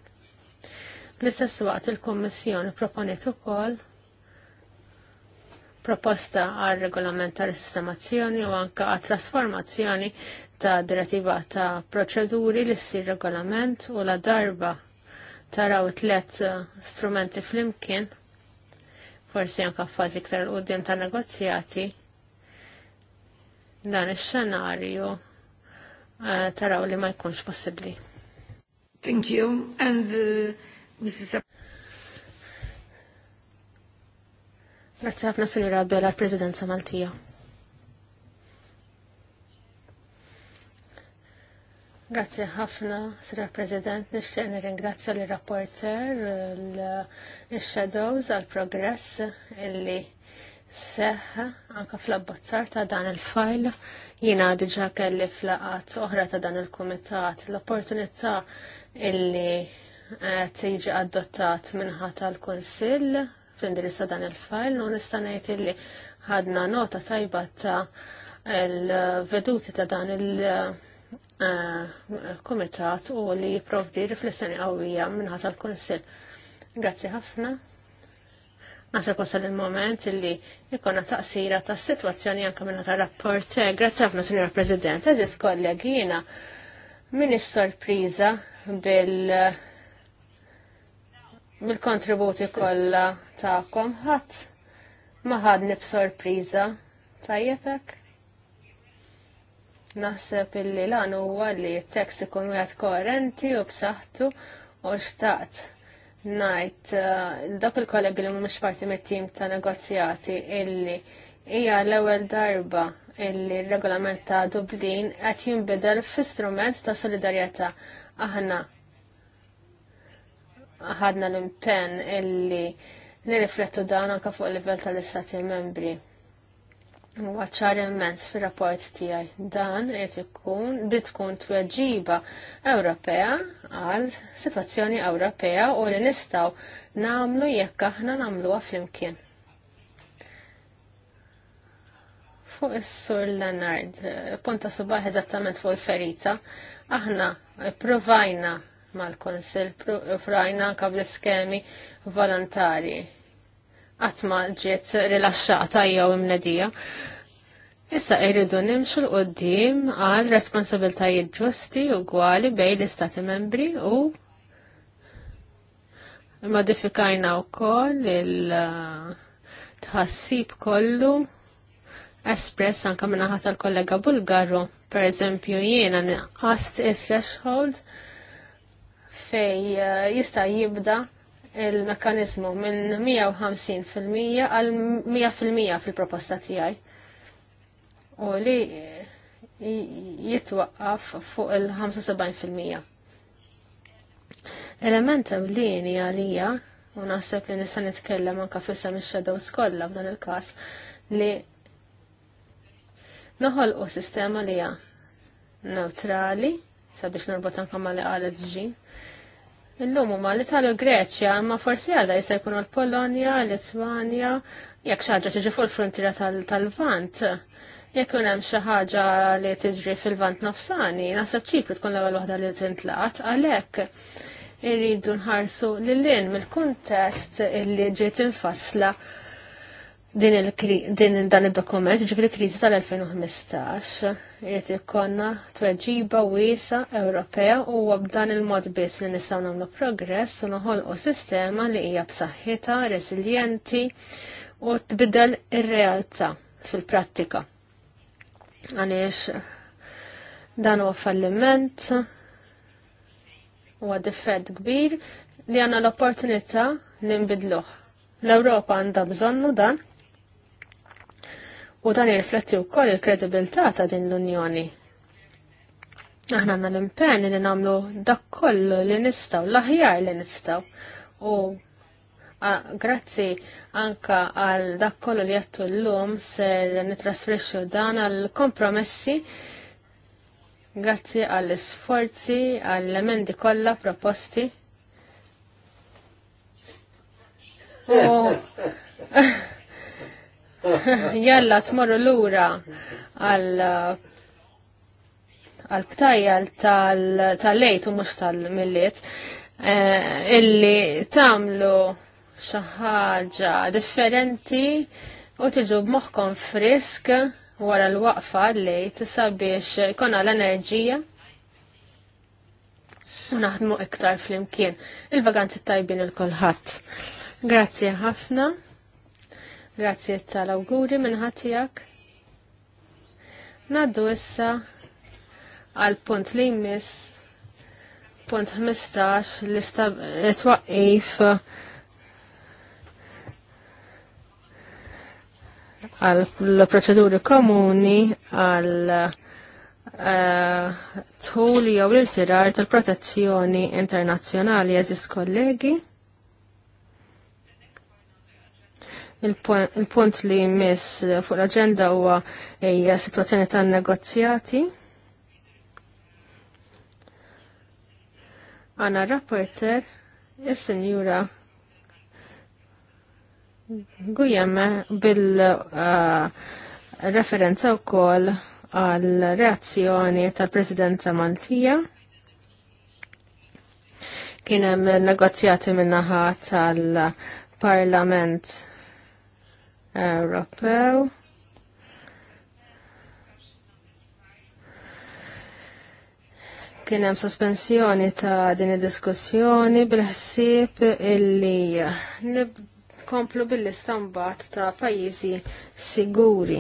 L-istess waqt il-Kommissjoni proponiet ukoll proposta għal regolament tal sistemazzjoni u anka għal trasformazzjoni ta' direttiva ta' proċeduri li ssir regolament u la darba taraw tlet uh, strumenti flimkien, forsi anka fazi iktar u qoddim ta' negozjati, dan ix-xenarju uh, taraw li ma jkunx possibbli. Thank you. And uh, Mrs. Grazie ħafna Sinjura Bella l-Presidenza Maltija. Grazie ħafna, Sra President, nixtieq nirringrazzja l rapporter l-Shadows għal progress illi seħħ anka fl-abbozzar ta' dan il-fajl jiena diġa kelli flaqat oħra ta' dan il-kumitat l-opportunità illi tiġi adottat minħata l kunsill qed dan il-fajl u nista' ngħid li ħadna nota tajba ta' l-veduti ta' dan il-kumitat eh, eh, u li jipprovdi riflessjoni qawwija minnħata l-Kunsill. Grazzi ħafna. Nasib wasal il-moment illi ikonna taqsira ta' situazzjoni anka minna ta' rapport. Grazzi ħafna, Sinjora President. Eżis kollegina minni minix sorpriza bil- mill-kontributi kollha tagħkom ħadd ma ħadni sorpriza tajjeb Naħseb illi lan huwa li t-tekst ikun wieħed koerenti u b'saħħtu u xtaqt ngħid eh, dak il-kollegi li mhumiex parti mit-tim ta' negozjati illi hija l-ewwel darba illi r-regolament ta' Dublin qed jinbidel istrument ta' solidarjetà aħna ħadna l-impenn illi nirriflettu dan anka fuq il-livell tal-istati membri. Waċċar immens fir-rapport tiegħi dan qed ikun di tkun tweġiba Ewropea għal sitwazzjoni Ewropea u li nistgħu nagħmlu jekk aħna nagħmluha flimkien. Fuq is-sur Leonard, punta subaħ eżattament fuq il-ferita, aħna provajna mal-Konsil Frajna anka bl-iskemi volontari. Għatma ġiet rilasċata jew imnedija. Issa irridu nimxu l-qoddim għal responsabiltajiet ġusti u għali bej l-Istati membri u modifikajna u koll il-tħassib kollu espress anka minnaħat tal-kollega Bulgaru. Per eżempju jiena għast is-threshold fej eh, jista' jibda il-mekkanizmu minn 150% għal 100% fil-proposta tiegħi. U li eh, jitwaqqaf fuq il-75%. Element ewlieni għalija, u naħseb li nista' nitkellem anke f'isem ix-shadows skolla f'dan il-każ li u sistema li hija neutrali sabiex norbot anke ma li qalet ġin Illum huma l-Italja Greċja, ma forsi għadha jista' jkunu l-Polonja, l-Litwanja, jekk xi ħaġa tiġi fuq il-frontiera tal-Vant. Jekk hemm xi ħaġa li tiġri fil-vant nofsani, naħseb ċipru tkun l-ewwel waħda li tintlaqat, għalhekk irridu nħarsu lil lin mill-kuntest illi ġiet infassla din, din dan il-dokument, ġifri krizi tal-2015, jirrit ikonna tweġiba wiesa Ewropea u b'dan il-mod biss li nistgħu nagħmlu progress u u sistema li hija b'saħħitha, reżiljenti u tbidel ir-realtà fil-prattika. Għaliex dan huwa falliment huwa diffed kbir li għandna l-opportunità li nbidluh. L-Ewropa għandha bżonnu dan U dan jirrifletti wkoll il-kredibilità ta' din l-Unjoni. Aħna għandna l-impenn li nagħmlu dak kollu li nistgħu, l-aħjar li nistgħu. U grazzi anka għal dak kollu li jattu l-lum ser nitrasferxu dan għal kompromessi Grazzi għall sforzi għall emendi kollha proposti. U Jalla tmorru lura għal għal btajjal tal-lejt u mux tal-milliet eh, illi tamlu xaħġa differenti u tiġu b'moħħkom frisk wara l-waqfa li tisa sabiex jkollna l-enerġija u naħdmu iktar flimkien. Il-vaganzi tajbin il-kolħat. Grazie ħafna. Grazzi tal-awguri minnħatijak. Naddu issa għal punt li jmiss, punt 15, l-twaqqif eh, għal proċeduri komuni għal eh, tħuli jew l-irtirar tal-protezzjoni internazzjonali, eżis kollegi. Il-punt li miss fuq l-agenda huwa hija situazzjoni tan negozjati. Għana rapporter is-Sinjura Gujemme bil-referenza uh, wkoll għal reazzjoni tal-Presidenza Maltija kien hemm negozjati min-naħa tal-Parlament Ewropew. Kien hemm sospensjoni ta' din id-diskussjoni bil-ħsieb illi nibkomplu bil-istambat ta' pajjiżi siguri.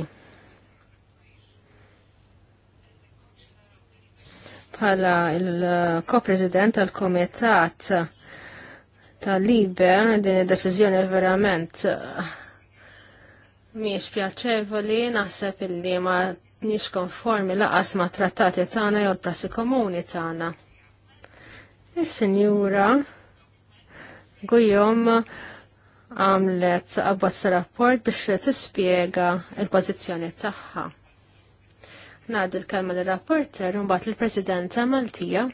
Bħala il-ko-president tal-komitat tal-libe din id-deċiżjoni verament miex pjaċevoli naħseb illi ma nix konformi laqas ma trattati tagħna jew l-prassi komuni tagħna. Is-sinjura Gujom għamlet abbozz rapport biex tispjega il-pożizzjoni tagħha. Nadu l-kelma lir-rapporter u mbagħad il-Presidenta Maltija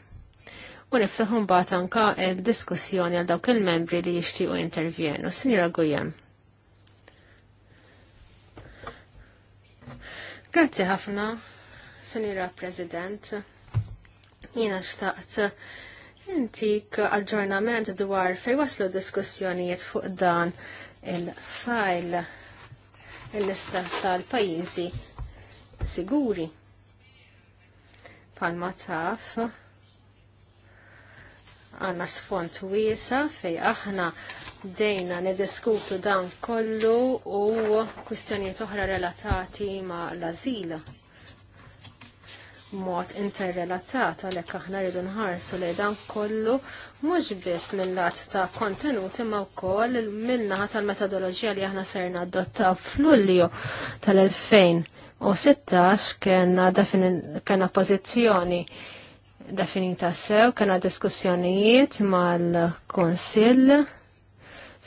u niftaħu mbagħad anka il-diskussjoni għal dawk il-membri li jixtiequ intervjenu. Sinjura Gujom. Grazzi ħafna, Senira President. Jiena xtaqt intik aġġornament dwar fej waslu diskussjonijiet fuq dan il-fajl il-lista tal-pajizi siguri. Palma taf, għanna sfond wiesa fej aħna dejna nediskutu dan kollu u kwistjonijiet oħra relatati ma' l-azila. Mod interrelatat għalhekk aħna rridu nħarsu li dan kollu mhux biss mill-lat ta' kontenut imma wkoll minnaħa tal-metodoloġija li aħna serna adotta f'Lulju tal-2016 kena, kena pożizzjoni definita sew, kena diskussjonijiet mal-Konsil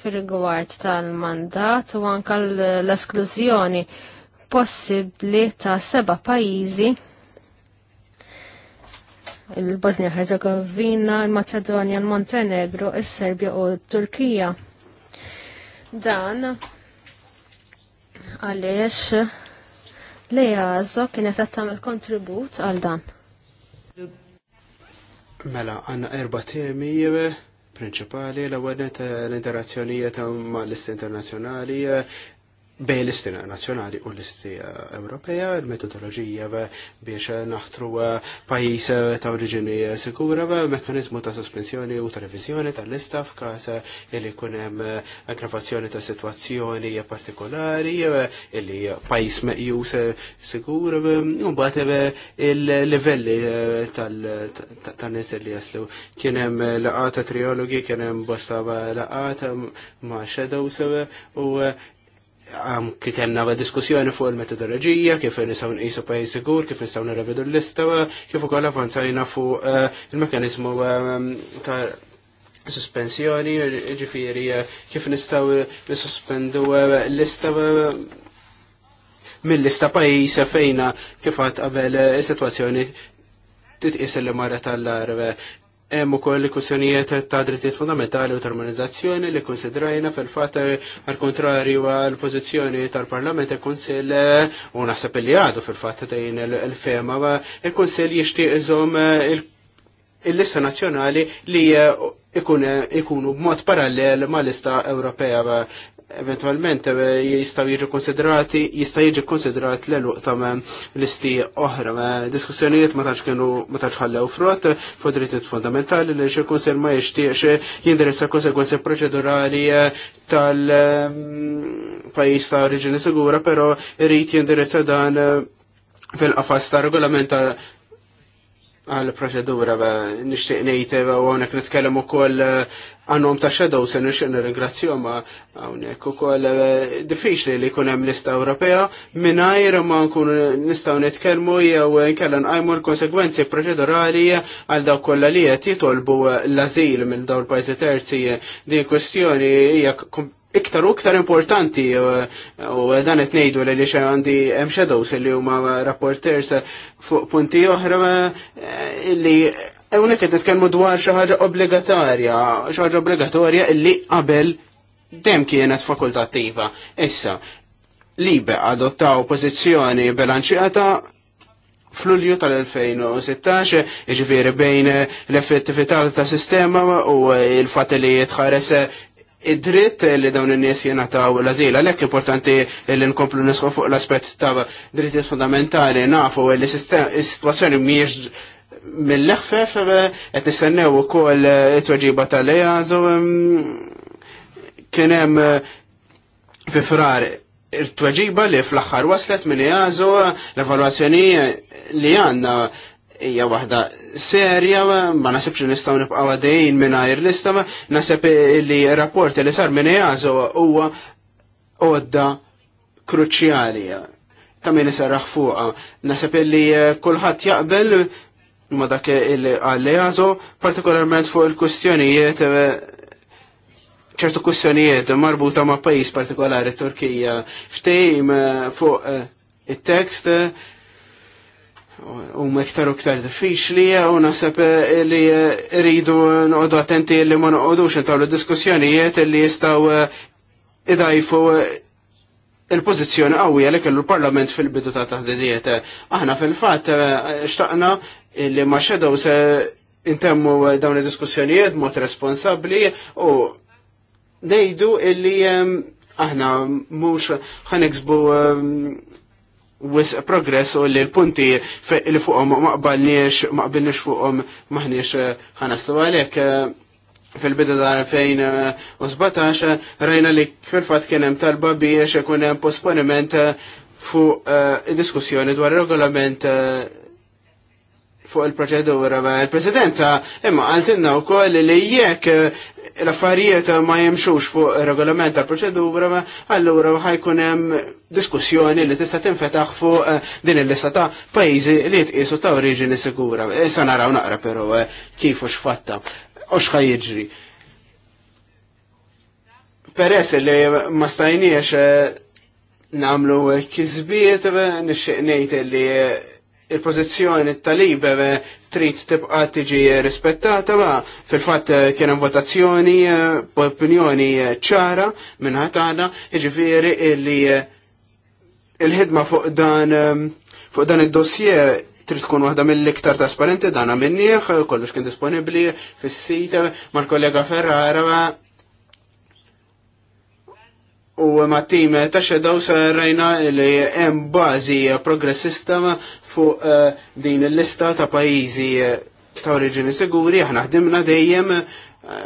fil-rigward tal-mandat u anka l-esklużjoni possibli ta' seba' pajjiżi il-Bosnia Herzegovina, il-Macedonia, il-Montenegro, il-Serbia u il-Turkija. Dan għaliex l-EASO kienet għattam il-kontribut għal dan. Mela, għanna erba temi eh, prinċipali l għanet eh, l-interazzjonijiet eh, ma l-ist internazjonali, bej l-listi nazjonali u l-listi eh, Ewropea, il-metodologija biex eh, naħtru eh, pajis ta' oriġini sikura, mekanizmu ta' sospensjoni u ta' revizjoni ta' lista f'kas illi kunem aggravazzjoni ta' situazzjoni partikolari, illi pajis meqjus sikura, u bat il-livelli tal-nis li jaslu. Kienem laqata triologi, kienem bosta laqata ma' shadows u kikenna diskussjoni fuq il-metodologija, kif nisaw nqisu pajis sigur, kif nisaw nirrevedu l-lista, kif ukoll avanzajna fuq eh, il-mekanizmu eh, ta' suspensjoni, ġifiri, eh, kif nistaw nisospendu l-lista mill-lista pajis fejna kif għat qabel situazzjoni t-tqis l mara tal-arve. Hemm ukoll kwistjonijiet ta' drittijiet fundamentali u termonizzazzjoni li konsidrajna fil-fatt għal kontrarju għal pożizzjoni tal-Parlament e Kunsill u naħseb li għadu fil-fatt dejn il-fema il-Kunsill jixtieq iżhom il-lista nazzjonali li ikunu b'mod parallel ma' lista Ewropea eventualment eh, jistaw jiġu konsiderati, jista' jiġi konsiderat l-eluq ta' listi oħra. Diskussjonijiet ma tax kienu ma tax ħallew frott fuq drittijiet fundamentali li xi kunsel ma jixtiex jindirizza konsekwenzi proċedurali eh, tal-pajjiż ehm, ta' oriġini sigura, però irid jindirizza dan eh, fil-qafas ta' regolamenta għal proċedura ba nishtiq nejte ba għonek nitkellem u koll eh, għannom ta' xedow se nixtiq nirringrazzju ma għonek u koll diffiċli li kunem lista Ewropea minnajr ma nkun nistaw nitkellmu jew nkellan għajmu l-konsekwenzi proċedurali għal daw kolla li jitolbu l-azil minn daw l-pajzi terzi di kwestjoni hija iktar u iktar importanti eh, u dan qed ngħidu li li għandi hemm shadows li huma rapporters fuq punti oħra eh, li hawnhekk qed nitkellmu dwar xi ħaġa obbligatorja, xi ħaġa obbligatorja li qabel dem kienet fakultattiva. Issa, libe adottaw pożizzjoni bilanċjata fl-ulju tal-2016, iġviri bejn l-effettività ta' sistema u il-fat li jitħares id-dritt li dawn in-nies jingħataw l-azil. Għalhekk importanti li nkomplu nisħu fuq l-aspett ta' drittijiet fundamentali nafu li s-sitwazzjoni mhijiex mill-leħfef qed nistennew ukoll it-tweġiba tal-ejażu kien hemm eh, fi frar it-tweġiba li fl-aħħar waslet minn ejażu l-evalwazzjoni li għandna hija waħda serja, ma nasibx li nistgħu nibqgħu għadejn mingħajr lista, ma nasib li rapport li sar minn EASO huwa għodda kruċjali ta' min isarraħ fuqha. Nasib li eh, kulħadd jaqbel ma dak li għal EASO, partikolarment fuq il-kustjonijiet eh, ċertu kustjonijiet marbuta ma' pajis partikolari Turkija. Ftejm eh, fuq il-tekst u mektar u ktar diffiċli u nasab eh, li eh, rridu eh, noqdu attenti li ma noqdux l diskussjonijiet li jistaw idajfu il-pozizjoni għawija li kellu l-Parlament fil-bidu ta' taħdidiet. Aħna fil-fatt xtaqna li ma xedaw se intemmu dawn id-diskussjonijiet mod responsabbli u nejdu illi aħna mhux ħaneksbu wis progress u li l-punti li fuqhom maqbalniex maqbalniex fuqhom maħniex eh, ħanastu għalek. Eh, fil-bidu ta' 2017 eh, rajna li fil-fatt kien hemm talba biex ikun hemm posponiment fuq diskussjoni dwar regolament fuq il-proċedura il-presidenza, imma għaltinna u koll li jekk eh, l-affarijiet ma jemxux fuq regolament tal proċedura allura ħajkun hemm diskussjoni li tista' tinfetaħ fuq eh, din il-lista ta' pajjiżi li tqisu ta' oriġini sikura. Issa eh, naraw naqra però kif u x'fatta u x'ħaj jiġri. Peress li ma stajniex namlu kizbiet nixxieq ngħid li il-pozizjoni tal-libe trid tibqa tiġi rispettata ma fil-fatt eh, kien hemm votazzjoni eh, opinjoni eh, ċara minn ħatana jiġifieri li il-ħidma fuq dan fuq dan id-dossier trid tkun waħda mill-iktar trasparenti dan minnieħ, kollox kien disponibbli fis-sit mal-kollega Ferrara U ma' tim ta' xedaw rajna li hemm bażi progressista fuq eh, din il-lista ta' pajjiżi eh, ta' oriġini siguri, aħna ħdimna dejjem eh,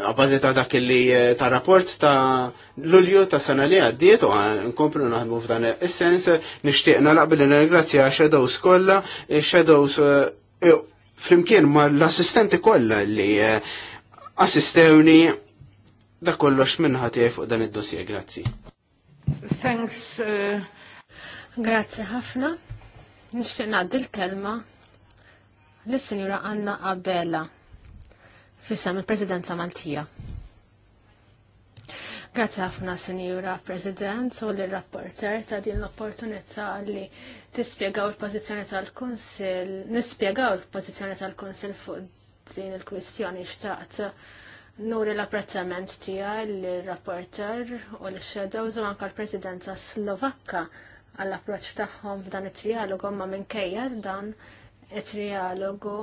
għabbażi ta' dak li ta' rapport ta' l-ulju ta' sena li għaddiet u nkomplu naħdmu f'dan is-sens nixtieqna laqbel il-ingrazzja Shadows kollha, Shadows flimkien ma' l-assistenti kollha li assistewni da kollox minnħat fuq dan id-dossier, grazzi. Thanks. Uh... Grazzi ħafna nixtieq ngħaddi l-kelma l sinjura Anna Abela fissam il-Presidenza Maltija. Grazie ħafna Sinjura President u l-rapporter ta' din l-opportunità li tispjegaw il-pożizzjoni tal kunsil nispjegaw il-pożizzjoni tal kunsil fuq din il-kwistjoni xtaqt nuri l-apprezzament tija l-rapporter u l xedaw u l-presidenza slovakka għall-approċ tagħhom f'dan it-trialogu ma minkejja dan it-trialogu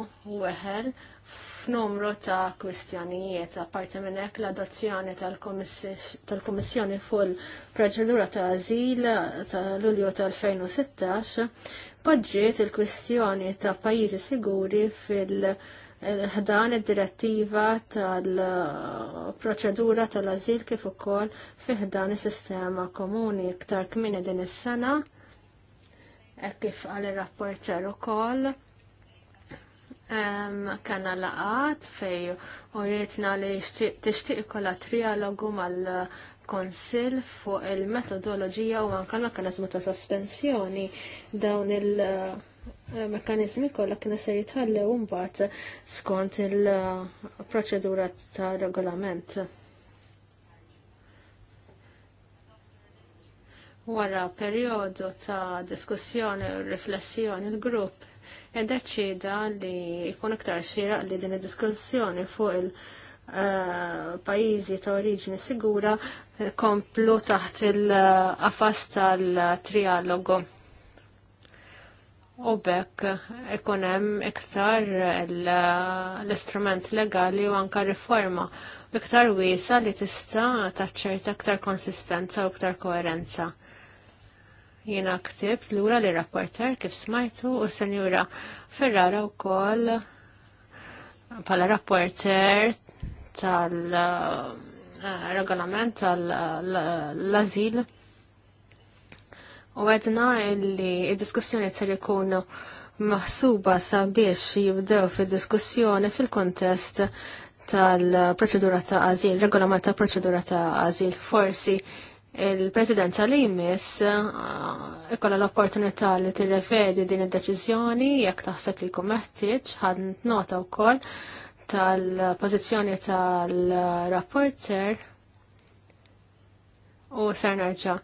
weħel f'numru ta' kwistjonijiet apparti minn hekk l-adozzjoni tal-Kummissjoni fuq il-proċedura ta' ażil ta' Lulju tal-2016 poġġiet il-kwistjoni ta' pajjiżi siguri fil- ħdan id-direttiva tal-proċedura tal-azil kif ukoll fi ħdan is-sistema komuni iktar kmini din is-sena hekk kif għal ir-rapporter ukoll. Kanna laqat fej urietna li tixtieq ikolla trialogu mal-Konsil fuq il-metodoloġija u anke mekanizmu ta' sospensjoni dawn il- il-mekanizmi kollha kienu se jitħallew mbagħad skont il-proċedura ta' regolament. Wara perjodu ta' diskussjoni u riflessjoni l-grupp iddeċida li jkun iktar xieraq li din id-diskussjoni fuq il- eh, pajizi ta' oriġini sigura eh, komplu taħt il-qafas eh, tal-trialogu U bekk ikun hemm iktar l-istrument legali u anka riforma u iktar wiesa li tista' taċċerta iktar konsistenza u iktar koerenza. Jiena l lura li rapporter kif smajtu u senjura Ferrara wkoll bħala rapporter tal-regolament tal-azil. tal regolament tal azil U għedna li il-diskussjoni ser ikun maħsuba sabiex jibdew fil-diskussjoni fil-kontest tal-proċedura ta' għazil, regolament ta' proċedura ta' għazil. Forsi il-presidenza li jmiss uh, ikolla l-opportunità li tirrevedi din id-deċiżjoni jekk taħseb li jkun meħtieġ ħad nota wkoll tal-pożizzjoni tal-rapporter u ser narġa'.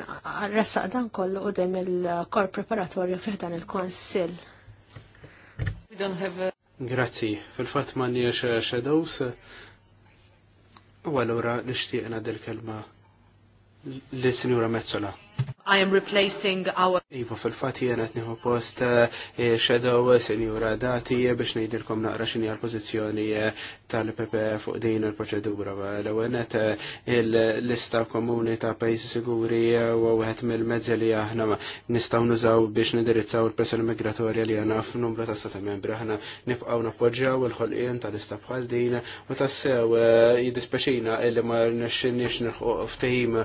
Rassaq dan kollu u dem il-kor preparatorju fiħdan il-konsil. Grazzi, fil-fat ma nix eh, shadows, u għallura l-ixtiqna del kelma l-Sinjura Mezzola. I am replacing our... Iva, fil-fat jena tniħu post eh, shadow senjura dati eh, biex nejdirkom naqra xini għal-pozizjoni eh, tal-PP e fuq din il-proċedura. L-għenet il-lista komuni ta' pajzi siguri u għet mill-mezzi li aħna nistaw nużaw biex nidirizzaw il-pressjoni migratorja li għana f'numru ta' Stata membri. Aħna nipqaw nappoġġaw il-ħolqien tal-lista bħal din u tassew jidispeċina illi ma nixxinix nirħuq ftehim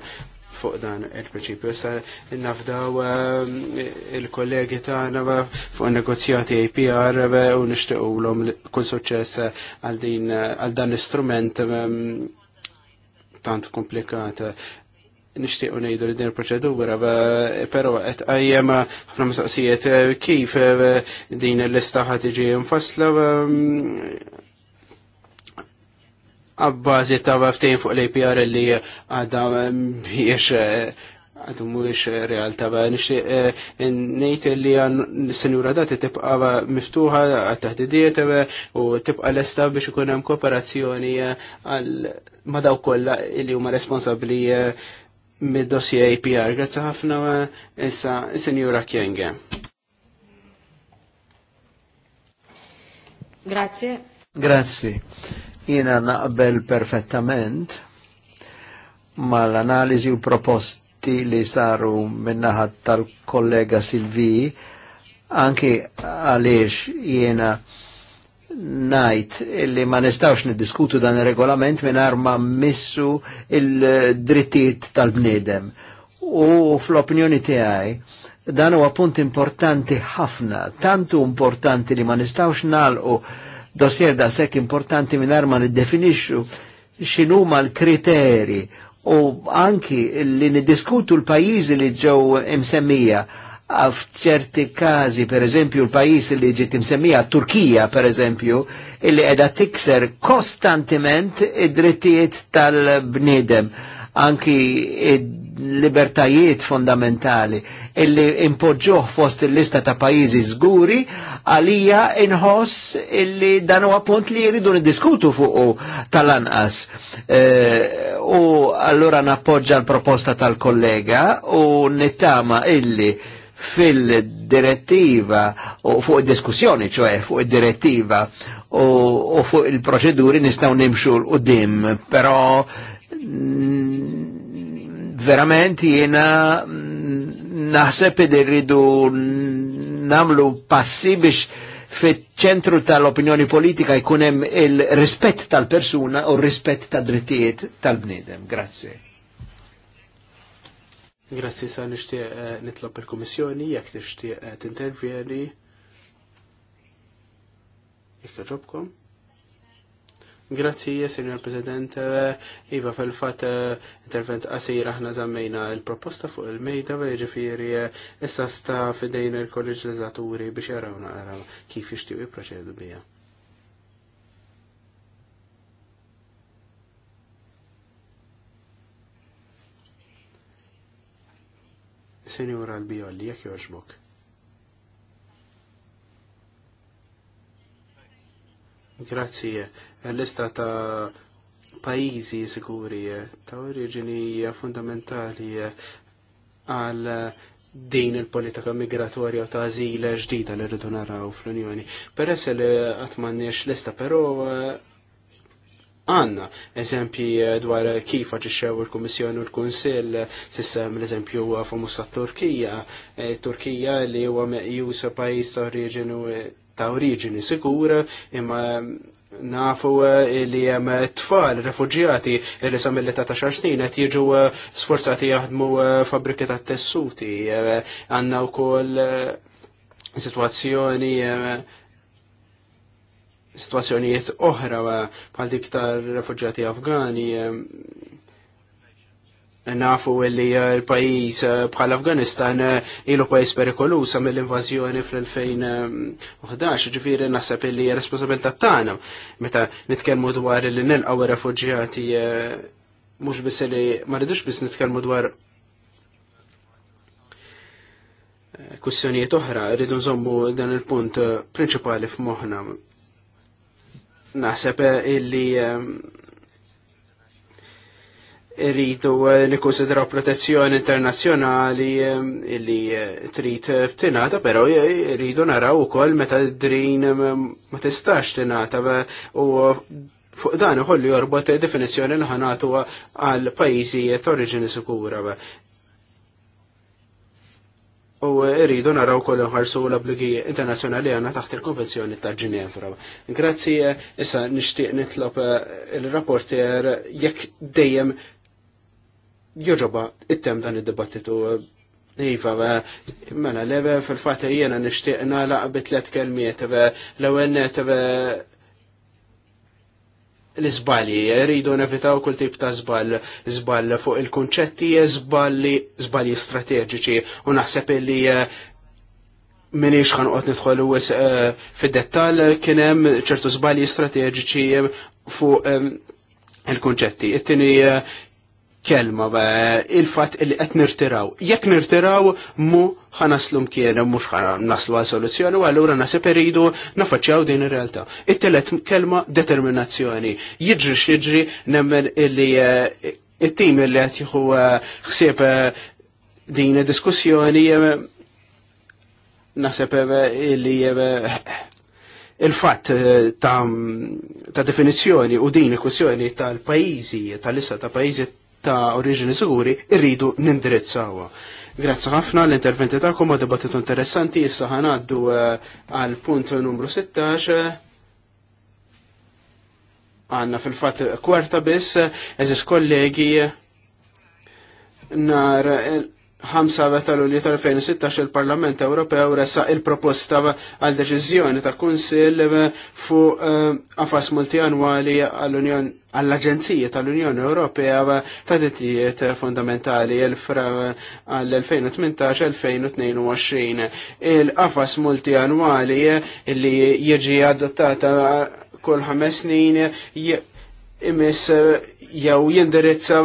fuq dan il-prinċipju. Issa nafdaw eh, il-kollegi tagħna fuq negozjati APR eh, u nixtiequlhom kull suċċess eh, għal din għal dan l-istrument mm, tant komplikata nishtiq unajdu li din il-proċedura, pero għet għajjem ħafna mistaqsijiet kif din l-lista iġi nfassla mm, għabbażi ta' ftejn fuq l-APR li għadda biex ehm, eh, għadu mux ta' ba' nixtieq eh, nejt li s-senjura dati tibqa miftuħa għat-tahdidiet eh, u tibqa l-esta biex ikun hemm kooperazzjoni għal madaw kolla kollha li huma responsabbli mid-dossier APR. Grazzi ħafna issa senjura Kjenge. Grazie. Grazie. Jina naqbel perfettament mal-analizi u proposti li saru minnaħat tal-kollega Silvi, anki għaliex jena najt illi ma nistawx niddiskutu dan il-regolament minn ma missu il-drittijiet tal-bnedem. U fl-opinjoni tiegħi dan huwa punt importanti ħafna, tantu importanti li ma nistawx nalqu dossier da sekk importanti minn ma niddefinixxu x'inhuma l-kriteri u anki li niddiskutu l-pajjiżi li ġew imsemmija f'ċerti każi, per eżempju, l-pajis li ġiet imsemmija, Turkija, per eżempju, illi qiegħda tikser kostantement id-drittijiet tal-bniedem anki id libertajiet fondamentali illi impoġuħ fost il-lista ta' pajizi zguri għalija inħoss illi dan huwa punt li jridu niddiskutu fuq tal-anqas. E, u allura nappoġġa l-proposta tal-kollega u nittama illi fil-direttiva u fuq diskussjoni ċoħe fuq direttiva u, u fuq il-proċeduri nistaw nimxu l-qoddim, pero verament jena mm, naħseb id irridu namlu passi biex fit-ċentru tal-opinjoni politika jkun hemm il-rispett tal-persuna u rispett tad drittijiet tal-bniedem. Grazzi. Grazzi sa nixtieq eh, nitlob il-Kummissjoni jekk tixtieq eh, tintervjeni. Jekk ġobkom. Grazzi, Signor President. Eh, iva, fil-fat, eh, intervent qasir aħna zammejna il-proposta fuq il-mejda, ġifiri, eh, issa sta fidejn il-kolleġizzaturi biex jarawna għaraw kif jixtiju jiproċedu bija. Senjura l-bijolli, jek joġbok? Grazzi, l-lista eh, ta' pajizi sikuri eh, ta' oriġini eh, fundamentali għal din il-politika migratorja ta' azile ġdida li rridu naraw fl-Unjoni. Peress li għatmanniex lista, pero għanna eżempji dwar kif għagġiċew il-Komissjoni u l-Konsil, sissem l-eżempju famus ta' Turkija, Turkija li huwa meqjus pajis ta' oriġinu ta' oriġini sikura imma nafu eh, li jem tfal, refugjati li sam mill-età ta' xar snin qed jiġu eh, sforzati jaħdmu eh, fabbriki ta' tessuti għandna wkoll situazzjoni situazzjonijiet oħra bħal dik tar refugjati Afgani nafu li eh, l-pajis eh, bħal Afganistan eh, ilu pajis perikolusa mill-invażjoni fl-2011, ġifiri nasab li responsabilità tagħna meta nitkellmu dwar illi nil refuġjati mhux biss li ma maridux biss nitkellmu dwar kussjonijiet oħra, rridu nżommu dan il-punt prinċipali f'moħħna. Naħseb illi li eh, nikkonsidraw protezzjoni internazzjonali eh, li eh, trid tingħata, però rridu naraw ukoll meta drin ma tistax tingħata u fuq dan iħollu jorbot definizzjoni li ħanatu għal pajjiżijiet origini sikura. U rridu naraw kollu uħarsu l-obligi internazjonali għana taħt il-konvenzjoni ta' Ġinevra. Grazzi, issa nishtiq nitlob il-rapporter jekk dejjem joġoba it-tem dan id-dibattitu Iva, eh, mela, leve eh, fil-fat jena nishtiqna laqbit bitlet kelmiet, eh, l-ewel net l-izbali, rridu nevitaw kull tip ta' zbal, zbal fuq il-konċetti, zbali, zbali strateġiċi, u naħseb li minix xanqot nidħol u fil dettal kienem ċertu zbali strateġiċi fuq il-konċetti. It-tini kelma il-fat li qed nirtiraw. Jekk nirtiraw mu ħanaslum kien mhux naslu għal soluzzjoni u allura nasib iridu nafaċċjaw din ir-realtà. It-telet kelma determinazzjoni. Jiġri x'jiġri nemmen illi eh, it-tim illi qed jieħu eh, ħsieb eh, din id-diskussjoni naħseb illi il-fatt ta', definizjoni u din il kussjoni tal-pajizi, tal-issa ta' pajizi ta' oriġini siguri irridu nindirizzawha. Grazzi ħafna l-interventi tagħkom ma dibattitu interessanti, issa ħanaddu eh, għal punt numru 16. Għanna fil-fat kwarta biss, eżis kollegi, nar 5 ta' lulju tal-2016 il-Parlament Ewropew resa il-proposta għal deċiżjoni ta' Kunsill fuq qafas eh, multianwali għall-Aġenzija tal-Unjoni Ewropea ta' dittijiet fundamentali għall-2018-2022. Il-qafas multianwali li jiġi adottata kull ħames snin imis jew jindirizza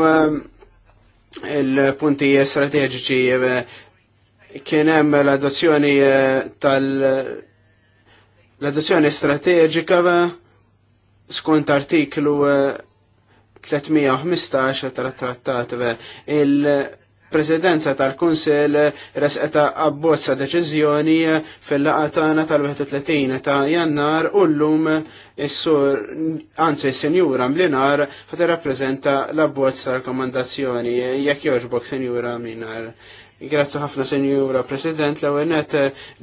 il-punti strategiċi eh, kien hemm l-adozzjoni eh, tal- l-adozzjoni strategika eh, skont artiklu 315 tal-trattat il- presidenza tal-Kunsel resqeta abbozza deċiżjoni fil-laqatana tal-31 ta' jannar u llum is-sur anzi s-senjura mlinar ħat rappresenta l-abbozz tal-rakkomandazzjoni jekk jogħġbok senjura mlinar. Grazzi ħafna Senjura President, l għenet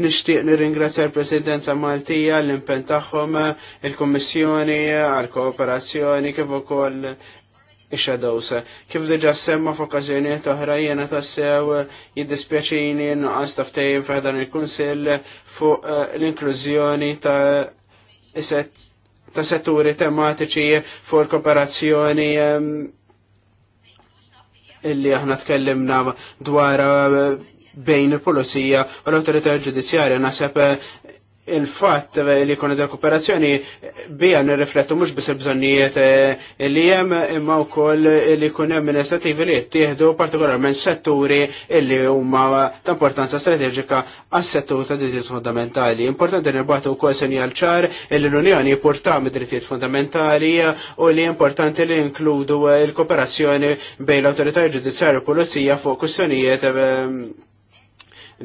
nishtiq nirringrazzja l-Presidenza Maltija l-impen tagħhom, il-Kommissjoni għal-Kooperazzjoni kif ukoll ix-shadows. Kif diġa semma f'okkażjonijiet oħra jiena tassew jiddispjaċini nuqqas taftejn f'dan il-kunsill fuq eh, l-inklużjoni ta' ta' setturi tematiċi fuq kooperazzjoni ehm, illi aħna tkellimna dwar eh, bejn il-polizija u l-autorità ġudizzjarja nasab eh, il-fatt li kuna da kooperazzjoni bija nirriflettu mux bis il-bżonnijiet eh, li jem imma u koll li kuna amministrativi li jittieħdu partikolarment setturi li huma ta' importanza strategika għas settur ta' drittijiet fundamentali. Importanti nibbatu u koll senjal ċar li l-Unjoni jipporta mid drittijiet fundamentali u li importanti li inkludu il-kooperazzjoni bejn l-autoritajiet ġudizjar u pulizija fuq kwistjonijiet eh,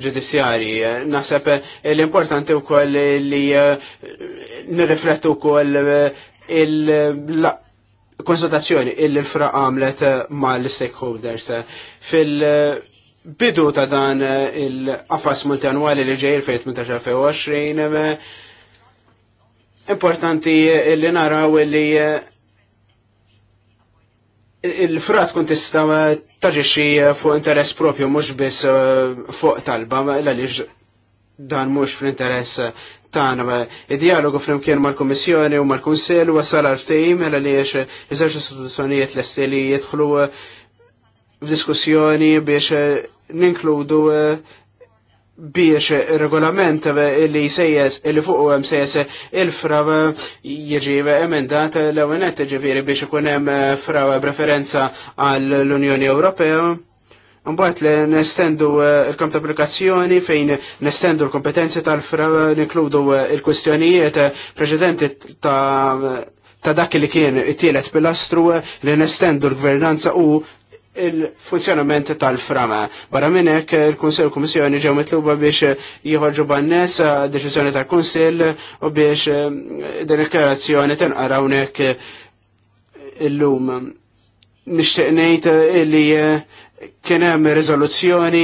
ġudizzjarji. Naħseb eh, l-importanti wkoll li eh, nirriflettu wkoll eh, il- konsultazzjoni il-fra għamlet mal-stakeholders fil-bidu ta' dan il-qafas multianwali li ġejr fejn 18-20 importanti li naraw li il-frat kun tista taġiċi fuq interess propju mux bis eh, fuq talba, l-għalix dan mux fl-interess tana. Id-dialogu fl-imkien mal-Komissjoni u mal-Kunsel u għasal għal tejm l-għalix mela iżarġu istituzzjonijiet l-esteli jitħlu eh, f-diskussjoni biex eh, ninkludu biex regolament li sejjes il fuq hemm sejjes il-fra jiġi emendat l-ewenet ġifieri biex ikun hemm eh, fra preferenza għall-Unjoni Ewropea. Mbagħad li nestendu eh, l-kamp ta' applikazzjoni fejn nestendu l-kompetenzi tal-fra nikludu eh, il-kwistjonijiet preċedenti ta' ta' dak li kien it-tielet pilastru li nestendu l-gvernanza u il-funzjonament tal-frama. Barra minnek il konsil Kummissjoni ġew mitluba biex eh, jħorġu bannes eh, deċiżjoni tal konsil u biex eh, din il-kreazzjoni il hawnhekk illum. Nixtieq ngħid li kien hemm riżoluzzjoni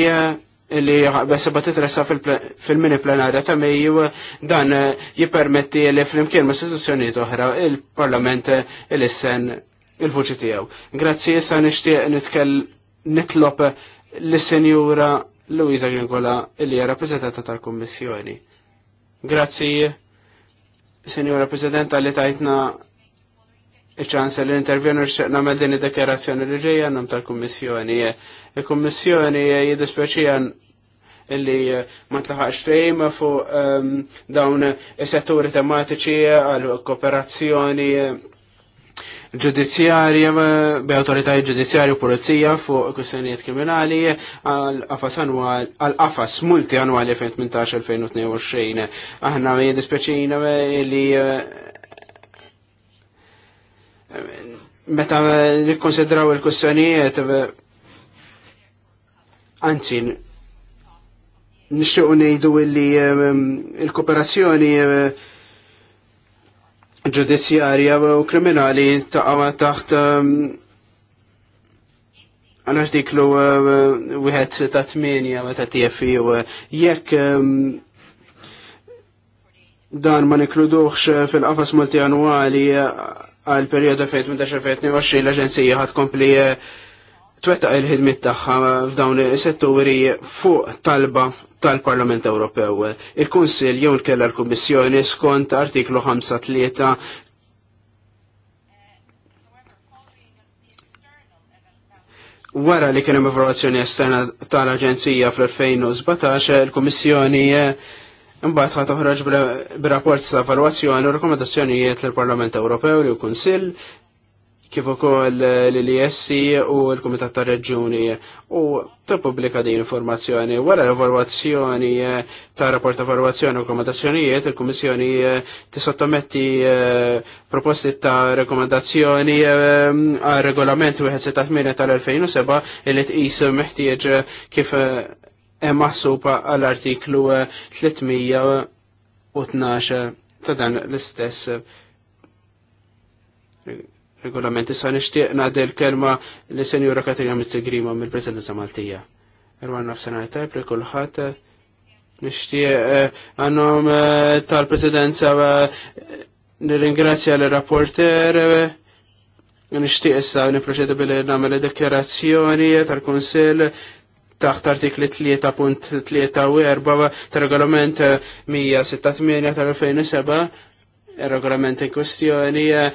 li bessa seba titressa fil-mini plenarja ta' Mejju dan jippermetti li fl-imkien ma' istituzzjonijiet oħra il-Parlament il-issen il-vuċi tiegħu. Grazzi issa nixtieq nitkell nitlob l-Senjura Luisa Gringola li hija rappreżentata tal-Kummissjoni. Grazzi, Senjura Presidenta li tajtna iċ l li intervjenu nagħmel din id li ġejja nam tal-Kummissjoni. Il-Kummissjoni jidispeċijan illi eh, ma tlaħax tejma fuq ehm, dawn is-setturi tematiċi għal kooperazzjoni ġudizzjarja, autorità ġudizzjarja u pulizija fuq kwestjonijiet kriminali għal-qafas għal-qafas multi annwali 2018-2022. Aħna jidispeċina li eh, meta nikkonsidraw il kwestjonijiet anzi nixtiequ ngħidu li eh, il ġudizzjarja u kriminali taqawa taħt um, għan artiklu uh, wieħed ta' tmienja ma ta' tiefi u uh, jekk um, dan ma nikluduħx uh, fil-qafas multi għal periodu 2018-2022 l-Aġenzija ħad kompli twettaq il-ħidmit tagħha f'dawn is-setturi fuq talba tal-Parlament Ewropew. Il-Kunsil jew nkella l-Kummissjoni skont artiklu 5-3 Wara li kien hemm evalwazzjoni esterna tal-Aġenzija fl-2017, il-Kummissjoni Imbagħad eh, ħadd toħroġ b'rapport ta' evalwazzjoni u rekomendazzjonijiet lill-Parlament Ewropew li l-Kunsill kif ukoll l-ISC e u l-Kumitat tar Reġuni u tippubblika din informazzjoni. Wara l-evalwazzjoni eh, ta' rapport ta' evalwazzjoni u rekomendazzjonijiet, il-Kummissjoni eh, tisottometti eh, proposti ta' rekomendazzjoni għal regolament 168 tal-2007 li tqis meħtieġ kif hemm maħsuba għall-artiklu 312 ta' dan l-istess regolament. Issa nishtiq nadel kelma li senjura Katrina Mitzigrima mill-Presidenza Maltija. Erwan nafsenar tajb li kullħat eh, nishtiq eh, għannom eh, tal-Presidenza nir-ingrazzja l-rapporter nishtiq issa niproċedu billi namel dekjerazzjoni tal-Konsil taħt artikli 3.3 u 4 tal-regolament 168 tal-2007 Eh, regolament in kwestjoni, eh,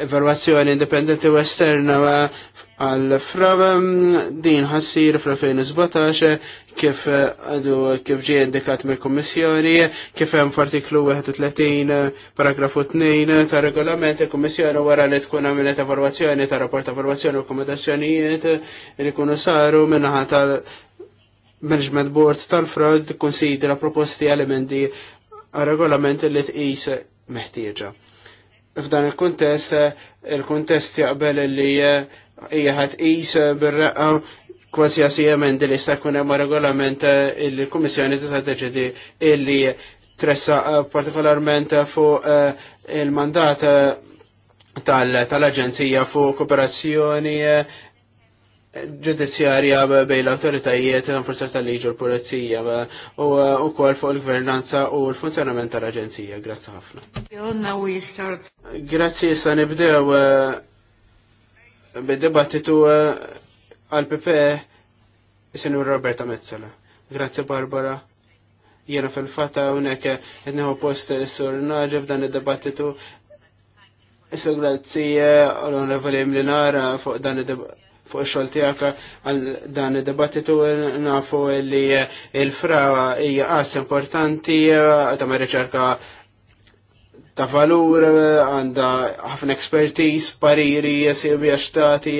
evalwazzjoni indipendenti u esterna eh, għal frab mm, din ħassir fl-2017 kif għadu kif ġie indikat mill kommissjoni kif hemm f'artiklu 31 paragrafu 2 ta' regolament il-Kummissjoni wara li tkun għamilet evalwazzjoni ta' rapport evalwazzjoni u komodazzjonijiet li kunu saru minnaħat tal Management Board tal frod konsidra proposti għal emendi għal regolament li tqis meħtieġa. F'dan il-kuntest, il-kuntest jaqbel li eh, hija is bil bir kważi kważjasi emendi li s jkun hemm regolament eh, il-Kummissjoni tista' deċidi illi tressa eh, partikolarment fuq il-mandat tal-Aġenzija fuq kooperazzjoni ġudizzjarja bejn l-autoritajiet l-forzar tal-liġi u l-pulizija u kol fuq il-gvernanza u l-funzjonament tal-aġenzija. Grazzi ħafna. Grazzi sa nibdew eh, bid-dibattitu eh, għal-PP e, Sinur Roberta Mezzala. Grazzi Barbara. Jena fil-fata unek etniħu post sur naġef dan id-dibattitu. Issa grazzi għal eh, onorevoli Mlinara fuq dan id-dibattitu fuq xol tijak għal dan il-debattitu nafu li il-fra hija qas importanti ta' riċerka ta' valur, eh, għanda ħafna ekspertiz, pariri, sirbija xtati,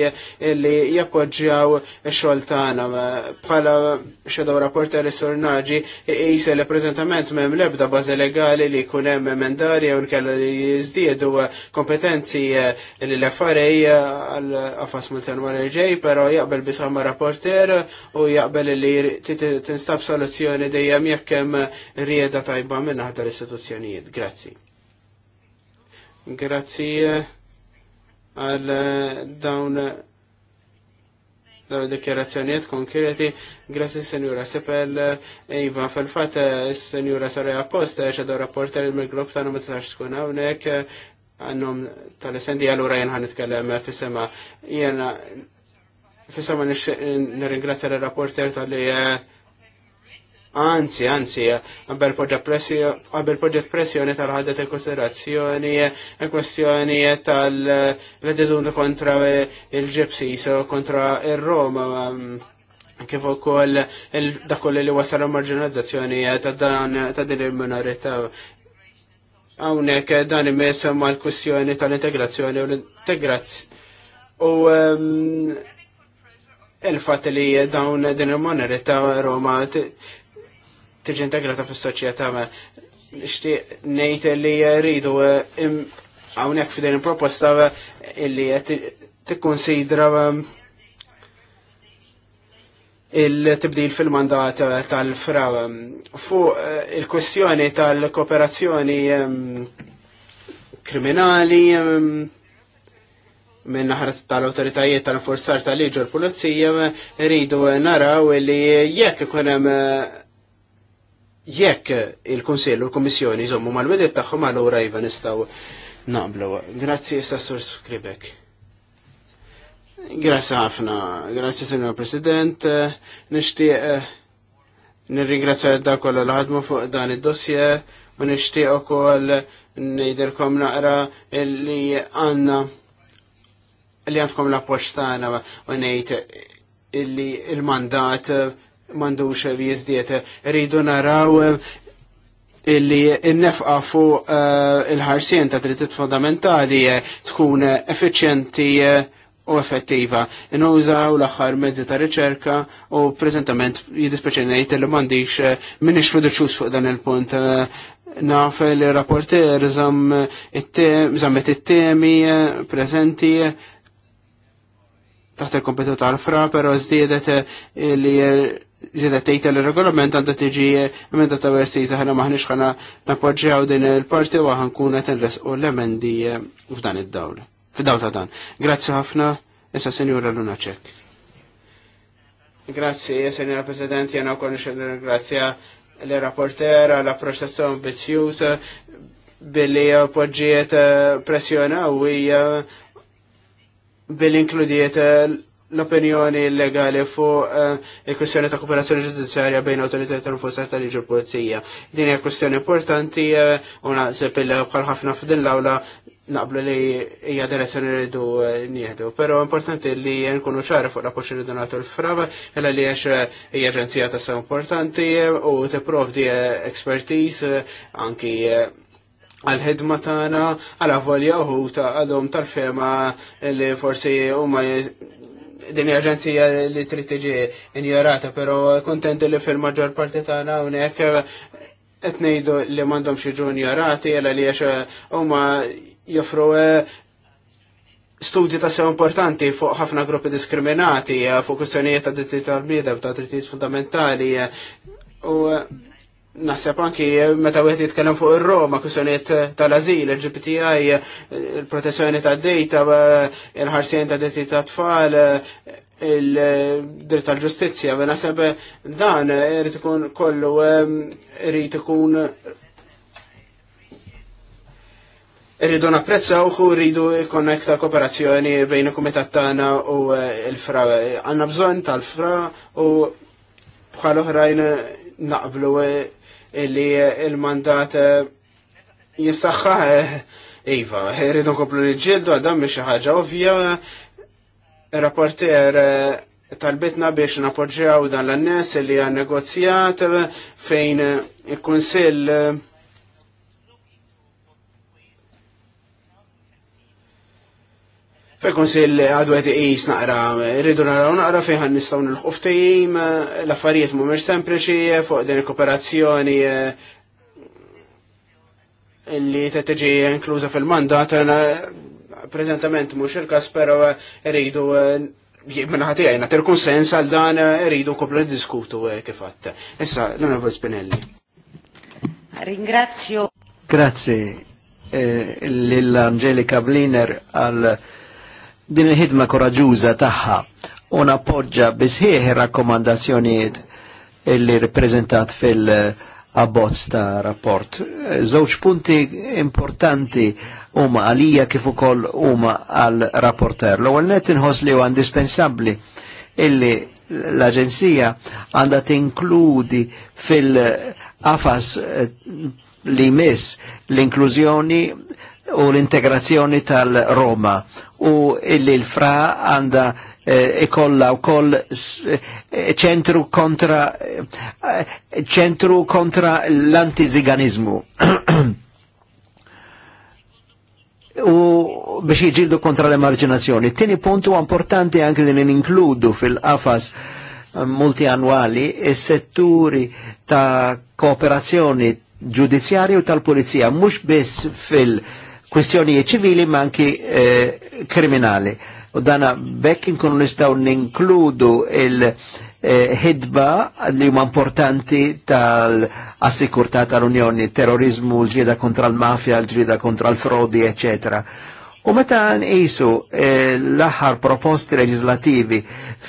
illi jappoġġjaw xol tagħna. Bħala xedaw rapporter is-sornaġi, jisa li prezentament mem lebda baza legali li kunem hemm emendari jew nkella li jizdiedu kompetenzi eh, li l-affarej għal Multan multanwar ġej, pero jaqbel bisama rapporter u jaqbel li tinstab soluzzjoni dejjem jekk hemm rieda tajba minn aħdar istituzzjonijiet. Grazzi. Grazzi eh, għal eh, dawn dawn dikjerazzjoniet konkreti. Grazzi Senjura Sepel, eh, Iva, fil-fat Senjura Soraya Posta, xedaw rapporter il-grupp tagħna ma tistax tkun hawnhekk għannom tal-essendi għallura jen għan nitkellem fissema. Jena fissema nirringrazzja l-rapporter tal-li Anzi, anzi, għabel poġġet pressjoni e tal ħadet il-konsiderazzjoni, kwestjoni tal-ledidun kontra il-ġepsis, kontra il-Roma, mm, kif ukoll dakoll li wasal marginalizzazzjoni ta' din il-minorita. Hawnhekk dan imes ma' l-kwestjoni tal-integrazzjoni u l-integrazzjoni. U mm, il-fat li dawn din il-monerita Roma tiġi integrata fis-soċjetà xti ngħid li jridu eh, hawnhekk f'din il-proposta eh, illi qed tikkunsidra eh, il-tibdil fil-mandat tal-fra fuq il-kwestjoni tal-kooperazzjoni kriminali minn naħrat tal-autoritajiet tal-forzar tal-liġu l-pulizija rridu naraw li jekk ikun hemm jekk il-Kunsill u l-Kummissjoni jżommu mal-wedet tagħhom allura iva nistgħu naqblu. Grazzi Sassur Skribek. Grazzi ħafna, grazzi Signor President, nixtieq eh, nirringrazzja da kollha l-ħadmu fuq dan id-dossier u nixtieq ukoll ngħidilkom naqra li għandna li għandkom l-appoċ tagħna u ngħid illi il-mandat mandux jizdiet. Rridu naraw eh, illi n-nefqa fuq eh, il-ħarsien ta' drittit fundamentali eh, tkun effiċjenti u effettiva. u l axar mezzi ta' riċerka u prezentament jidispeċenajt li mandiċ minix fiduċus fuq dan il-punt. Naf li rapporter zammet it-temi prezenti taħt il-kompetu tal-fra, pero zdiedet li Zida tejta l-regolament għanda tiġi emenda ta' versi ħana maħnix ħana napoġġaw din il-parti u għan kuna tenres u l-emendi eh, f'dan id-dawl. F'daw ta' dan. Grazzi ħafna, jessa senjura l-una Ċek. Grazzi, senjura President, jena u konni xil-grazzja l-rapporter għal-approċ ta' ambizjuż billi poġġiet eh, pressjona u billi inkludiet eh, l-opinjoni legali fuq eh, il-kwestjoni ta' kooperazzjoni ġudizzjarja bejn autoritajiet tal-fossat tal-liġi pulizija. Din hija kwestjoni importanti eh, u naqseb bħal ħafna f'din l-awla naqblu li hija direzzjoni li rridu eh, nieħdu. Però importanti li nkunu ċari fuq la li donatu l-frava, illa li għax hija aġenzija ta' importanti u tipprovdi expertise anki għal-ħidma tagħna għal avolja uħuta għadhom tal-fema li forsi huma din l-aġenzija li trid tiġi injorata, però kontent li fil-maġġor parti tagħna hawnhekk eh, qed ngħidu li m'għandhomx jiġu injorati għal li għax eh, huma joffru eh, studji ta' sew importanti fuq ħafna gruppi diskriminati, fuq kwistjonijiet ta' diritti tal bida ta' drittijiet fundamentali. U Naħseb anki eh, meta wieħed jitkellem fuq ir-Roma, kwistjonijiet eh, tal-ażil, il-GPTI, eh, il-protezzjoni tad-dejta, il-ħarsien ta' dejti ta' tfal, il-dritt tal-ġustizzja, naħseb dan irid ikun kollu irid ikun Irridu napprezza u rridu ikonna iktar kooperazzjoni bejn il-kumitat tagħna u l-fra. Għandna bżonn tal-fra u bħal oħrajn naqblu Illi eh, il-mandat eh, jissaxħa eh, Iva, rridu koplu li ġildu għadam biex ħaġa ovvja, rapporter tal-bitna biex napoġġjaw dan l-annes li għan negozjat fejn il-Kunsill fil-konsil għadu għet iqis naqra, rridu naraw naqra fejħan nistaw nil-ħuftajim, l-affarijiet mu mux sempliċi fuq din kooperazzjoni li t teġi inkluza fil-mandat, prezentament mux il-kas, pero rridu jibna ħati għajna terkun konsens għal dan rridu koplu diskutu kifat. Issa, l-onorvo Spinelli. Ringrazio. Grazie eh, l-Angelika Bliner al din il-ħidma koraġuża tagħha u nappoġġa bisħieħ ir-rakkomandazzjonijiet illi rippreżentat fil-abbozz ta' rapport. Żewġ punti importanti huma għalija kif ukoll huma għal rapporter. L-ewwel net inħoss li huwa indispensabbli illi l-Aġenzija għandha tinkludi fil-qafas li miss l-inklużjoni u l-integrazzjoni tal-Roma u illi l-fra għanda eh, ikolla e u koll eh, ċentru kontra eh, ċentru kontra l-antiziganizmu. u biex jġildu kontra l-emarġinazzjoni. Tini punt u importanti anke li ninkludu fil-qafas multianwali e setturi ta' kooperazzjoni ġudizzjarju tal-pulizija, mhux biss fil- kwistjonijiet ċivili ma anki eh, kriminali. U dana bekk inkunu nistaw ninkludu il- eh, ħidba li huma importanti tal-assikurtà tal-Unjoni, terrorizmu, l-ġieda kontra l-mafja, l-ġieda kontra l-frodi, ecc. U meta nqisu eh, l-aħħar proposti leġislativi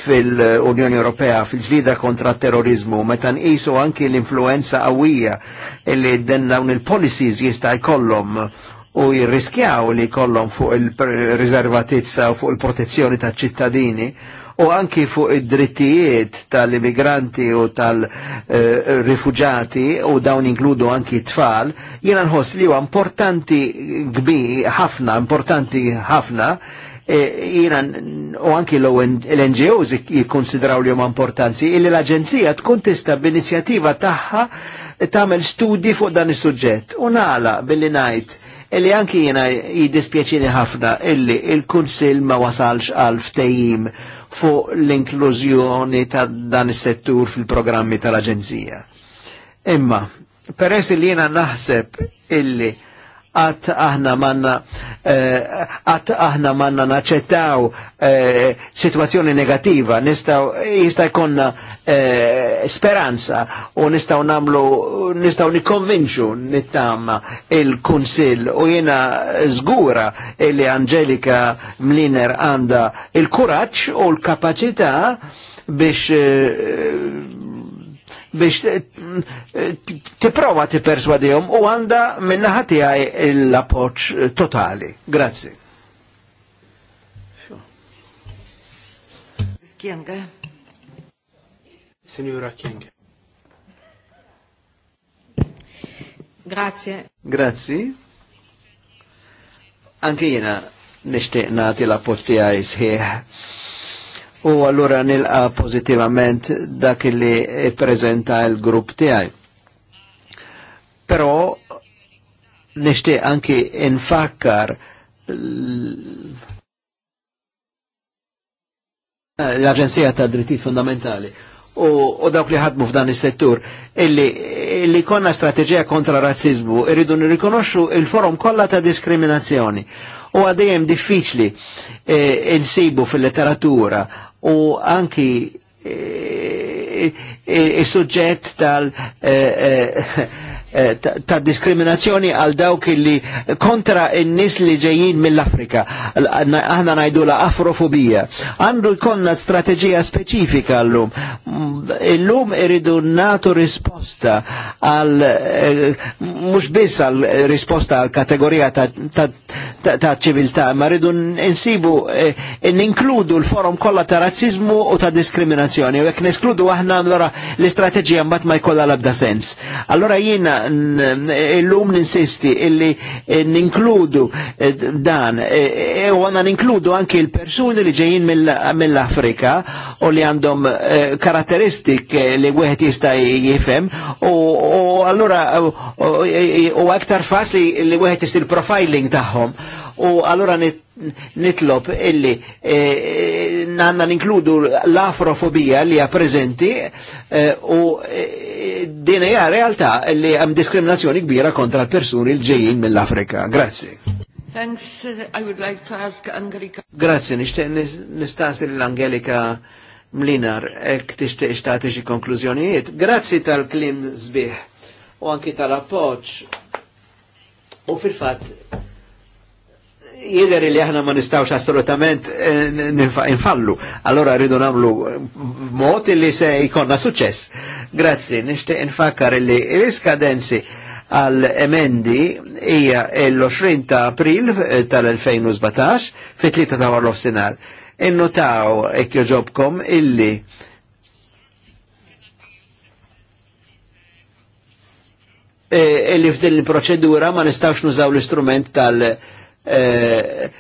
fil-Unjoni Ewropea fil-ġlida kontra terrorizmu, meta nqisu anki l-influenza qawwija li d dawn il-policies jista' jkollhom u jirriskjaw li kollom fuq il rizervatizza u fuq il-protezzjoni ta' ċittadini u anki fuq id-drittijiet tal-immigranti u tal rifugġati u dawn inkludu anki tfal, jena nħoss li huwa importanti kbi ħafna, importanti ħafna e, jena u anki l-NGOs jikonsidraw li huma importanti, illi l-Aġenzija tkun tista b'inizjattiva tagħha tagħmel studi fuq dan is-suġġett. U nagħla billi ngħid illi anki jena jidispieċini ħafna illi il-Kunsil ma wasalx għal ftejim fuq l-inklużjoni ta' dan is-settur fil-programmi tal-Aġenzija. Imma, peress li jena naħseb illi għat aħna manna għat eh, aħna manna naċċettaw eh, situazzjoni negativa nistaw jista jkonna eh, speranza u nistaw namlu nistaw nikonvinċu nittama il-kunsil u jena zgura illi Angelika Mliner għanda il-kuraċ u l kapacita biex biex tiprova tipperswadihom u għanda minna għaj l-appoċ totali. Grazzi. Kienga. Signora Kienga. Grazie. Grazzi. Anki jena nishtiqna til-appoċ tijaj sħiħ U allura nilqa pozittivament dak li prezenta il-grupp tijaj. Però nishti anki infakkar l-Aġenzija ta' Drittijiet Fundamentali u, u dawk li ħadmu f'dan is-settur illi, illi konna strateġija kontra razzizmu irridu nirrikonoxxu il-forum kollha ta' diskriminazzjoni. U għadajem diffiċli eh, insibu fil-letteratura u anki il-sujġett eh, eh, eh, e, e, tal- e, Eh, ta' diskriminazzjoni għal dawk li kontra n-nis li ġejjin mill-Afrika. Aħna najdu la afrofobija. Għandu jkonna strategija speċifika l-lum. Mm, l-lum iridu natu risposta għal, eh, mux biss għal risposta għal kategorija ta' ċiviltà, ma rridu insibu, eh, ninkludu l-forum kolla ta' razzizmu u ta' diskriminazzjoni. U jek aħna l-istrategija mbat ma jkolla labda sens. Allora jina l-lum ninsisti illi eh, ninkludu eh, dan e eh, għana għanna ninkludu anki il-persuni li ġejjin mill-Afrika u li għandhom karakteristik li għuħet jista' jifem u allura u aktar fas li għuħet jista' il-profiling taħħom u allura nitlob illi għanna ninkludu l-afrofobija li hija prezenti eh, u eh, din hija realtà li hemm diskriminazzjoni kbira kontra l-persuni l-ġejjin mill-Afrika. Grazzi. Thanks, I would like to ask Angelika. Grazzi, nistansi l-Angelika Mlinar, ek tishtiq xtati xi konklużjonijiet. Grazzi tal-klim sbieħ u anki tal-appoġġ. U fil-fatt jider li aħna ma nistawx assolutament eh, nifallu. Allora rridu namlu eh, mod li se jkonna suċess. Grazzi, nishtiq infakkar li l-iskadenzi għal emendi hija l-20 ta' april eh, tal-2017 fit tlieta ta' warlof sinar. Innutaw ekk joġobkom illi illi fdil il-proċedura ma nistawx nużaw l-istrument tal- Eh,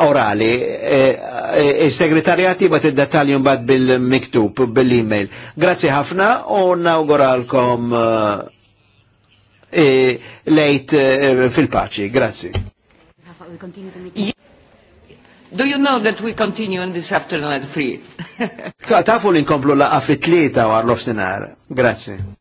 orali. Eh, eh, Il-segretarjati bat id dettaljum bat bil-miktub, bil-email. Grazie ħafna u nawguralkom lejt fil-paċi. Grazie. Do you know that we continue in this afternoon at 3? Tafu l-inkomplu laqqa fit-tlieta u għarlof sinar. Grazie.